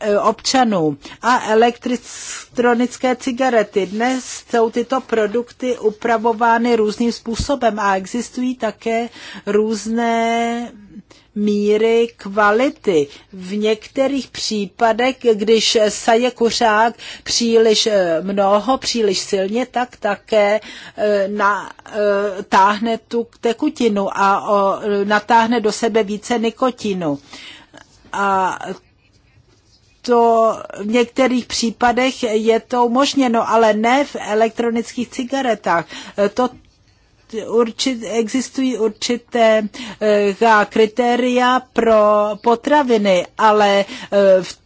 e, občanů. A elektronické cigarety. Dnes jsou tyto produkty upravovány různým způsobem a existují také různé míry kvality. V některých případech, když saje kuřák příliš eh, mnoho, příliš silně, tak také eh, na eh, táhne tu tekutinu a natáhne do sebe více nikotinu. A to v některých případech je to umožněno, ale ne v elektronických cigaretách. To určit, existují určité eh, kritéria pro potraviny, ale eh, v,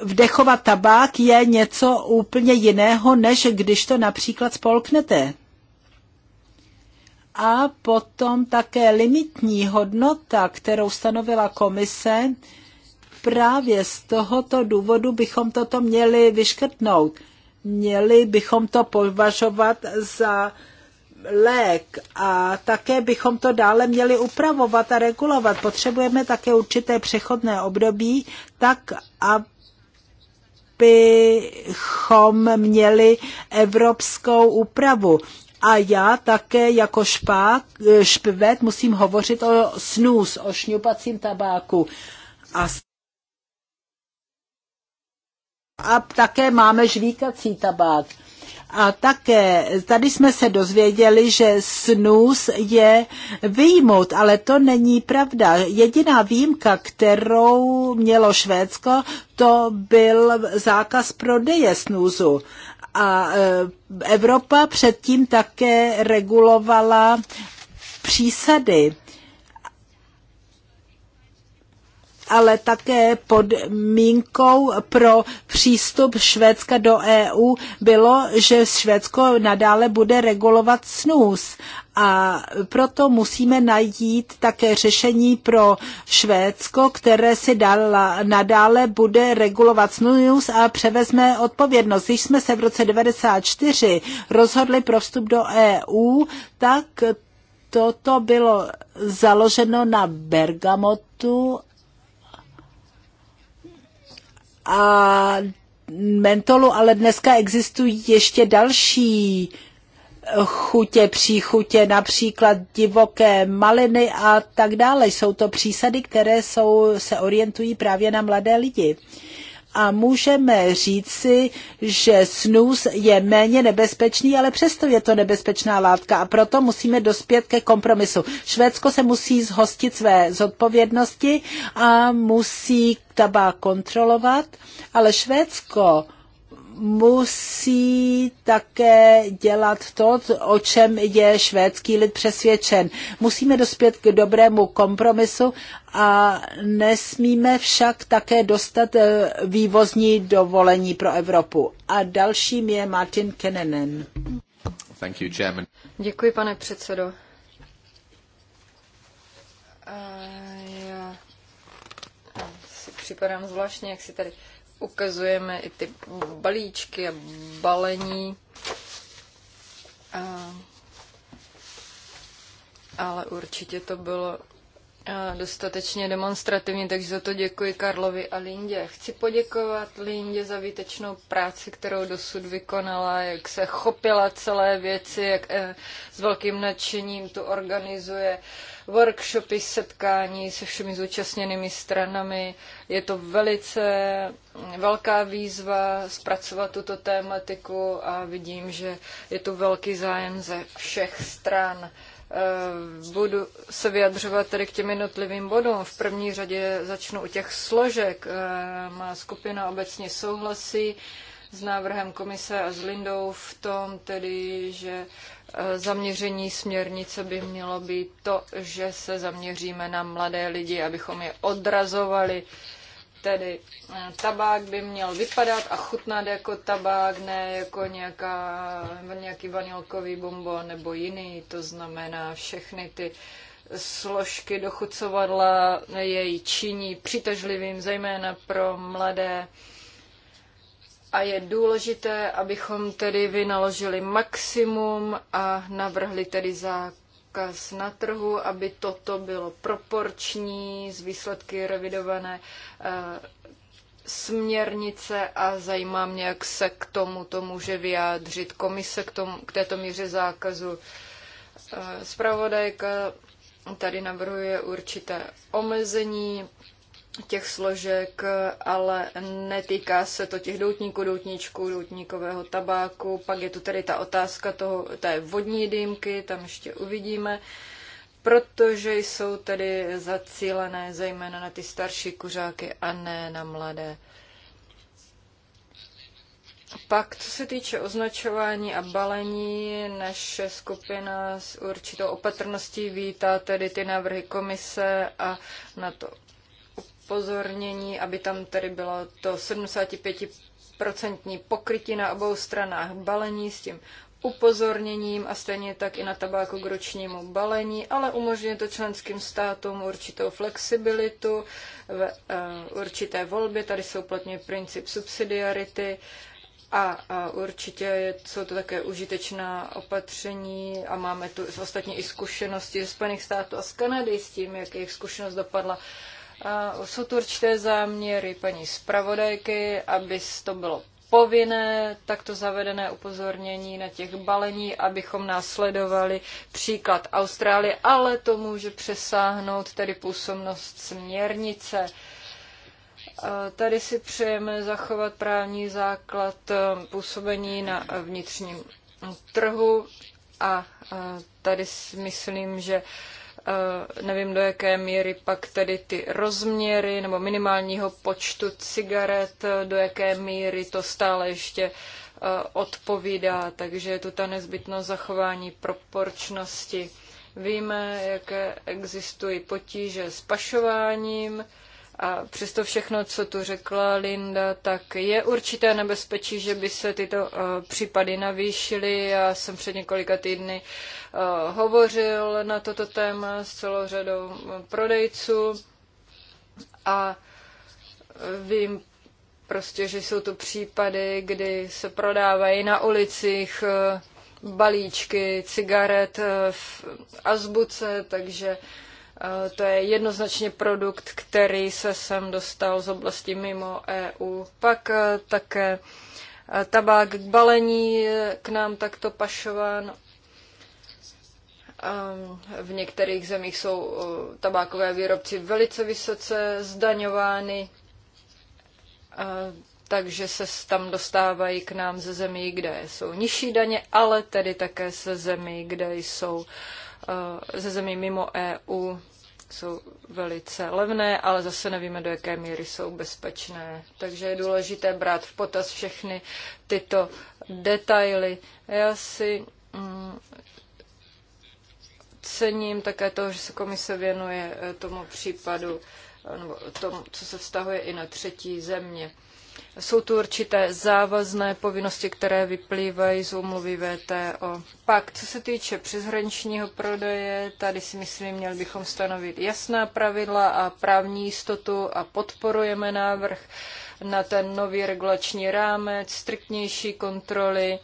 vdechovat tabák je něco úplně jiného, než když to například spolknete. A potom také limitní hodnota, kterou stanovila komise, právě z tohoto důvodu bychom toto měli vyškrtnout. Měli bychom to považovat za lék a také bychom to dále měli upravovat a regulovat. Potřebujeme také určité přechodné období, tak abychom měli evropskou úpravu. A já také jako špák, špvet musím hovořit o snus, o šňupacím tabáku. A a také máme žvíkací tabák. A také tady jsme se dozvěděli, že snus je výjimut, ale to není pravda. Jediná výjimka, kterou mělo Švédsko, to byl zákaz prodeje snůzu. A e, Evropa předtím také regulovala přísady. ale také podmínkou pro přístup Švédska do EU bylo, že Švédsko nadále bude regulovat snus a proto musíme najít také řešení pro Švédsko, které si dala, nadále bude regulovat snus a převezme odpovědnost. Když jsme se v roce 1994 rozhodli pro vstup do EU, tak toto bylo založeno na Bergamotu a mentolu, ale dneska existují ještě další chutě, příchutě, například divoké maliny a tak dále. Jsou to přísady, které jsou, se orientují právě na mladé lidi a můžeme říci, že snus je méně nebezpečný, ale přesto je to nebezpečná látka a proto musíme dospět ke kompromisu. Švédsko se musí zhostit své zodpovědnosti a musí tabák kontrolovat, ale Švédsko musí také dělat to, o čem je švédský lid přesvědčen. Musíme dospět k dobrému kompromisu a nesmíme však také dostat eh, vývozní dovolení pro Evropu. A dalším je Martin Kenenen. Thank you, Chairman. Děkuji, pane předsedo. já si připadám zvláštně, jak si tady ukazujeme i ty balíčky a balení. A, ale určitě to bylo dostatečně demonstrativní, takže za to děkuji Karlovi a Lindě. Chci poděkovat Lindě za výtečnou práci, kterou dosud vykonala, jak se chopila celé věci, jak e, s velkým nadšením to organizuje workshopy, setkání se všemi zúčastněnými stranami. Je to velice velká výzva zpracovat tuto tématiku a vidím, že je tu velký zájem ze všech stran eh, budu se vyjadřovat tedy k těm jednotlivým bodům. V první řadě začnu u těch složek. Eh, má skupina obecně souhlasí s návrhem komise a s Lindou v tom tedy, že e, zaměření směrnice by mělo být to, že se zaměříme na mladé lidi, abychom je odrazovali. Tedy e, tabák by měl vypadat a chutnat jako tabák, ne jako nějaká, nějaký vanilkový bombo nebo jiný. To znamená všechny ty složky dochucovadla její činí přitažlivým, zejména pro mladé a je důležité, abychom tedy vynaložili maximum a navrhli tedy zákaz na trhu, aby toto bylo proporční z výsledky revidované eh, směrnice a zajímá mě, jak se k tomu to může vyjádřit komise k, tomu, k této míře zákazu. Spravodajka eh, tady navrhuje určité omezení těch složek, ale netýká se to těch doutníků, doutníčků, doutníkového tabáku. Pak je tu tedy ta otázka toho, té vodní dýmky, tam ještě uvidíme, protože jsou tedy zacílené zejména na ty starší kuřáky a ne na mladé. Pak, co se týče označování a balení, naše skupina s určitou opatrností vítá tedy ty návrhy komise a na to upozornění, aby tam tedy bylo to 75% pokrytí na obou stranách balení s tím upozorněním a stejně tak i na tabáku k ročnímu balení, ale umožňuje to členským státům určitou flexibilitu v eh, určité volbě. Tady se uplatňuje princip subsidiarity a, a určitě je, jsou to také užitečná opatření a máme tu ostatně i zkušenosti ze Spojených států a z Kanady s tím, jak jejich zkušenost dopadla jsou určité záměry paní zpravodajky, aby to bylo povinné takto zavedené upozornění na těch balení, abychom následovali příklad Austrálie, ale to může přesáhnout tedy působnost směrnice. Tady si přejeme zachovat právní základ e, působení na vnitřním trhu a e, tady si myslím, že nevím do jaké míry pak tedy ty rozměry nebo minimálního počtu cigaret, do jaké míry to stále ještě e, odpovídá, takže je tu ta nezbytnost zachování proporčnosti. Víme, jaké existují potíže s pašováním, a přesto všechno, co tu řekla Linda, tak je určité nebezpečí, že by se tyto uh, případy navýšily. Já jsem před několika týdny uh, hovořil na toto téma s celou řadou eh, prodejců a vím prostě, že jsou to případy, kdy se prodávají na ulicích uh, balíčky cigaret v azbuce, takže uh, Eh, to je jednoznačně produkt, který se sem dostal z oblasti mimo EU. Pak eh, také eh, tabák k balení k nám takto pašován. Ehm, v některých zemích jsou tabákové výrobci velice vysoce zdaňovány, takže se tam dostávají k nám ze zemí, kde jsou nižší daně, ale tedy také ze zemí, kde jsou uh, Eh, ze zemí mimo EU jsou velice levné, ale zase nevíme, do jaké míry jsou bezpečné. Takže je důležité brát v potaz všechny tyto detaily. Já si mm, cením také to, že se komise věnuje eh, tomu případu, eh, nebo tomu, co se vztahuje i na třetí země. Jsou tu určité závazné povinnosti, které vyplývají z umluvy VTO. Pak, co se týče přeshraničního prodeje, tady si myslím, měli bychom stanovit jasná pravidla a právní jistotu a podporujeme návrh na ten nový regulační rámec, striktnější kontroly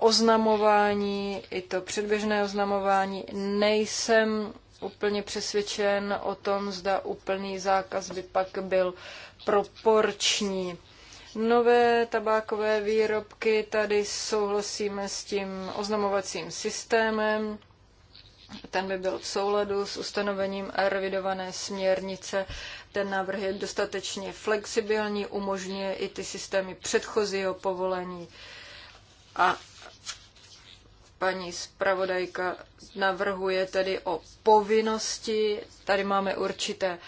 oznamování, i to předběžné oznamování. Nejsem úplně přesvědčen o tom, zda úplný zákaz by pak byl proporční. Nové tabákové výrobky, tady souhlasíme s tím oznamovacím systémem, ten by byl v souladu s ustanovením revidované směrnice. Ten návrh je dostatečně flexibilní, umožňuje i ty systémy předchozího povolení. A paní zpravodajka navrhuje tedy o povinnosti. Tady máme určité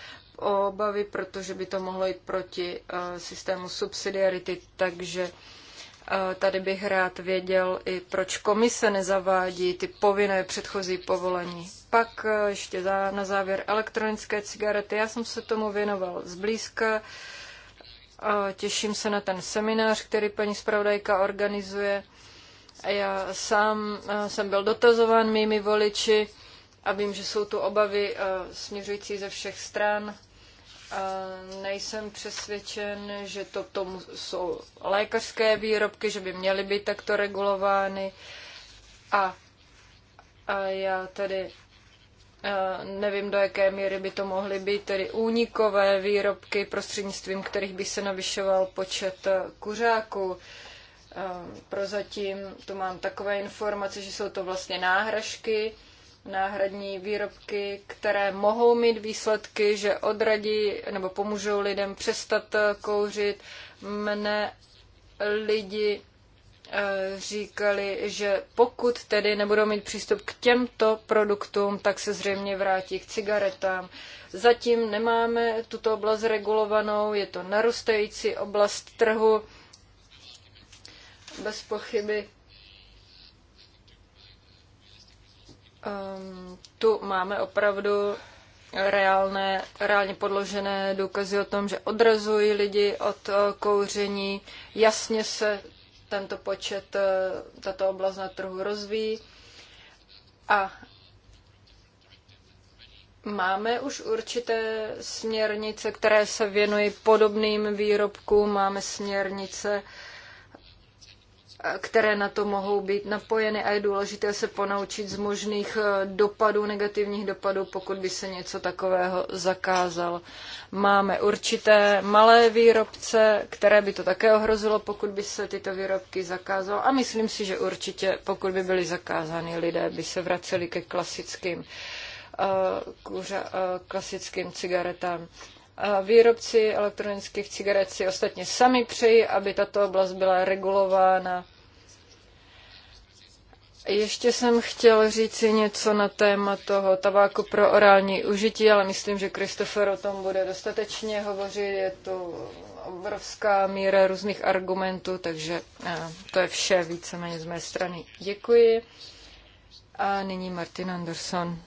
obavy, protože by to mohlo jít proti eh, systému subsidiarity, takže eh, tady bych rád věděl i, proč komise nezavádí ty povinné předchozí povolení. Pak eh, ještě na závěr elektronické cigarety. Já jsem se tomu věnoval zblízka. Těším se na ten seminář, který paní zpravodajka organizuje. Já sám eh, jsem byl dotazován mými voliči a vím, že jsou tu obavy eh, směřující ze všech stran. Nejsem přesvědčen, že to tomu jsou lékařské výrobky, že by měly být takto regulovány. A, a já tedy eh, nevím, do jaké míry by to mohly být tedy únikové výrobky, prostřednictvím kterých by se navyšoval počet kuřáků. Prozatím tu mám takové informace, že jsou to vlastně náhražky, náhradní výrobky, které mohou mít výsledky, že odradí nebo pomůžou lidem přestat eh, kouřit. Mne lidi eh, říkali, že pokud tedy nebudou mít přístup k těmto produktům, tak se zřejmě vrátí k cigaretám. Zatím nemáme tuto oblast regulovanou, je to narůstající oblast trhu bez pochyby um, tu máme opravdu reálné, reálně podložené důkazy o tom, že odrazují lidi od eh, kouření. Jasně se tento počet, eh, tato oblast na trhu rozvíjí. A Máme už určité směrnice, které se věnují podobným výrobkům. Máme směrnice které na to mohou být napojeny a je důležité se ponaučit z možných eh, dopadů, negativních dopadů, pokud by se něco takového zakázalo. Máme určité malé výrobce, které by to také ohrozilo, pokud by se tyto výrobky zakázalo a myslím si, že určitě, pokud by byly zakázány, lidé by se vraceli ke klasickým, eh, kuře, eh, klasickým cigaretám. Výrobci elektronických cigaret si ostatně sami přejí, aby tato oblast byla regulována. Ještě jsem chtěl říci něco na téma toho tabáku pro orální užití, ale myslím, že Christopher o tom bude dostatečně hovořit. Je tu obrovská míra různých argumentů, takže eh, to je vše víceméně z mé strany. Děkuji. A nyní Martin Anderson.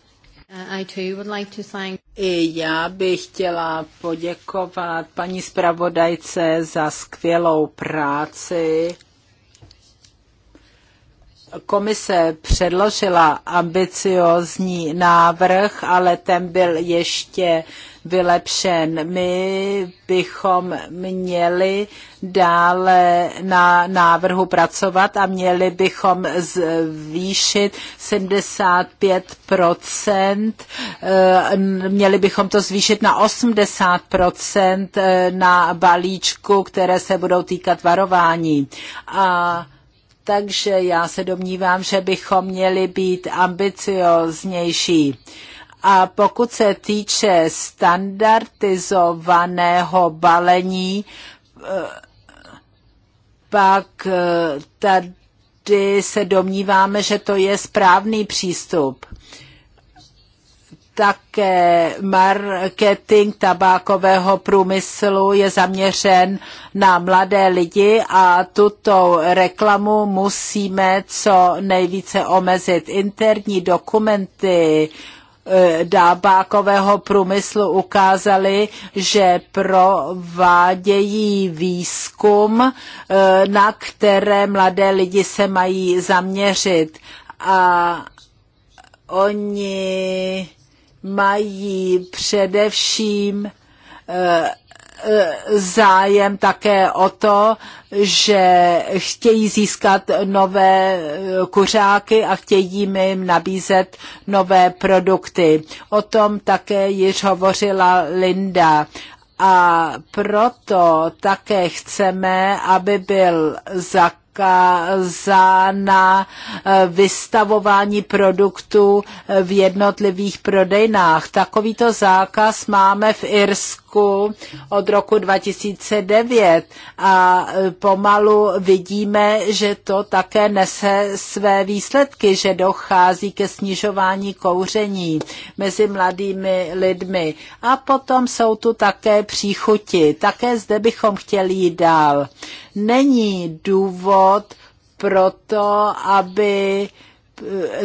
Uh, I too would like to thank... I já bych chtěla poděkovat paní zpravodajce za skvělou práci komise předložila ambiciozní návrh, ale ten byl ještě vylepšen. My bychom měli dále na návrhu pracovat a měli bychom zvýšit 75 eh, měli bychom to zvýšit na 80 eh, na balíčku, které se budou týkat varování. A takže já se domnívám, že bychom měli být ambicioznější. A pokud se týče standardizovaného balení, eh, pak eh, tady se domníváme, že to je správný přístup také marketing tabákového průmyslu je zaměřen na mladé lidi a tuto reklamu musíme co nejvíce omezit. Interní dokumenty dábákového eh, průmyslu ukázali, že provádějí výzkum, eh, na které mladé lidi se mají zaměřit. A oni mají především eh, eh, zájem také o to, že chtějí získat nové eh, kuřáky a chtějí jim nabízet nové produkty. O tom také již hovořila Linda. A proto také chceme, aby byl zakázán zakázána eh, vystavování produktů v jednotlivých prodejnách. Takovýto zákaz máme v Irsku Česku od roku 2009 a e, pomalu vidíme, že to také nese své výsledky, že dochází ke snižování kouření mezi mladými lidmi. A potom jsou tu také příchuti. Také zde bychom chtěli jít dál. Není důvod pro to, aby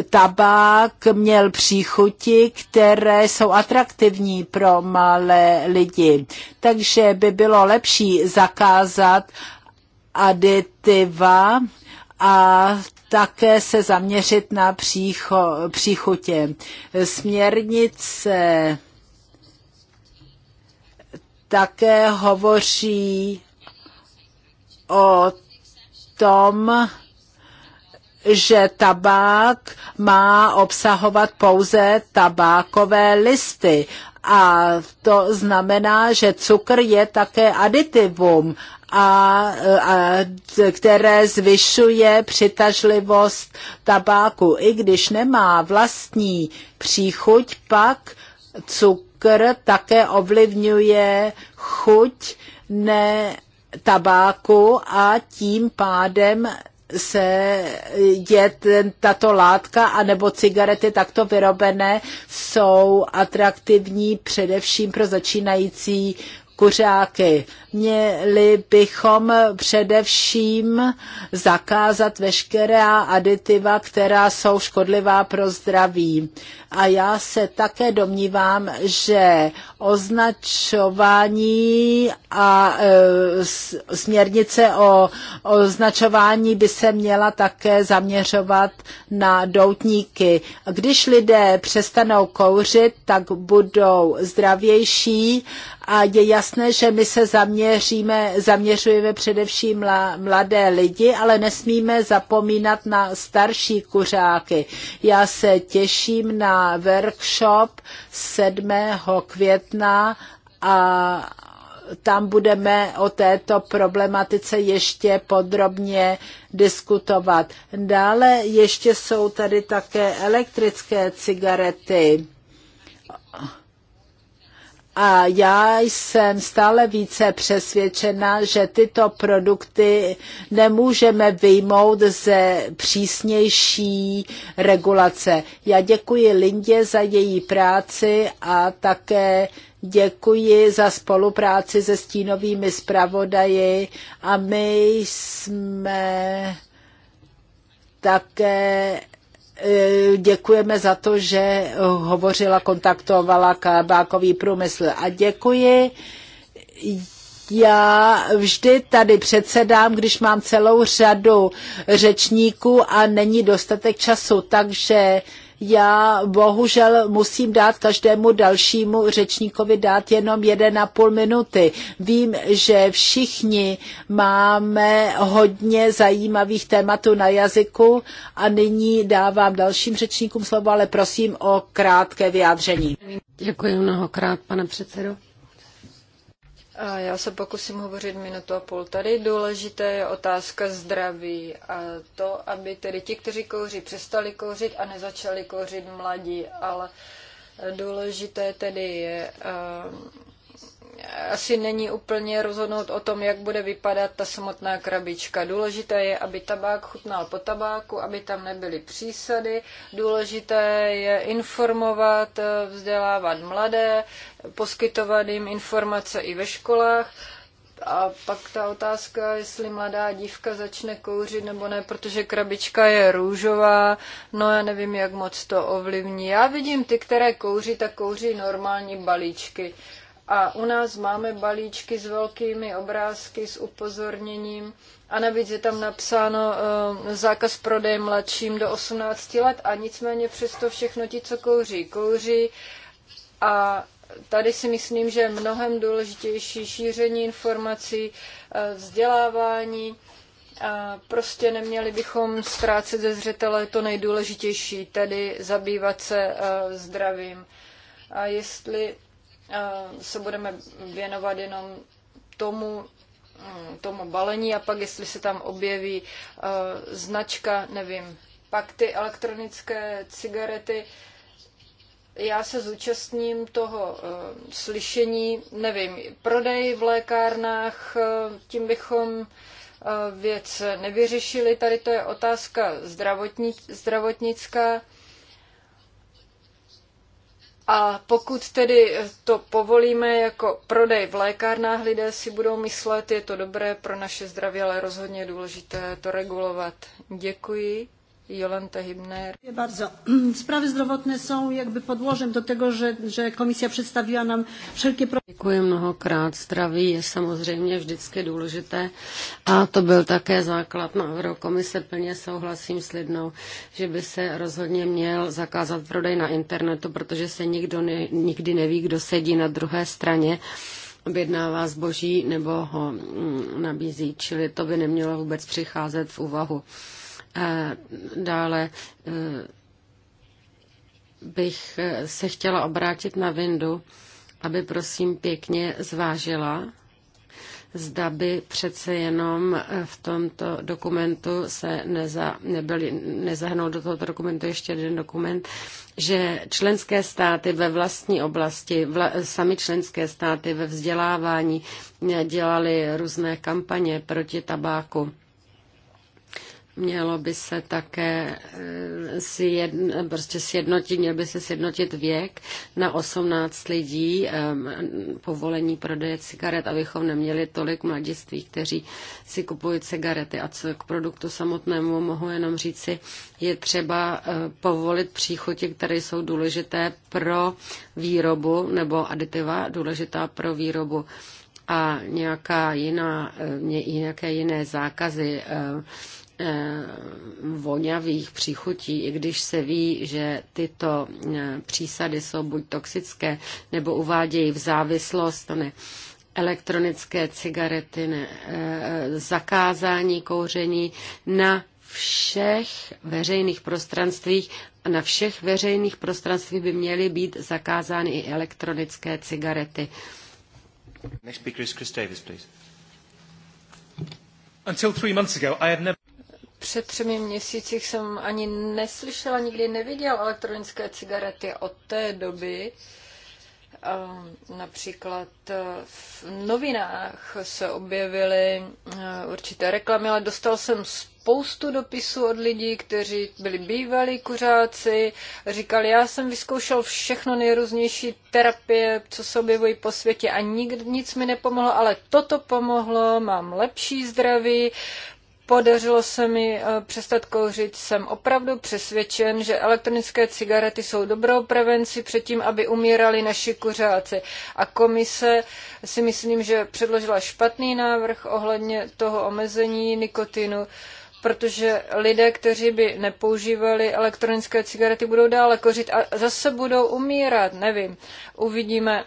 tabák měl příchuti, které jsou atraktivní pro malé lidi. Takže by bylo lepší zakázat aditiva a také se zaměřit na přícho, příchutě. Směrnice také hovoří o tom, že tabák má obsahovat pouze tabákové listy. A to znamená, že cukr je také aditivum, a, a které zvyšuje přitažlivost tabáku. I když nemá vlastní příchuť, pak cukr také ovlivňuje chuť ne tabáku a tím pádem se je ten, tato látka anebo cigarety takto vyrobené jsou atraktivní především pro začínající kuřáky. Měli bychom především zakázat veškerá aditiva, která jsou škodlivá pro zdraví. A já se také domnívám, že označování a e, směrnice o označování by se měla také zaměřovat na doutníky. Když lidé přestanou kouřit, tak budou zdravější a je jasné, že my se zaměříme, zaměřujeme především mladé lidi, ale nesmíme zapomínat na starší kuřáky. Já se těším na workshop 7. května a tam budeme o této problematice ještě podrobně diskutovat. Dále ještě jsou tady také elektrické cigarety. A já jsem stále více přesvědčena, že tyto produkty nemůžeme vyjmout ze přísnější regulace. Já děkuji Lindě za její práci a také děkuji za spolupráci se stínovými zpravodaji a my jsme také E, děkujeme za to, že hovořila, kontaktovala kabákový průmysl a děkuji. Já vždy tady předsedám, když mám celou řadu řečníků a není dostatek času, takže já bohužel musím dát každému dalšímu řečníkovi dát jenom 1,5 minuty. Vím, že všichni máme hodně zajímavých tématů na jazyku a nyní dávám dalším řečníkům slovo, ale prosím o krátké vyjádření. Děkuji mnohokrát, pane předsedo já se pokusím hovořit minutu a půl. Tady důležité je otázka zdraví a to, aby tedy ti, kteří kouří, přestali kouřit a nezačali kouřit mladí, ale důležité tedy je asi není úplně rozhodnout o tom, jak bude vypadat ta samotná krabička. Důležité je, aby tabák chutnal po tabáku, aby tam nebyly přísady. Důležité je informovat, eh, vzdělávat mladé, poskytovat jim informace i ve školách. A pak ta otázka, jestli mladá dívka začne kouřit nebo ne, protože krabička je růžová, no já nevím, jak moc to ovlivní. Já vidím ty, které kouří, tak kouří normální balíčky. A u nás máme balíčky s velkými obrázky, s upozorněním. A navíc je tam napsáno uh, zákaz prodeje mladším do 18 let a nicméně přesto všechno ti, co kouří, kouří. A tady si myslím, že je mnohem důležitější šíření informací, uh, vzdělávání. A prostě neměli bychom ztrácet ze zřetele to nejdůležitější, tedy zabývat se uh, zdravím. A jestli se budeme věnovat jenom tomu, mm, tomu balení a pak, jestli se tam objeví e, značka, nevím. Pak ty elektronické cigarety, já se zúčastním toho uh, slyšení, nevím, prodej v lékárnách, uh, tím bychom uh, věc nevyřešili. Tady to je otázka zdravotnická. A pokud tedy to povolíme jako prodej v lékárnách, lidé si budou myslet, je to dobré pro naše zdraví, ale rozhodně je důležité to regulovat. Děkuji. Jolanta Hibner. Dziękuję bardzo. Sprawy zdrowotne są jakby podłożem do tego, że, że komisja představila nám wszelkie... Děkuji mnohokrát. Zdraví je samozřejmě vždycky důležité a to byl také základ na Eurokomise. Plně souhlasím s Lidnou, že by se rozhodně měl zakázat prodej na internetu, protože se nikdo ne, nikdy neví, kdo sedí na druhé straně objednává zboží nebo ho mm, nabízí, čili to by nemělo vůbec přicházet v úvahu. Dále eh, bych eh, se chtěla obrátit na Vindu, aby prosím pěkně zvážila, zda by přece jenom eh, v tomto dokumentu se neza, nebyli, nezahnul do tohoto dokumentu ještě jeden dokument, že členské státy ve vlastní oblasti, vla, sami členské státy ve vzdělávání dělali různé kampaně proti tabáku. Mělo by se také eh, prostě sjednotit, měl by se sjednotit věk na 18 lidí ehm, povolení prodeje cigaret, abychom neměli tolik mladiství, kteří si kupují cigarety. A co k produktu samotnému mohu jenom říci, je třeba eh, povolit příchuti, které jsou důležité pro výrobu nebo aditiva důležitá pro výrobu a nějaká jiná, eh, nějaké jiné zákazy Eh, voňavých příchutí, i když se ví, že tyto eh, přísady jsou buď toxické, nebo uvádějí v závislost, ne, elektronické cigarety, ne, eh, zakázání kouření na všech veřejných prostranstvích a na všech veřejných prostranstvích by měly být zakázány i elektronické cigarety. Next speaker is Chris Davis, please. Until three months ago, I had never před třemi měsících jsem ani neslyšela, nikdy neviděla elektronické cigarety. Od té doby eh, například eh, v novinách se objevily eh, určité reklamy, ale dostal jsem spoustu dopisů od lidí, kteří byli bývalí kuřáci, říkali, já jsem vyzkoušel všechno nejrůznější terapie, co se objevují po světě a nikdy nic mi nepomohlo, ale toto pomohlo, mám lepší zdraví, Podařilo se mi eh, přestat kouřit. Jsem opravdu přesvědčen, že elektronické cigarety jsou dobrou prevenci před tím, aby umírali naši kuřáci. A komise si myslím, že předložila špatný návrh ohledně toho omezení nikotinu protože lidé, kteří by nepoužívali elektronické cigarety, budou dále kořit a zase budou umírat, nevím. Uvidíme,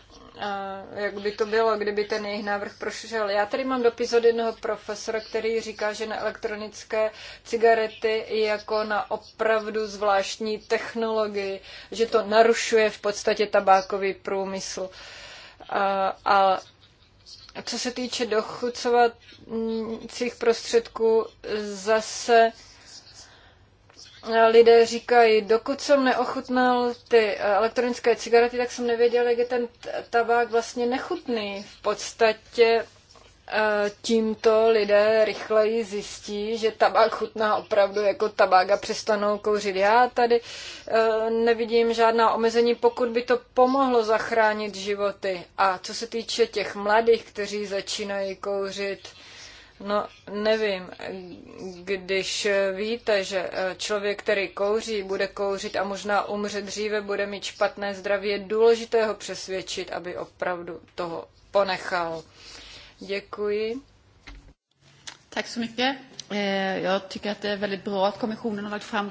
jak by to bylo, kdyby ten jejich návrh prošel. Já tady mám dopis od jednoho profesora, který říká, že na elektronické cigarety je jako na opravdu zvláštní technologii, že to narušuje v podstatě tabákový průmysl. A, a co se týče dochucovacích prostředků, zase lidé říkají, dokud jsem neochutnal ty eh, elektronické cigarety, tak jsem nevěděl, jak je ten tabák vlastně nechutný. V podstatě eh, tímto lidé rychleji zjistí, že tabák chutná opravdu jako tabák a přestanou kouřit. Já tady eh, nevidím žádná omezení, pokud by to pomohlo zachránit životy. A co se týče těch mladých, kteří začínají kouřit, No, nevím, když víte, že eh, člověk, který kouří, bude kouřit a možná umře dříve, bude mít špatné zdraví, je důležité ho přesvědčit, aby opravdu toho ponechal. Děkuji. Tak se mě. Já tycker att je velmi bylo, bra att kommissionen fram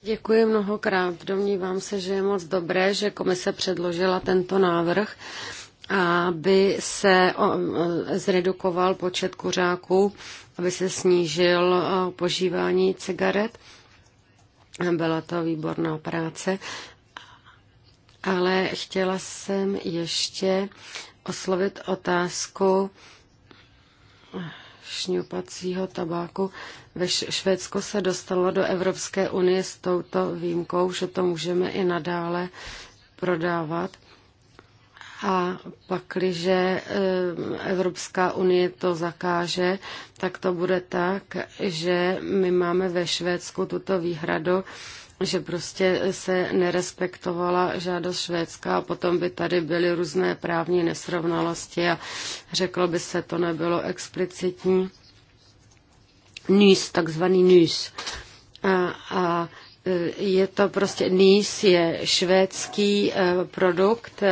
Děkuji mnohokrát. Domnívám se, že je moc dobré, že komise předložila tento návrh aby se zredukoval počet kuřáků, aby se snížil požívání cigaret. Byla to výborná práce. Ale chtěla jsem ještě oslovit otázku šňupacího tabáku. Ve Švédsko se dostalo do Evropské unie s touto výjimkou, že to můžeme i nadále prodávat a pakliže eh, Evropská unie to zakáže, tak to bude tak, že my máme ve Švédsku tuto výhradu, že prostě se nerespektovala žádost Švédska a potom by tady byly různé právní nesrovnalosti a řeklo by se, to nebylo explicitní. nýs, takzvaný nýs. A, a eh, je to prostě nýs je švédský eh, produkt,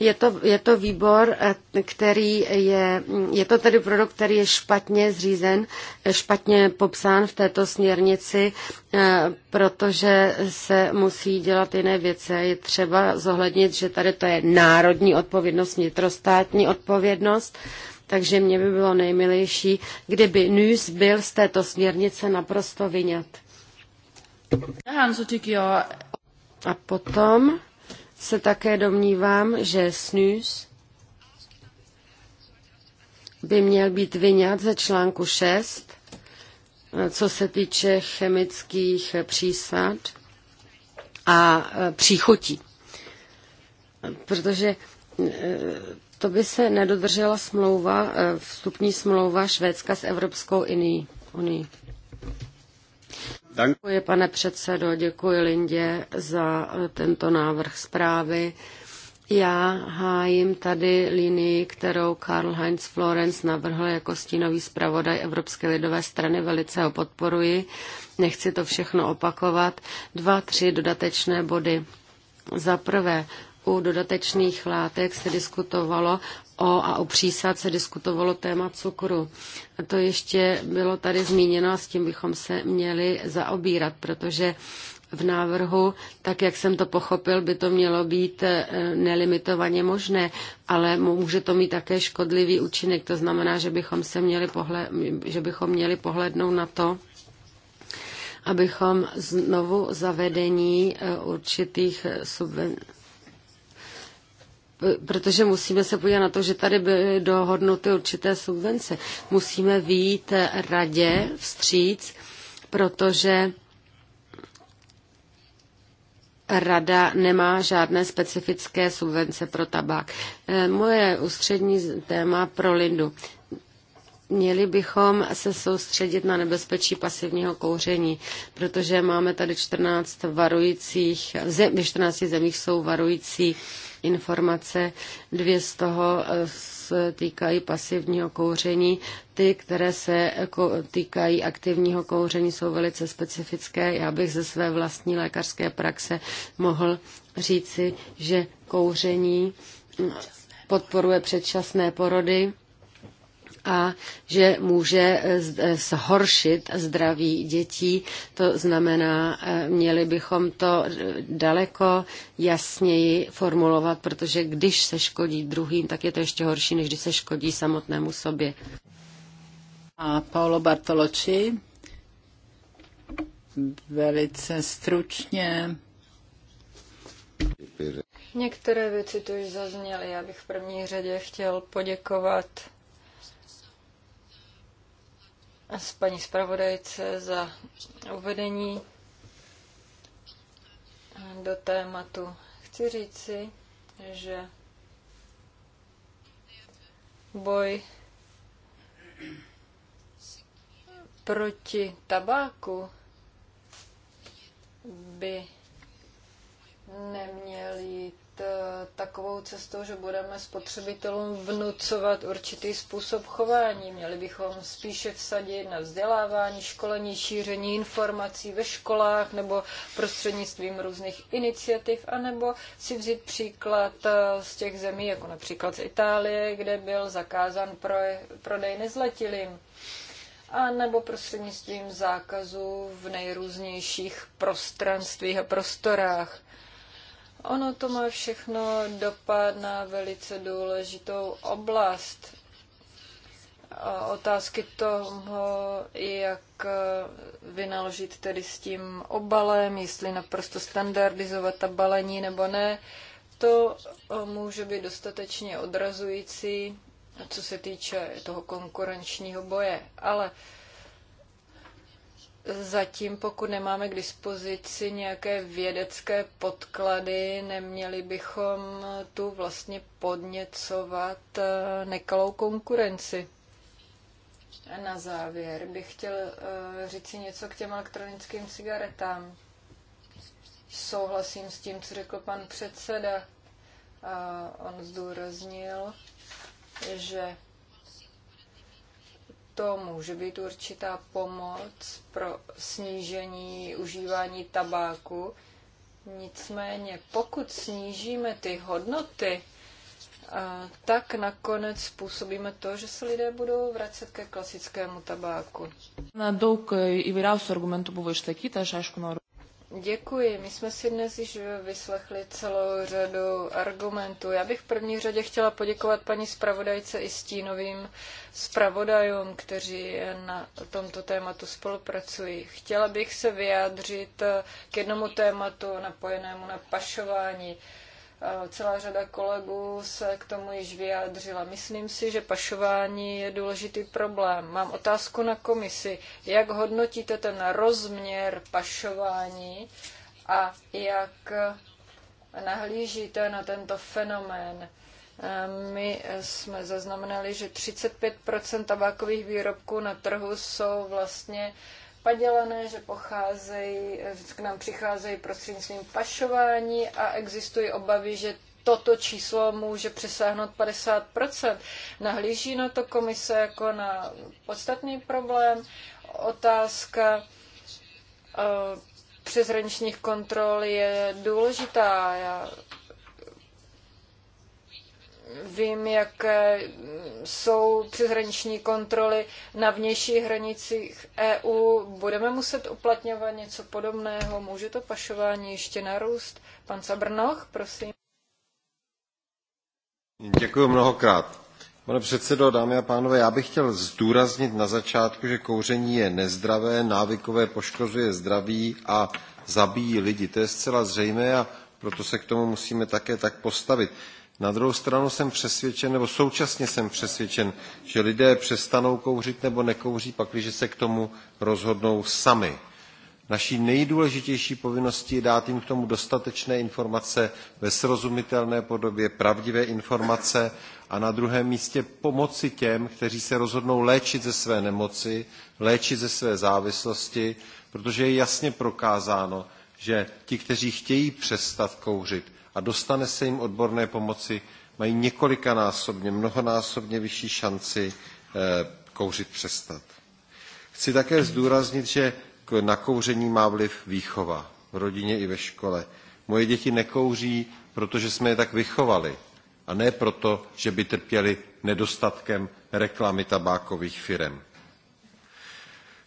je to, je to výbor, eh, který je, je to tedy produkt, který je špatně zřízen, eh, špatně popsán v této směrnici, eh, protože se musí dělat jiné věci. Je třeba zohlednit, že tady to je národní odpovědnost, vnitrostátní odpovědnost, takže mě by bylo nejmilejší, kdyby NUS byl z této směrnice naprosto vyňat. A potom se také domnívám, že snus by měl být vyňat ze článku 6, co se týče chemických přísad a e, příchotí. Protože e, to by se nedodržela smlouva, e, vstupní smlouva Švédska s Evropskou unii. Děkuji, pane předsedo, děkuji Lindě za tento návrh zprávy. Já hájím tady linii, kterou Karl Heinz Florenz navrhl jako stínový zpravodaj Evropské lidové strany. Velice ho podporuji. Nechci to všechno opakovat. Dva, tři dodatečné body. Za prvé, u dodatečných látek se diskutovalo o a o přísad se diskutovalo téma cukru. A to ještě bylo tady zmíněno a s tím bychom se měli zaobírat, protože v návrhu, tak jak jsem to pochopil, by to mělo být e, nelimitovaně možné, ale může to mít také škodlivý účinek. To znamená, že bychom, se měli, pohled, že bychom měli pohlednout na to, abychom znovu zavedení e, určitých subvencí protože musíme se podívat na to, že tady byly dohodnuty určité subvence. Musíme výjít radě vstříc, protože rada nemá žádné specifické subvence pro tabák. E, moje ústřední téma pro Lindu. Měli bychom se soustředit na nebezpečí pasivního kouření, protože máme tady 14 varujících, v 14 zemích jsou varující informace, dvě z toho eh, se týkají pasivního kouření. Ty, které se týkají aktivního kouření, jsou velice specifické. Já bych ze své vlastní lékařské praxe mohl říci, že kouření mm, podporuje předčasné porody a že může eh, eh, zhoršit zdraví dětí. To znamená, eh, měli bychom to daleko jasněji formulovat, protože když se škodí druhým, tak je to ještě horší, než když se škodí samotnému sobě. A Paolo Bartoloči, velice stručně. Některé věci tu již zazněly. Já bych v první řadě chtěl poděkovat s paní zpravodajce za uvedení do tématu. Chci říci, že boj proti tabáku by neměl jít E, takovou cestou, že budeme spotřebitelům vnucovat určitý způsob chování. Měli bychom spíše vsadit na vzdělávání, školení, šíření informací ve školách nebo prostřednictvím různých iniciativ, anebo si vzít příklad e, z těch zemí, jako například z Itálie, kde byl zakázán prodej nezletilým a nebo prostřednictvím zákazu v nejrůznějších prostranstvích a prostorách. Ono to má všechno dopad na velice důležitou oblast. Otázky toho, jak vynaložit tedy s tím obalem, jestli naprosto standardizovat ta balení nebo ne, to může být dostatečně odrazující, co se týče toho konkurenčního boje. Ale uh, Zatím, pokud nemáme k dispozici nějaké vědecké podklady, neměli bychom tu vlastně podněcovat eh, nekalou konkurenci. A na závěr bych chtěl eh, říct si něco k těm elektronickým cigaretám. Souhlasím s tím, co řekl pan předseda. A on zdůraznil, že to může být určitá pomoc pro snížení užívání tabáku. Nicméně, pokud snížíme ty hodnoty, eh, tak nakonec způsobíme to, že se lidé budou vracet ke klasickému tabáku. Na i eh, įvairiausių argumentu bylo išsakyta, aš aišku noriu. Děkuji. My jsme si dnes již vyslechli celou řadu argumentů. Já bych v první řadě chtěla poděkovat paní zpravodajce i stínovým zpravodajům, kteří na tomto tématu spolupracují. Chtěla bych se vyjádřit k jednomu tématu napojenému na pašování. Celá řada kolegů se k tomu již vyjádřila. Myslím si, že pašování je důležitý problém. Mám otázku na komisi. Jak hodnotíte ten rozměr pašování a jak nahlížíte na tento fenomén? My jsme zaznamenali, že 35 tabákových výrobků na trhu jsou vlastně padělané, že pocházejí, k nám přicházejí prostřednictvím pašování a existují obavy, že toto číslo může přesáhnout 50%. Nahlíží na to komise jako na podstatný problém. Otázka eh, přeshraničních kontrol je důležitá. Já Vím, jak jsou přeshraniční kontroly na vnějších hranicích EU. Budeme muset uplatňovat něco podobného? Může to pašování ještě narůst? Pan Sabrnoch, prosím. Děkuji mnohokrát. Pane předsedo, dámy a pánové, já bych chtěl zdůraznit na začátku, že kouření je nezdravé, návykové poškozuje zdraví a zabíjí lidi. To je zcela zřejmé a proto se k tomu musíme také tak postavit na druhou stranu jsem přesvědčen, nebo současně jsem přesvědčen, že lidé přestanou kouřit nebo nekouří, pakliže se k tomu rozhodnou sami. Naší nejdůležitější povinností je dát jim k tomu dostatečné informace ve srozumitelné podobě, pravdivé informace a na druhém místě pomoci těm, kteří se rozhodnou léčit ze své nemoci, léčit ze své závislosti, protože je jasně prokázáno, že ti, kteří chtějí přestat kouřit, a dostane se jim odborné pomoci, mají několikanásobně, mnohonásobně vyšší šanci eh, kouřit přestat. Chci také zdůraznit, že na kouření má vliv výchova v rodině i ve škole. Moje děti nekouří, protože jsme je tak vychovali a ne proto, že by trpěli nedostatkem reklamy tabákových firem.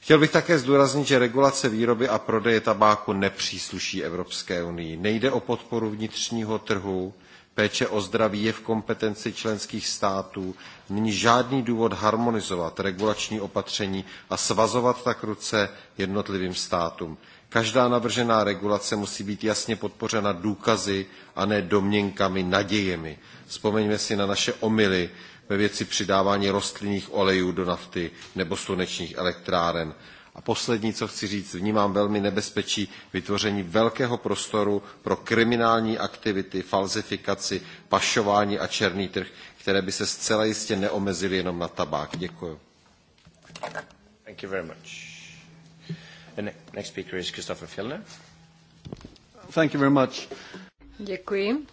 Chtěl bych také zdůraznit, že regulace výroby a prodeje tabáku nepřísluší Evropské unii. Nejde o podporu vnitřního trhu, péče o zdraví je v kompetenci členských států, není žádný důvod harmonizovat regulační opatření a svazovat tak ruce jednotlivým státům. Každá navržená regulace musí být jasně podpořena důkazy a ne domněnkami, nadějemi. Vzpomeňme si na naše omyly ve věci přidávání rostlinných olejů do nafty nebo slunečních elektráren. A poslední, co chci říct, vnímám velmi nebezpečí vytvoření velkého prostoru pro kriminální aktivity, falzifikaci, pašování a černý trh, které by se zcela jistě neomezily jenom na tabák. Děkuji. Thank you very much. The next speaker is Christopher Fjellner. Thank you very much. Děkuji.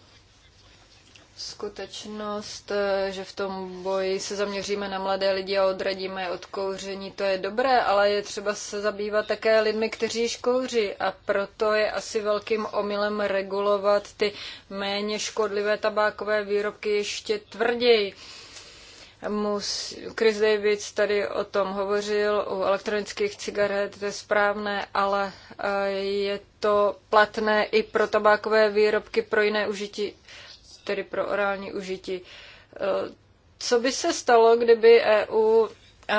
Skutečnost, že v tom boji se zaměříme na mladé lidi a odradíme od kouření, to je dobré, ale je třeba se zabývat také lidmi, kteří již kouří a proto je asi velkým omylem regulovat ty méně škodlivé tabákové výrobky ještě tvrději. Mus, Chris Davids tady o tom hovořil, u elektronických cigaret to je správné, ale eh, je to platné i pro tabákové výrobky pro jiné užití tedy pro orální užití. Eh, co by se stalo, kdyby EU eh,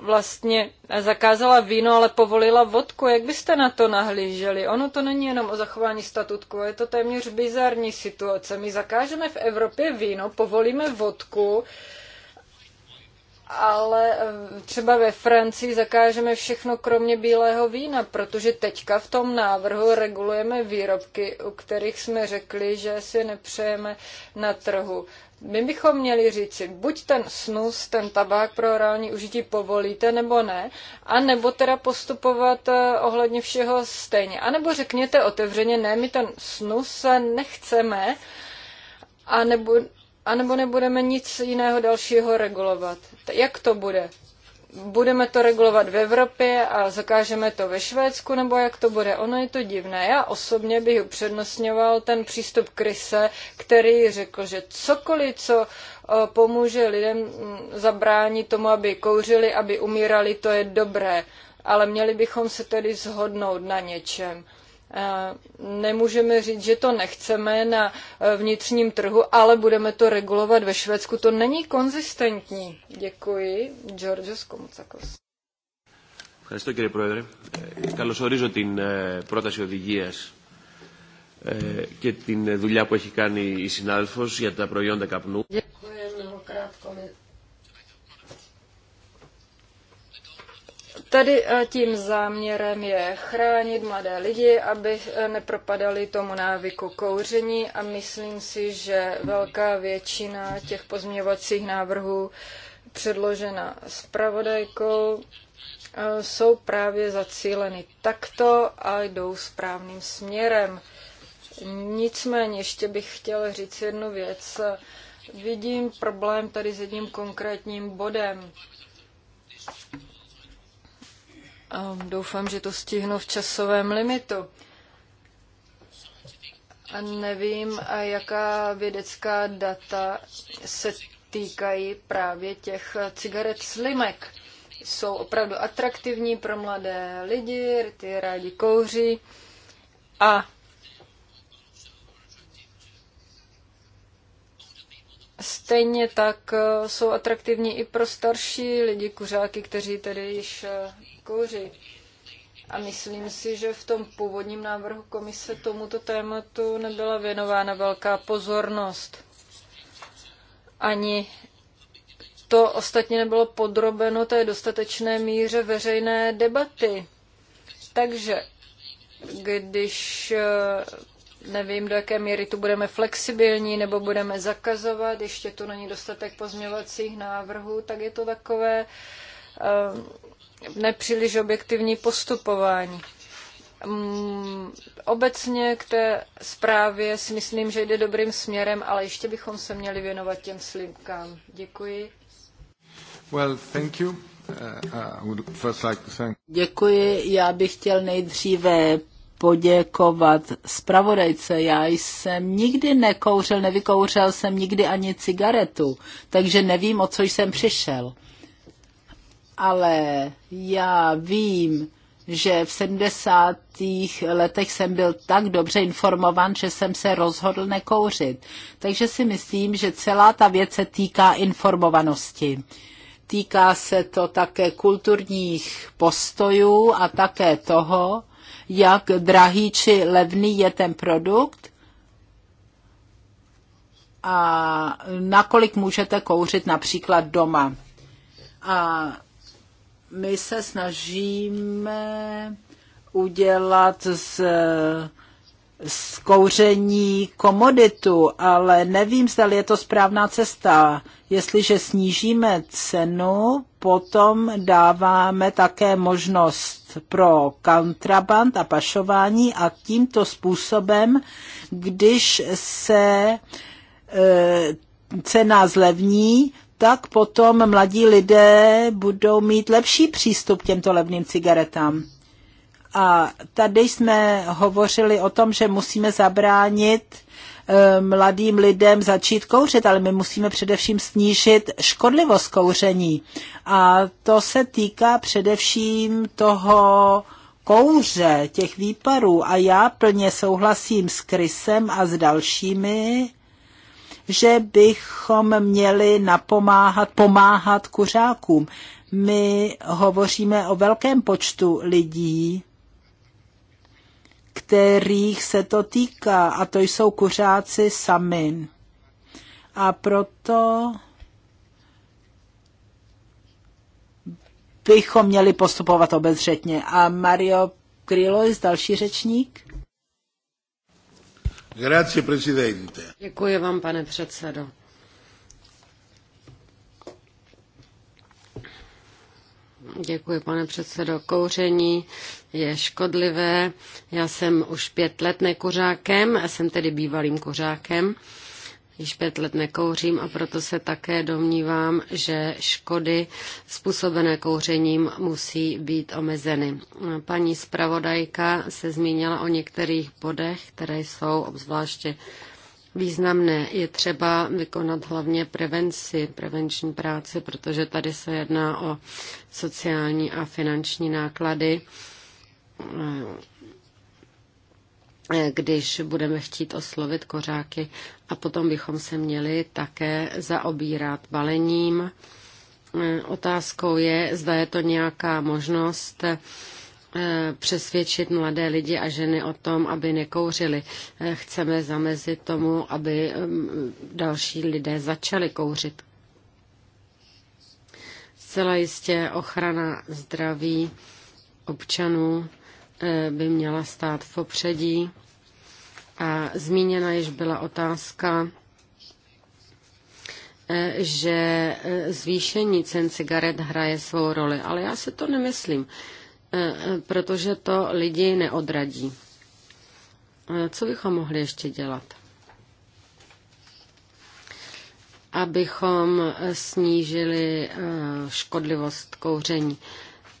vlastně zakázala víno, ale povolila vodku. Jak byste na to nahlíželi? Ono to není jenom o zachování statutku, je to téměř bizarní situace. My zakážeme v Evropě víno, povolíme vodku, ale eh, třeba ve Francii zakážeme všechno kromě bílého vína, protože teďka v tom návrhu regulujeme výrobky, u kterých jsme řekli, že si nepřejeme na trhu. My bychom měli říci, buď ten snus, ten tabák pro orální užití povolíte nebo ne, a nebo teda postupovat eh, ohledně všeho stejně. A nebo řekněte otevřeně, ne, my ten snus nechceme, a nebo anebo nebudeme nic jiného dalšího regulovat. Jak to bude? Budeme to regulovat v Evropě a zakážeme to ve Švédsku, nebo jak to bude? Ono je to divné. Já osobně bych upřednostňoval ten přístup Krise, který řekl, že cokoliv, co pomůže lidem zabránit tomu, aby kouřili, aby umírali, to je dobré. Ale měli bychom se tedy zhodnout na něčem nemůžeme říct, že to nechceme na eh, vnitřním trhu, ale budeme to regulovat ve Švédsku. To není konzistentní. Děkuji. Georgios Komoutsakos. Ευχαριστώ κύριε Πρόεδρε. Καλωσορίζω την πρόταση οδηγίας και την δουλειά που έχει κάνει η συνάδελφος για τα προϊόντα καπνού. Děkuji Tady eh, tím záměrem je chránit mladé lidi, aby eh, nepropadali tomu návyku kouření a myslím si, že velká většina těch pozměňovacích návrhů předložena zpravodajkou eh, jsou právě zacíleny takto a jdou správným směrem. Nicméně ještě bych chtěla říct jednu věc. Vidím problém tady s jedním konkrétním bodem. Doufám, že to stihnu v časovém limitu. A nevím, jaká vědecká data se týkají právě těch cigaret slimek. Jsou opravdu atraktivní pro mladé lidi, ty rádi kouří a Stejně tak eh, jsou atraktivní i pro starší lidi, kuřáky, kteří tedy již eh, kouři. A myslím si, že v tom původním návrhu komise tomuto tématu nebyla věnována velká pozornost. Ani to ostatně nebylo podrobeno té dostatečné míře veřejné debaty. Takže když eh, nevím, do jaké míry tu budeme flexibilní nebo budeme zakazovat, ještě tu není dostatek pozměvacích návrhů, tak je to takové eh, nepříliš objektivní postupování. Mm, obecně k té zprávě si myslím, že jde dobrým směrem, ale ještě bychom se měli věnovat těm slinkám. Děkuji. Well, thank you. Uh, uh, Děkuji. Já bych chtěl nejdříve poděkovat zpravodajce. Já jsem nikdy nekouřil, nevykouřil jsem nikdy ani cigaretu, takže nevím, o co jsem přišel ale já vím, že v 70. letech jsem byl tak dobře informovan, že jsem se rozhodl nekouřit. Takže si myslím, že celá ta věc se týká informovanosti. Týká se to také kulturních postojů a také toho, jak drahý či levný je ten produkt a nakolik můžete kouřit například doma. A my se snažíme udělat z, z kouření komoditu, ale nevím, zda je to správná cesta. Jestliže snížíme cenu, potom dáváme také možnost pro kontraband a pašování a tímto způsobem, když se e, cena zlevní, tak potom mladí lidé budou mít lepší přístup k těmto levným cigaretám. A tady jsme hovořili o tom, že musíme zabránit eh, mladým lidem začít kouřit, ale my musíme především snížit škodlivost kouření. A to se týká především toho kouře, těch výparů. A já plně souhlasím s Krysem a s dalšími, že bychom měli napomáhat, pomáhat kuřákům. My hovoříme o velkém počtu lidí, kterých se to týká, a to jsou kuřáci sami. A proto bychom měli postupovat obezřetně. A Mario Krylo je další řečník. Děkuji vám, pane předsedo. Děkuji, pane předsedo. Kouření je škodlivé. Já jsem už pět let nekuřákem, jsem tedy bývalým kuřákem. Již pět let nekouřím a proto se také domnívám, že škody způsobené kouřením musí být omezeny. Paní zpravodajka se zmínila o některých bodech, které jsou obzvláště významné. Je třeba vykonat hlavně prevenci, prevenční práci, protože tady se jedná o sociální a finanční náklady Eh, když budeme chtít oslovit kořáky a potom bychom se měli také zaobírat balením. Eh, otázkou je, zda je to nějaká možnost eh, přesvědčit mladé lidi a ženy o tom, aby nekouřili. Chceme zamezit tomu, aby další lidé začali kouřit. Zcela jistě ochrana zdraví občanů E, by měla stát v popředí. A zmíněna již byla otázka, e, že e, zvýšení cen cigaret hraje svou roli, ale já si to nemyslím, protože to lidi neodradí. Co bychom mohli ještě dělat? Abychom snížili škodlivost kouření.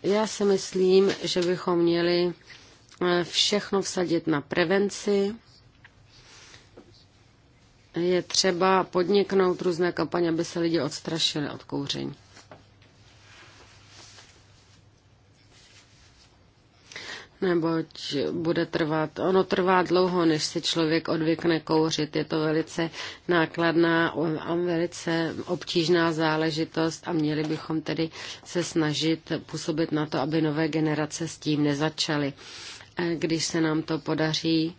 Já si myslím, že bychom měli eh, všechno vsadit na prevenci. Je třeba podniknout různé kampaně, aby se lidi odstrašili od kouření. neboť bude trvat, ono trvá dlouho, než se člověk odvykne kouřit. Je to velice nákladná a velice obtížná záležitost a měli bychom tedy se snažit působit na to, aby nové generace s tím nezačaly. E, když se nám to podaří,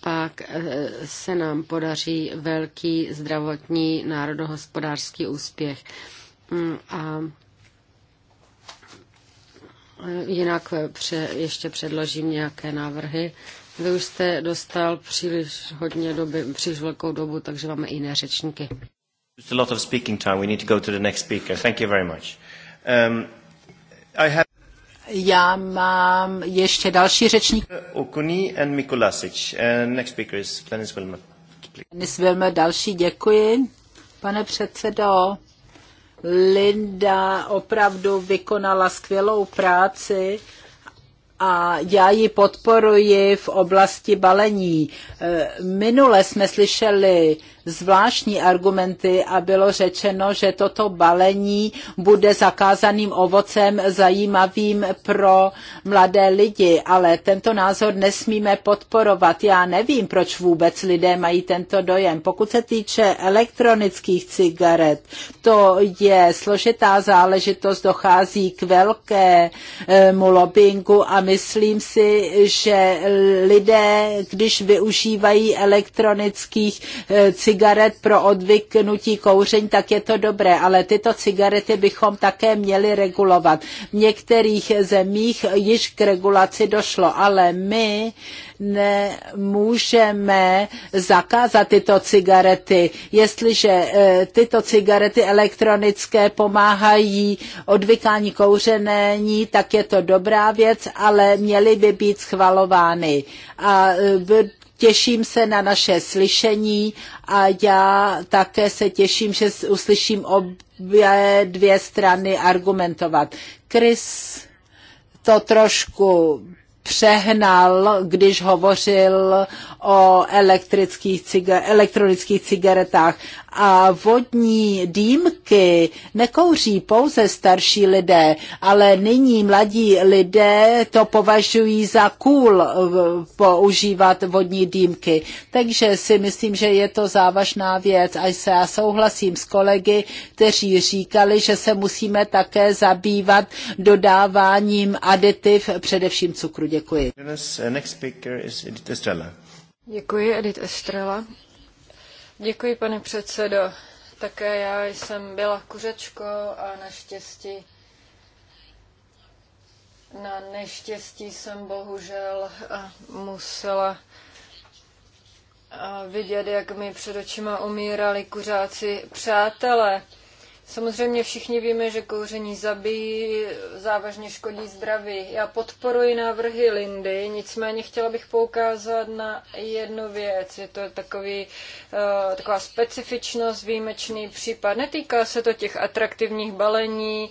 pak e, se nám podaří velký zdravotní národohospodářský úspěch. Mm, a Jinak pře, ještě předložím nějaké návrhy. Vy už jste dostal příliš hodně doby, příliš velkou dobu, takže máme jiné řečníky. Just a lot of speaking time. We need to go to the next speaker. Thank you very much. Um, I have já mám ještě další řečník. Okuni and Mikulasic. And uh, next speaker is Denis Wilmer. Denis Wilmer, další děkuji, pane předsedo. Linda opravdu vykonala skvělou práci a já ji podporuji v oblasti balení. Eh, minule jsme slyšeli zvláštní argumenty a bylo řečeno, že toto balení bude zakázaným ovocem zajímavým pro mladé lidi, ale tento názor nesmíme podporovat. Já nevím, proč vůbec lidé mají tento dojem. Pokud se týče elektronických cigaret, to je složitá záležitost, dochází k velkému lobbyingu a myslím si, že lidé, když využívají elektronických cigaret, eh, cigaret pro odvyknutí kouření, tak je to dobré, ale tyto cigarety bychom také měli regulovat. V některých zemích již k regulaci došlo, ale my nemůžeme zakázat tyto cigarety. Jestliže eh, tyto cigarety elektronické pomáhají odvykání kouření, tak je to dobrá věc, ale měly by být schvalovány. A eh, Těším se na naše slyšení a já také se těším, že uslyším obě dvě strany argumentovat. Chris to trošku přehnal, když hovořil o elektrických ciga- elektronických cigaretách. A vodní dýmky nekouří pouze starší lidé, ale nyní mladí lidé to považují za cool eh, používat vodní dýmky. Takže si myslím, že je to závažná věc a se já souhlasím s kolegy, kteří říkali, že se musíme také zabývat dodáváním aditiv, především cukru. Děkuji. Děkuji. Uh, next speaker is Edith Estrella. Děkuji, Edith Estrella. Děkuji, pane předsedo. Také já jsem byla kuřečko a naštěstí na neštěstí jsem bohužel eh, musela eh, vidět, jak mi před očima umírali kuřáci přátelé. Samozřejmě všichni víme, že kouření zabíjí, závažně škodí zdraví. Já podporuji návrhy Lindy, nicméně chtěla bych poukázat na jednu věc. Je to takový, eh, taková specifičnost, výjimečný případ. Netýká se to těch atraktivních balení,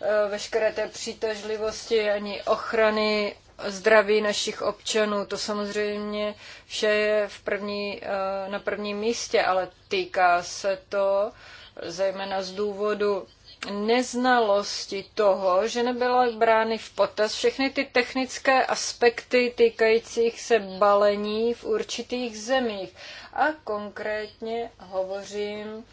eh, veškeré té přitažlivosti ani ochrany zdraví našich občanů. To samozřejmě vše je v první, eh, na prvním místě, ale týká se to zejména z důvodu neznalosti toho, že nebyly brány v potaz všechny ty technické aspekty týkajících se balení v určitých zemích. A konkrétně hovořím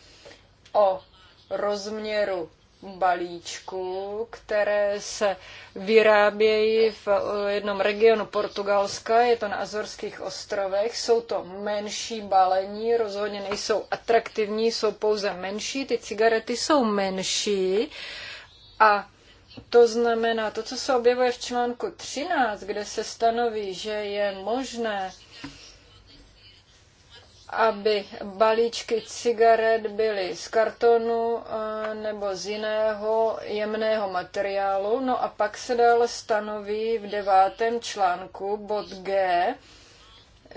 o rozměru balíčků, které se vyrábějí v jednom regionu Portugalska, je to na Azorských ostrovech. Jsou to menší balení, rozhodně nejsou atraktivní, jsou pouze menší, ty cigarety jsou menší a to znamená, to, co se objevuje v článku 13, kde se stanoví, že je možné aby balíčky cigaret byly z kartonu eh, nebo z jiného jemného materiálu. No a pak se dále stanoví v devátém článku bod G,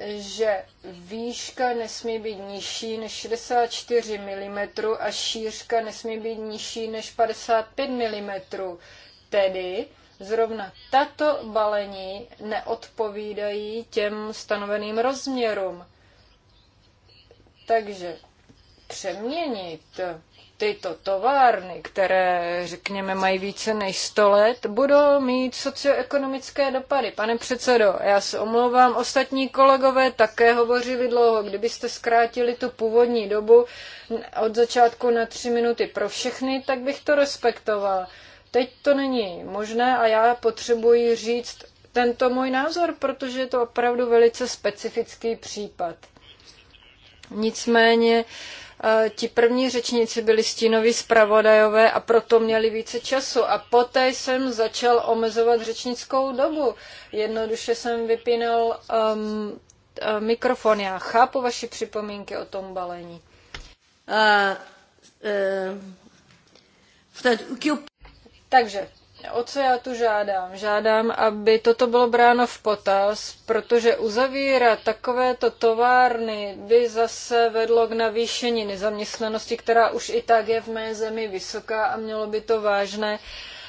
že výška nesmí být nižší než 64 mm a šířka nesmí být nižší než 55 mm. Tedy zrovna tato balení neodpovídají těm stanoveným rozměrům. Takže přeměnit tyto továrny, které, řekněme, mají více než 100 let, budou mít socioekonomické dopady. Pane předsedo, já se omlouvám, ostatní kolegové také hovořili dlouho. Kdybyste zkrátili tu původní dobu od začátku na tři minuty pro všechny, tak bych to respektoval. Teď to není možné a já potřebuji říct tento můj názor, protože je to opravdu velice specifický případ. Nicméně eh, ti první řečníci byli stínoví zpravodajové a proto měli více času. A poté jsem začal omezovat řečnickou dobu. Jednoduše jsem vypínal um, mikrofon. Já chápu vaše připomínky o tom balení. Uh, uh, Takže O co já tu žádám? Žádám, aby toto bylo bráno v potaz, protože uzavírat takovéto továrny by zase vedlo k navýšení nezaměstnanosti, která už i tak je v mé zemi vysoká a mělo by to vážné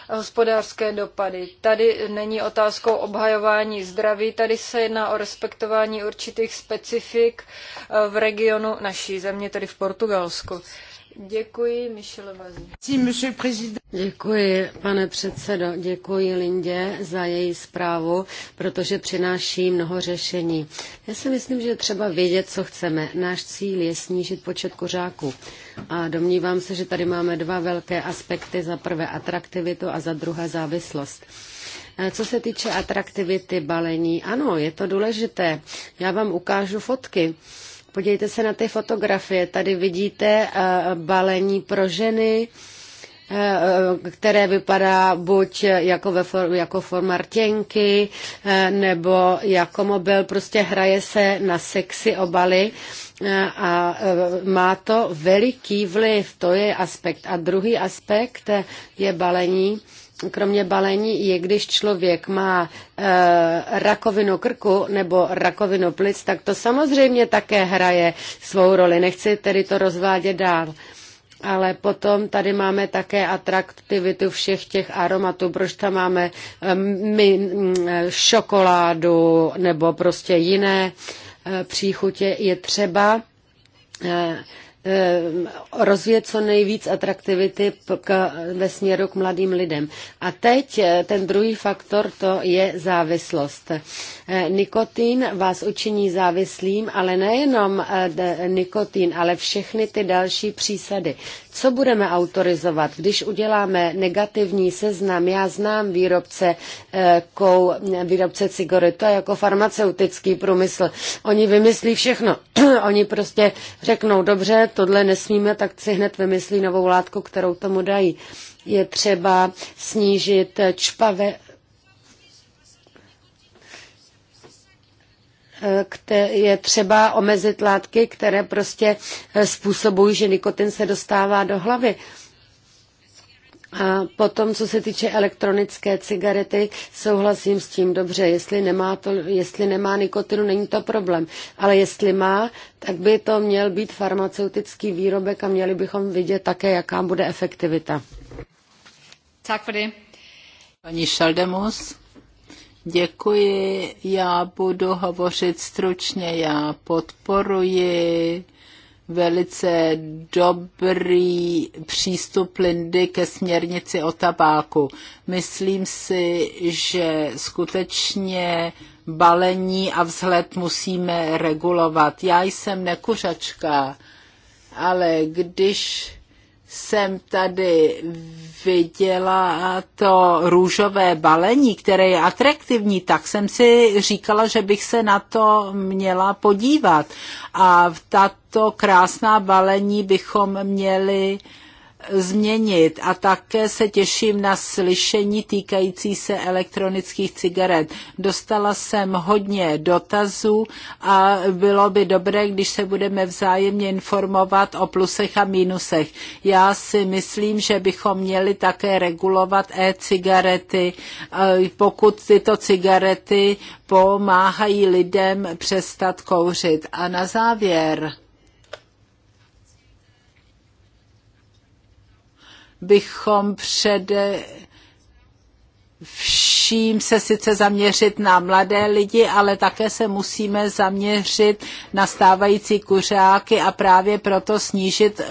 hospodářské dopady. Tady není otázkou obhajování zdraví, tady se jedná o respektování určitých specifik eh, v regionu naší země, tedy v Portugalsku. Děkuji, Michele Děkuji, pane předsedo, děkuji Lindě za její zprávu, protože přináší mnoho řešení. Já si myslím, že třeba vědět, co chceme. Náš cíl je snížit počet kuřáků. A domnívám se, že tady máme dva velké aspekty. Za prvé atraktivitu a za druhé závislost. Co se týče atraktivity balení, ano, je to důležité. Já vám ukážu fotky. Podívejte se na ty fotografie. Tady vidíte eh, balení pro ženy, eh, eh, které vypadá buď jako, ve for, jako forma rtěnky, nebo jako mobil, prostě hraje se na sexy obaly a má to veliký vliv, to je aspekt. A druhý aspekt je balení, kromě balení je, když člověk má e, rakovinu krku nebo rakovinu plic, tak to samozřejmě také hraje svou roli. Nechci tedy to rozvádět dál. Ale potom tady máme také atraktivitu všech těch aromatů. Proč tam máme eh, my, mm, šokoládu nebo prostě jiné eh, příchutě? Je třeba Eh, rozvíjet co nejvíc atraktivity k, ve směru k mladým lidem. A teď eh, ten druhý faktor, to je závislost. Eh, nikotin vás učiní závislým, ale nejenom nikotin, ale všechny ty další přísady. Co budeme autorizovat, když uděláme negativní seznam? Já znám výrobce, eh, kou, výrobce cigaret, to je jako farmaceutický průmysl. Oni vymyslí všechno. Oni prostě řeknou, dobře, tohle nesmíme, tak si hned vymyslí novou látku, kterou tomu dají. Je třeba snížit čpave, Eh, je třeba omezit látky, které prostě eh, způsobují, že nikotin se dostává do hlavy. A potom, co se týče elektronické cigarety, souhlasím s tím dobře. Jestli nemá, to, jestli nemá nikotinu, není to problém. Ale jestli má, tak by to měl být farmaceutický výrobek a měli bychom vidět také, jaká bude efektivita. Tak vody. Šaldemus. Děkuji, já budu hovořit stručně, já podporuji velice dobrý přístup Lindy ke směrnici o tabáku. Myslím si, že skutečně balení a vzhled musíme regulovat. Já jsem nekuřačka, ale když jsem tady viděla to růžové balení, které je atraktivní, tak jsem si říkala, že bych se na to měla podívat. A tato krásná balení bychom měli uh, změnit a také se těším na slyšení týkající se elektronických cigaret. Dostala jsem hodně dotazů a bylo by dobré, když se budeme vzájemně informovat o plusech a mínusech. Já si myslím, že bychom měli také regulovat e-cigarety, e, pokud tyto cigarety pomáhají lidem přestat kouřit. A na závěr bychom přede vším se sice zaměřit na mladé lidi, ale také se musíme zaměřit na stávající kuřáky a právě proto snížit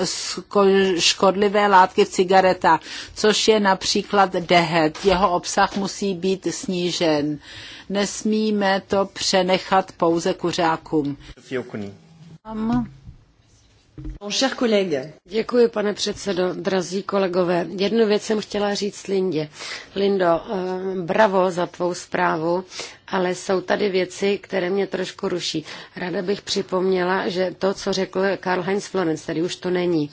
škodlivé látky v cigaretách, což je například dehet. Jeho obsah musí být snížen. Nesmíme to přenechat pouze kuřákům. Mám Děkuji, pane předsedo, drazí kolegové. Jednu věc jsem chtěla říct Lindě. Lindo, eh, bravo za tvou zprávu, ale jsou tady věci, které mě trošku ruší. Ráda bych připomněla, že to, co řekl Karl Heinz Florenz, tady už to není,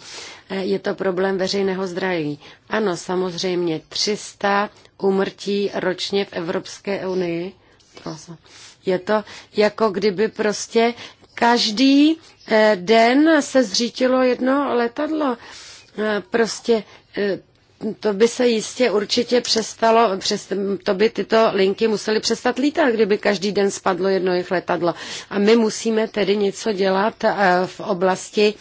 eh, je to problém veřejného zdraví. Ano, samozřejmě 300 úmrtí ročně v Evropské unii. Je to jako kdyby prostě Každý eh, den se zřítilo jedno letadlo. Eh, prostě eh, to by se jistě určitě přestalo, přes, to by tyto linky musely přestat lítat, kdyby každý den spadlo jedno jejich letadlo. A my musíme tedy něco dělat v oblasti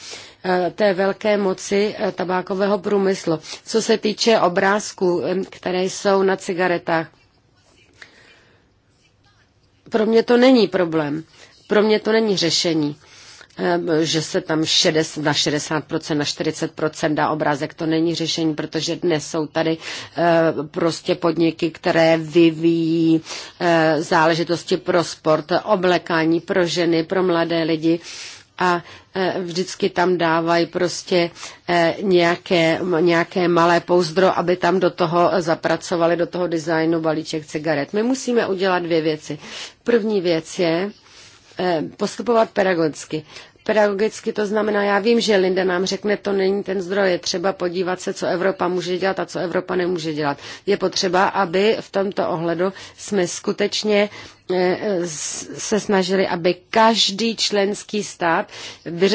té velké moci tabákového průmyslu. Co se týče obrázků, které jsou na cigaretách, pro mě to není problém. Pro mě to není řešení eh, že se tam 60, na 60%, na 40% dá obrázek. To není řešení, protože dnes jsou tady eh, prostě podniky, které vyvíjí eh, záležitosti pro sport, oblekání pro ženy, pro mladé lidi a vždycky tam dávají prostě nějaké, nějaké malé pouzdro, aby tam do toho zapracovali, do toho designu balíček cigaret. My musíme udělat dvě věci. První věc je, Eh, postupovat pedagogicky. Pedagogicky to znamená, já vím, že Linda nám řekne, to není ten zdroj, je třeba podívat se, co Evropa může dělat a co Evropa nemůže dělat. Je potřeba, aby v tomto ohledu jsme skutečně eh, se snažili, aby každý členský stát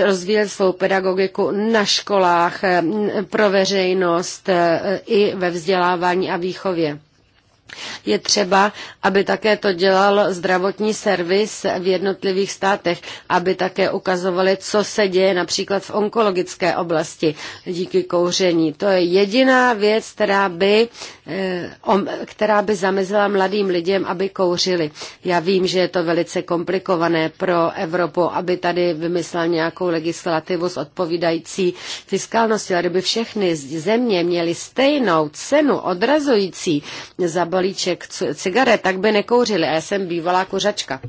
rozvíjel svou pedagogiku na školách, eh, pro veřejnost i ve vzdělávání a výchově. Je třeba, aby také to dělal zdravotní servis v jednotlivých státech, aby také ukazovali, co se děje například v onkologické oblasti díky kouření. To je jediná věc, která by, eh, která by zamezila mladým lidem, aby kouřili. Já vím, že je to velice komplikované pro Evropu, aby tady vymyslela nějakou legislativu s odpovídající fiskálností, ale kdyby všechny země měly stejnou cenu odrazující za balíček cigaret, tak by nekouřili. A já jsem bývalá kuřačka.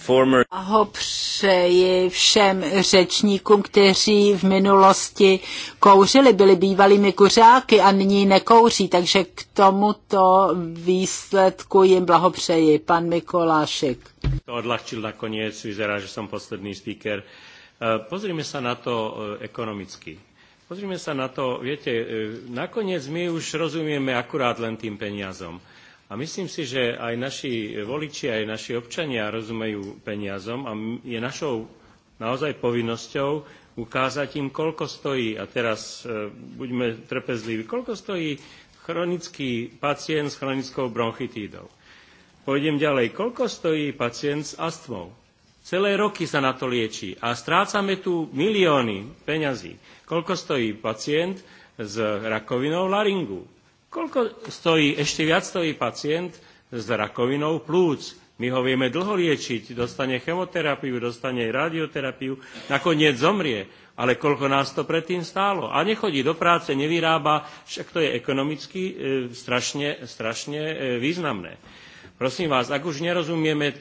Former... A ho přeji všem řečníkům, kteří v minulosti kouřili, byli bývalými kuřáky a nyní nekouří, takže k tomuto výsledku jim blahopřeji. Pan Mikolášek. To odlahčil nakonec, vyzerá, že jsem poslední speaker. Eh, pozrime se na to eh, ekonomicky Pozrime sa na to, viete, e, nakoniec my už rozumieme akurát len tým peniazom. A myslím si, že aj naši voliči, aj naši občania rozumejú peniazom a je našou naozaj povinnosťou ukázať im, koľko stojí, a teraz e, buďme trpezliví, koľko stojí chronický pacient s chronickou bronchitídou. Pôjdem ďalej. Koľko stojí pacient s astmou? Celé roky sa na to lieči a strácame tu milióny peňazí koľko stojí pacient s rakovinou laringu, koľko stojí, ešte viac stojí pacient s rakovinou plúc. My ho vieme dlho liečiť, dostane chemoterapiu, dostane radioterapiu, nakoniec zomrie. Ale koľko nás to predtým stálo? A nechodí do práce, nevyrába, však to je ekonomicky e, strašne, strašne e, významné. Prosím vás, ak už nerozumieme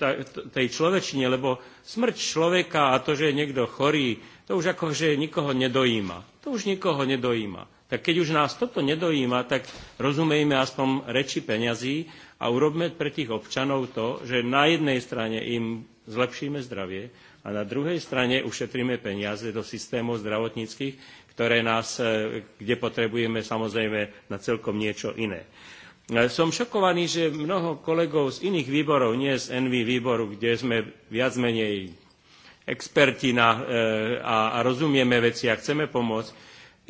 tej človečine, lebo smrť človeka a to, že je niekto chorý, to už jako, že nikoho nedojíma. To už nikoho nedojíma. Tak keď už nás toto nedojíma, tak rozumejme aspoň reči peňazí a urobme pre tých občanov to, že na jednej strane im zlepšíme zdravie a na druhej strane ušetríme peniaze do systémov zdravotníckých, ktoré nás, e, kde potrebujeme samozrejme na celkom niečo iné. E, som šokovaný, že mnoho kolegov z iných výborov, nie z NV výboru, kde sme viac menej experti na, eh, a, a rozumieme veci a chceme pomôcť.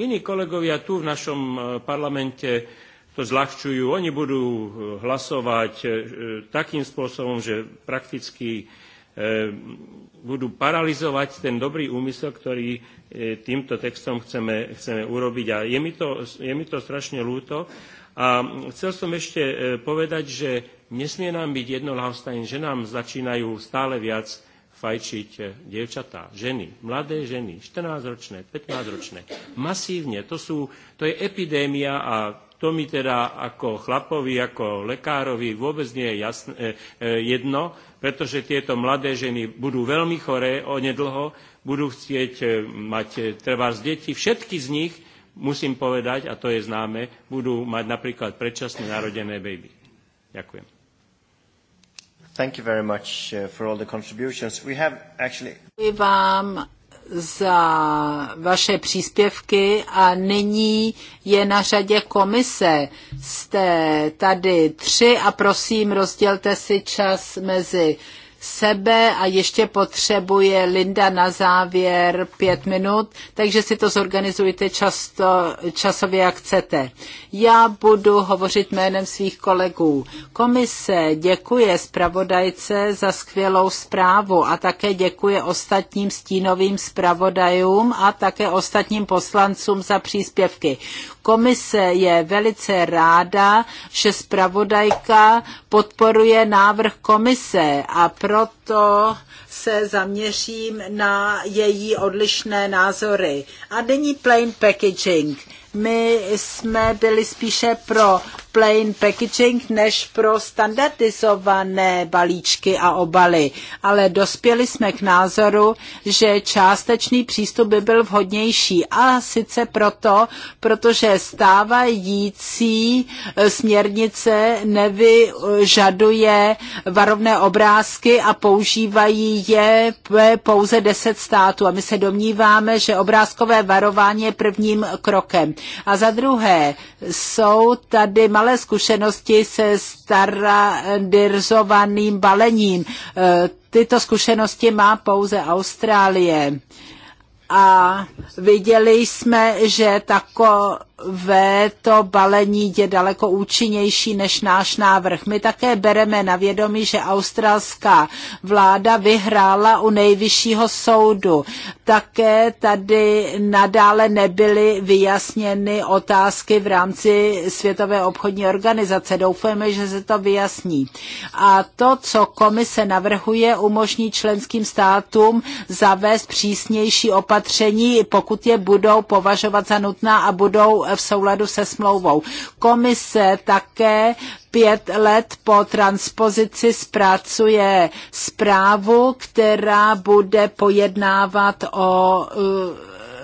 Iní kolegovia tu v našom eh, parlamente to zľahčujú. Oni budú eh, hlasovať takým spôsobom, že prakticky budú paralizovať ten dobrý úmysel, ktorý týmto textom chceme, chceme urobiť. A je mi, to, je mi to strašne ľúto. A chcel som ešte povedať, že nesmie nám byť jedno že nám začínajú stále viac fajčiť eh, dievčatá, ženy, mladé ženy, 14-ročné, 15-ročné, masívne. To, sú, to je epidémia a to mi teda ako chlapovi, ako lekárovi vôbec nie je jasné, eh, eh, jedno, pretože tieto mladé ženy budú veľmi choré nedlho, budú chcieť mať treba z deti. Všetky z nich, musím povedať, a to je známe, budú mať napríklad predčasne narodené baby. Ďakujem. Thank you very much uh, for all the contributions. We have actually... Děkuji vám za vaše příspěvky a nyní je na řadě komise. Jste tady tři a prosím rozdělte si čas mezi sebe a ještě potřebuje Linda na závěr pět minut, takže si to zorganizujte často, časově, jak chcete. Já budu hovořit jménem svých kolegů. Komise děkuje zpravodajce za skvělou zprávu a také děkuje ostatním stínovým zpravodajům a také ostatním poslancům za příspěvky. Komise je velice ráda, že zpravodajka podporuje návrh komise a pro proto se zaměřím na její odlišné názory. A není plain packaging. My jsme byli spíše pro plain packaging než pro standardizované balíčky a obaly, ale dospěli jsme k názoru, že částečný přístup by byl vhodnější a sice proto, protože stávající eh, směrnice nevyžaduje varovné obrázky a používají je pouze 10 států a my se domníváme, že obrázkové varování je prvním krokem. A za druhé, jsou tady malé zkušenosti se standardizovaným balením. E, tyto zkušenosti má pouze Austrálie a viděli jsme, že tako to balení je daleko účinnější než náš návrh. My také bereme na vědomí, že australská vláda vyhrála u nejvyššího soudu. Také tady nadále nebyly vyjasněny otázky v rámci Světové obchodní organizace. Doufujeme, že se to vyjasní. A to, co komise navrhuje, umožní členským státům zavést přísnější opatření, pokud je budou považovat za nutná a budou v souladu se smlouvou. Komise také pět let po transpozici zpracuje zprávu, která bude pojednávat o eh,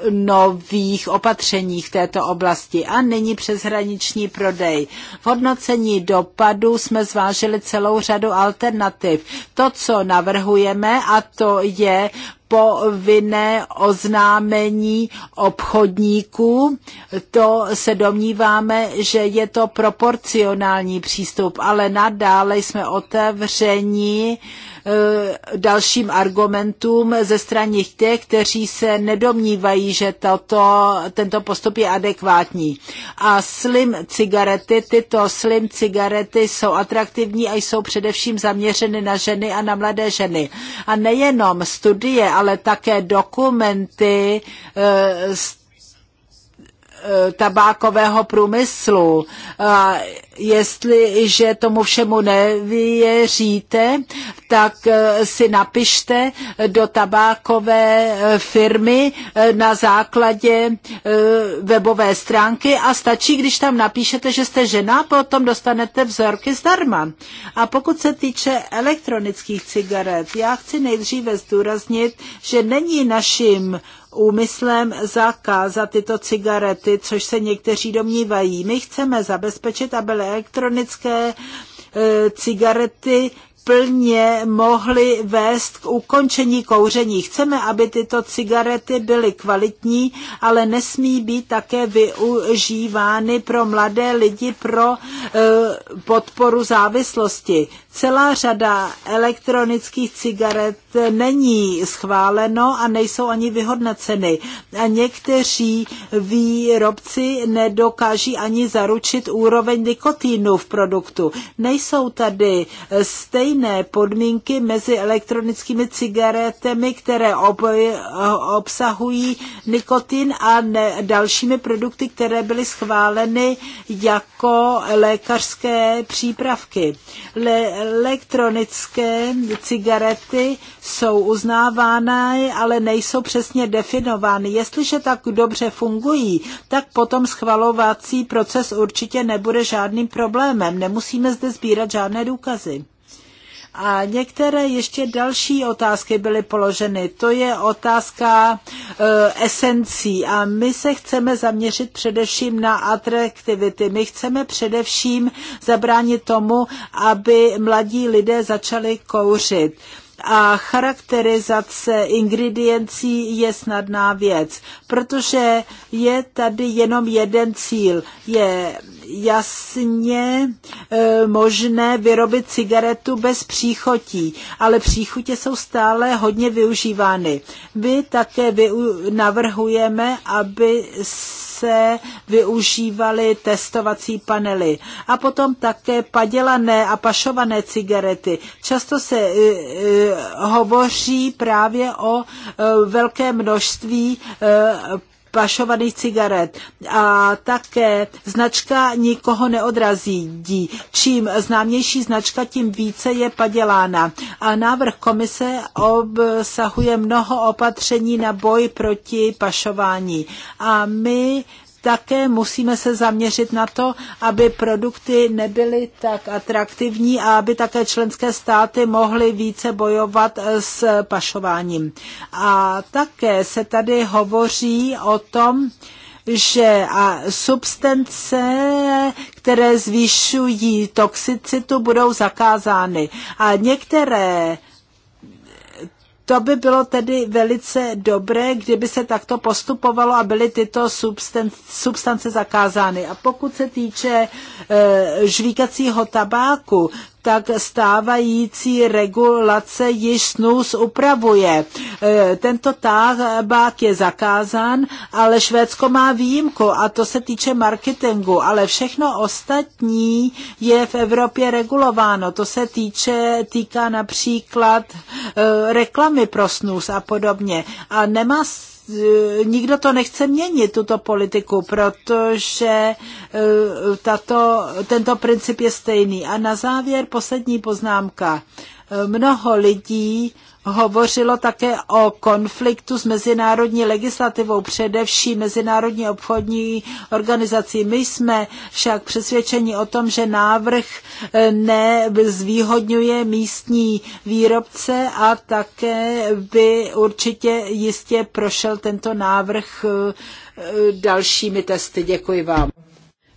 nových opatřeních této oblasti a nyní přeshraniční prodej. V hodnocení dopadu jsme zvážili celou řadu alternativ. To, co navrhujeme, a to je povinné oznámení obchodníků. To se domníváme, že je to proporcionální přístup, ale nadále jsme otevřeni eh, dalším argumentům ze strany těch, kteří se nedomnívají, že toto tento postup je adekvátní. A slim cigarety, tyto slim cigarety jsou atraktivní a jsou především zaměřeny na ženy a na mladé ženy. A nejenom studie ale také dokumenty z eh, Eh, tabákového průmyslu. A jestliže tomu všemu nevěříte, tak eh, si napište do tabákové eh, firmy na základě webové stránky a stačí, když tam napíšete, že jste žena, potom dostanete vzorky zdarma. A pokud se týče elektronických cigaret, já chci nejdříve zdůraznit, že není naším úmyslem zakázat tyto cigarety, což se někteří domnívají. My chceme zabezpečit, aby elektronické e, cigarety plně mohly vést k ukončení kouření. Chceme, aby tyto cigarety byly kvalitní, ale nesmí být také využívány pro mladé lidi pro e, podporu závislosti. Celá řada elektronických cigaret není schváleno a nejsou ani vyhodnoceny. A někteří výrobci nedokáží ani zaručit úroveň nikotínu v produktu. Nejsou tady stejné podmínky mezi elektronickými cigaretami, které ob, obsahují nikotin a ne, dalšími produkty, které byly schváleny jako lékařské přípravky. Le, elektronické cigarety jsou uznávány, ale nejsou přesně definovány. Jestliže tak dobře fungují, tak potom schvalovací proces určitě nebude žádným problémem. Nemusíme zde sbírat žádné důkazy. A některé ještě další otázky byly položeny. To je otázka e, esencí a my se chceme zaměřit především na atraktivity. My chceme především zabránit tomu, aby mladí lidé začali kouřit. E, a charakterizace ingrediencí je snadná věc, protože je tady jenom jeden cíl. Je jasně e, možné vyrobit cigaretu bez příchotí, ale příchutě jsou stále hodně využívány. My také navrhujeme, aby se využívaly testovací panely. A potom také padělané a pašované cigarety. Často se uh, uh, hovoří právě o uh, velké množství uh, pašovaných cigaret. A také značka nikoho neodrazí. Čím známější značka, tím více je padělána. A návrh komise obsahuje mnoho opatření na boj proti pašování. A my také musíme se zaměřit na to, aby produkty nebyly tak atraktivní a aby také členské státy mohly více bojovat s pašováním. A také se tady hovoří o tom, že a substance, které zvýšují toxicitu, budou zakázány. A některé to by bylo tedy velice dobré, kdyby se takto postupovalo a byly tyto substance zakázány. A pokud se týče eh, žvíkacího tabáku, tak stávající regulace již snus upravuje. E, tento tabák je zakázán, ale Švédsko má výjimku a to se týče marketingu, ale všechno ostatní je v Evropě regulováno. To se týče, týká například e, reklamy pro snus a podobně. A nemá nikdo to nechce měnit, tuto politiku, protože e, tato, tento princip je stejný. A na závěr poslední poznámka. E, mnoho lidí hovořilo také o konfliktu s mezinárodní legislativou, především Mezinárodní obchodní organizací. My jsme však přesvědčeni o tom, že návrh eh, nezvýhodňuje místní výrobce a také by určitě jistě prošel tento návrh eh, eh, dalšími testy. Děkuji vám.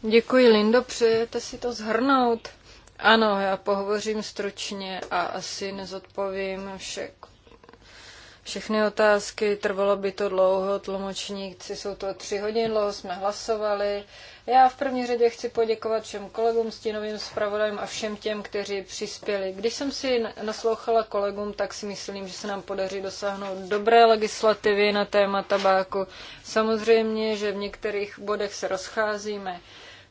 Děkuji, Lindo. Přejete si to zhrnout? Ano, já pohovořím stručně a asi nezodpovím vše, všechny otázky, trvalo by to dlouho, tlumočníci jsou to tři hodiny, dlouho jsme hlasovali. Já v první řadě chci poděkovat všem kolegům, stínovým zpravodajům a všem těm, kteří přispěli. Když jsem si naslouchala kolegům, tak si myslím, že se nám podaří dosáhnout dobré legislativy na téma tabáku. Samozřejmě, že v některých bodech se rozcházíme.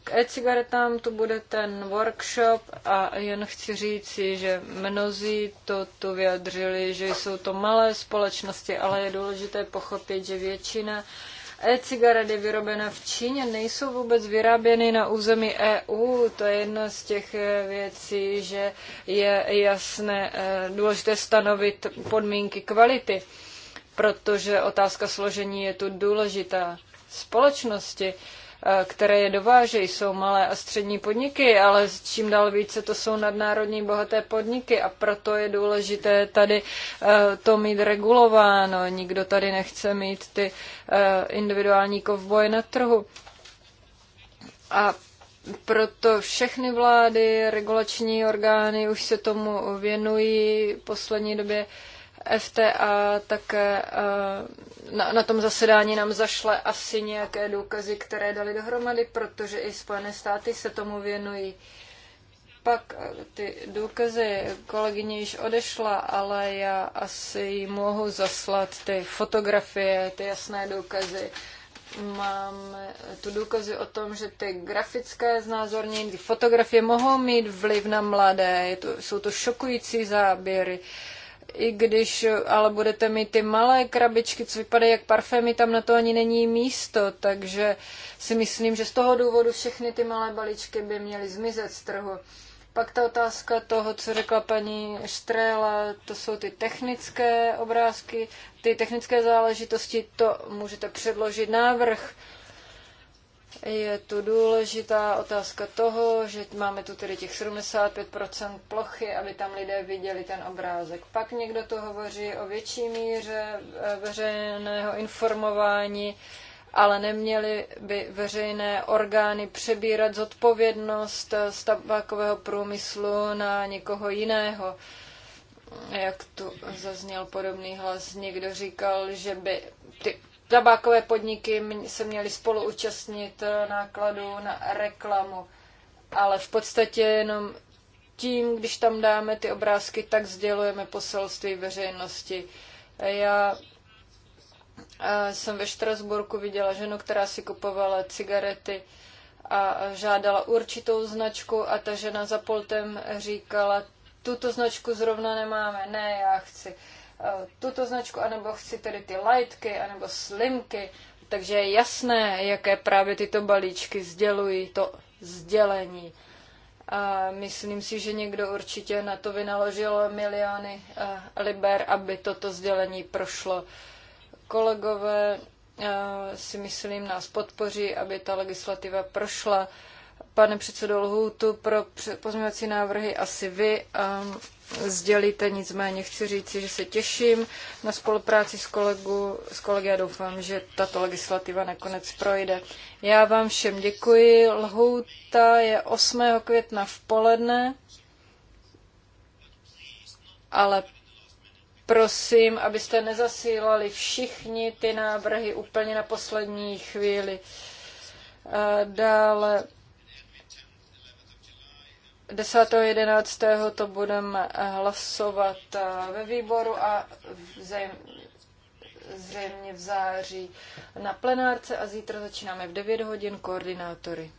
K e-cigaretám to bude ten workshop a jen chci říci, že mnozí to tu vyjadřili, že jsou to malé společnosti, ale je důležité pochopit, že většina e-cigarety vyrobené v Číně nejsou vůbec vyráběny na území EU. To je jedna z těch eh, věcí, že je jasné eh, důležité stanovit podmínky kvality, protože otázka složení je tu důležitá. Společnosti které je dovážejí, jsou malé a střední podniky, ale čím dál více to jsou nadnárodní bohaté podniky a proto je důležité tady eh, to mít regulováno. Nikdo tady nechce mít ty eh, individuální kovboje na trhu. A proto všechny vlády, regulační orgány už se tomu věnují v poslední době. Uh, FTA také eh, na, na tom zasedání nám zašle asi nějaké důkazy, které dali dohromady, protože i Spojené státy se tomu věnují. Pak eh, ty důkazy kolegyně již odešla, ale já asi jí mohu zaslat ty fotografie, ty jasné důkazy. Mám tu důkazy o tom, že ty grafické znázornění, ty fotografie mohou mít vliv na mladé. Je to, jsou to šokující záběry. Uh, i když ale budete mít ty malé krabičky, co vypadají jak parfémy, tam na to ani není místo, takže si myslím, že z toho důvodu všechny ty malé balíčky by měly zmizet z trhu. Pak ta otázka toho, co řekla paní Štrela, to jsou ty technické obrázky, ty technické záležitosti, to můžete předložit návrh je tu důležitá otázka toho, že máme tu tedy těch 75% plochy, aby tam lidé viděli ten obrázek. Pak někdo to hovoří o větší míře e, veřejného informování, ale neměly by veřejné orgány přebírat zodpovědnost e, z tabákového průmyslu na někoho jiného. Jak tu zazněl podobný hlas, někdo říkal, že by ty tabákové podniky se měly spolu účastnit eh, nákladů na reklamu. Ale v podstatě jenom tím, když tam dáme ty obrázky, tak sdělujeme poselství veřejnosti. Já eh, jsem ve Štrasburku viděla ženu, která si kupovala cigarety a žádala určitou značku a ta žena za poltem říkala, tuto značku zrovna nemáme, ne, já chci. Eh, tuto značku, anebo chci tedy ty lightky, anebo slimky. Takže je jasné, jaké právě tyto balíčky sdělují to sdělení. A myslím si, že někdo určitě na to vynaložil miliony eh, liber, aby toto sdělení prošlo. Kolegové eh, si myslím nás podpoří, aby ta legislativa prošla. Pane předsedo Lhůtu, pro pozměňovací návrhy asi vy. Um, sdělíte. Nicméně chci říci, že se těším na spolupráci s, kolegu, s kolegy a doufám, že tato legislativa nakonec projde. Já vám všem děkuji. Lhouta je 8. května v poledne, ale prosím, abyste nezasílali všichni ty návrhy úplně na poslední chvíli. Dále 10. 11. to budeme eh, hlasovat eh, ve výboru a zřejmě v září na plenárce a zítra začínáme v 9 hodin koordinátory.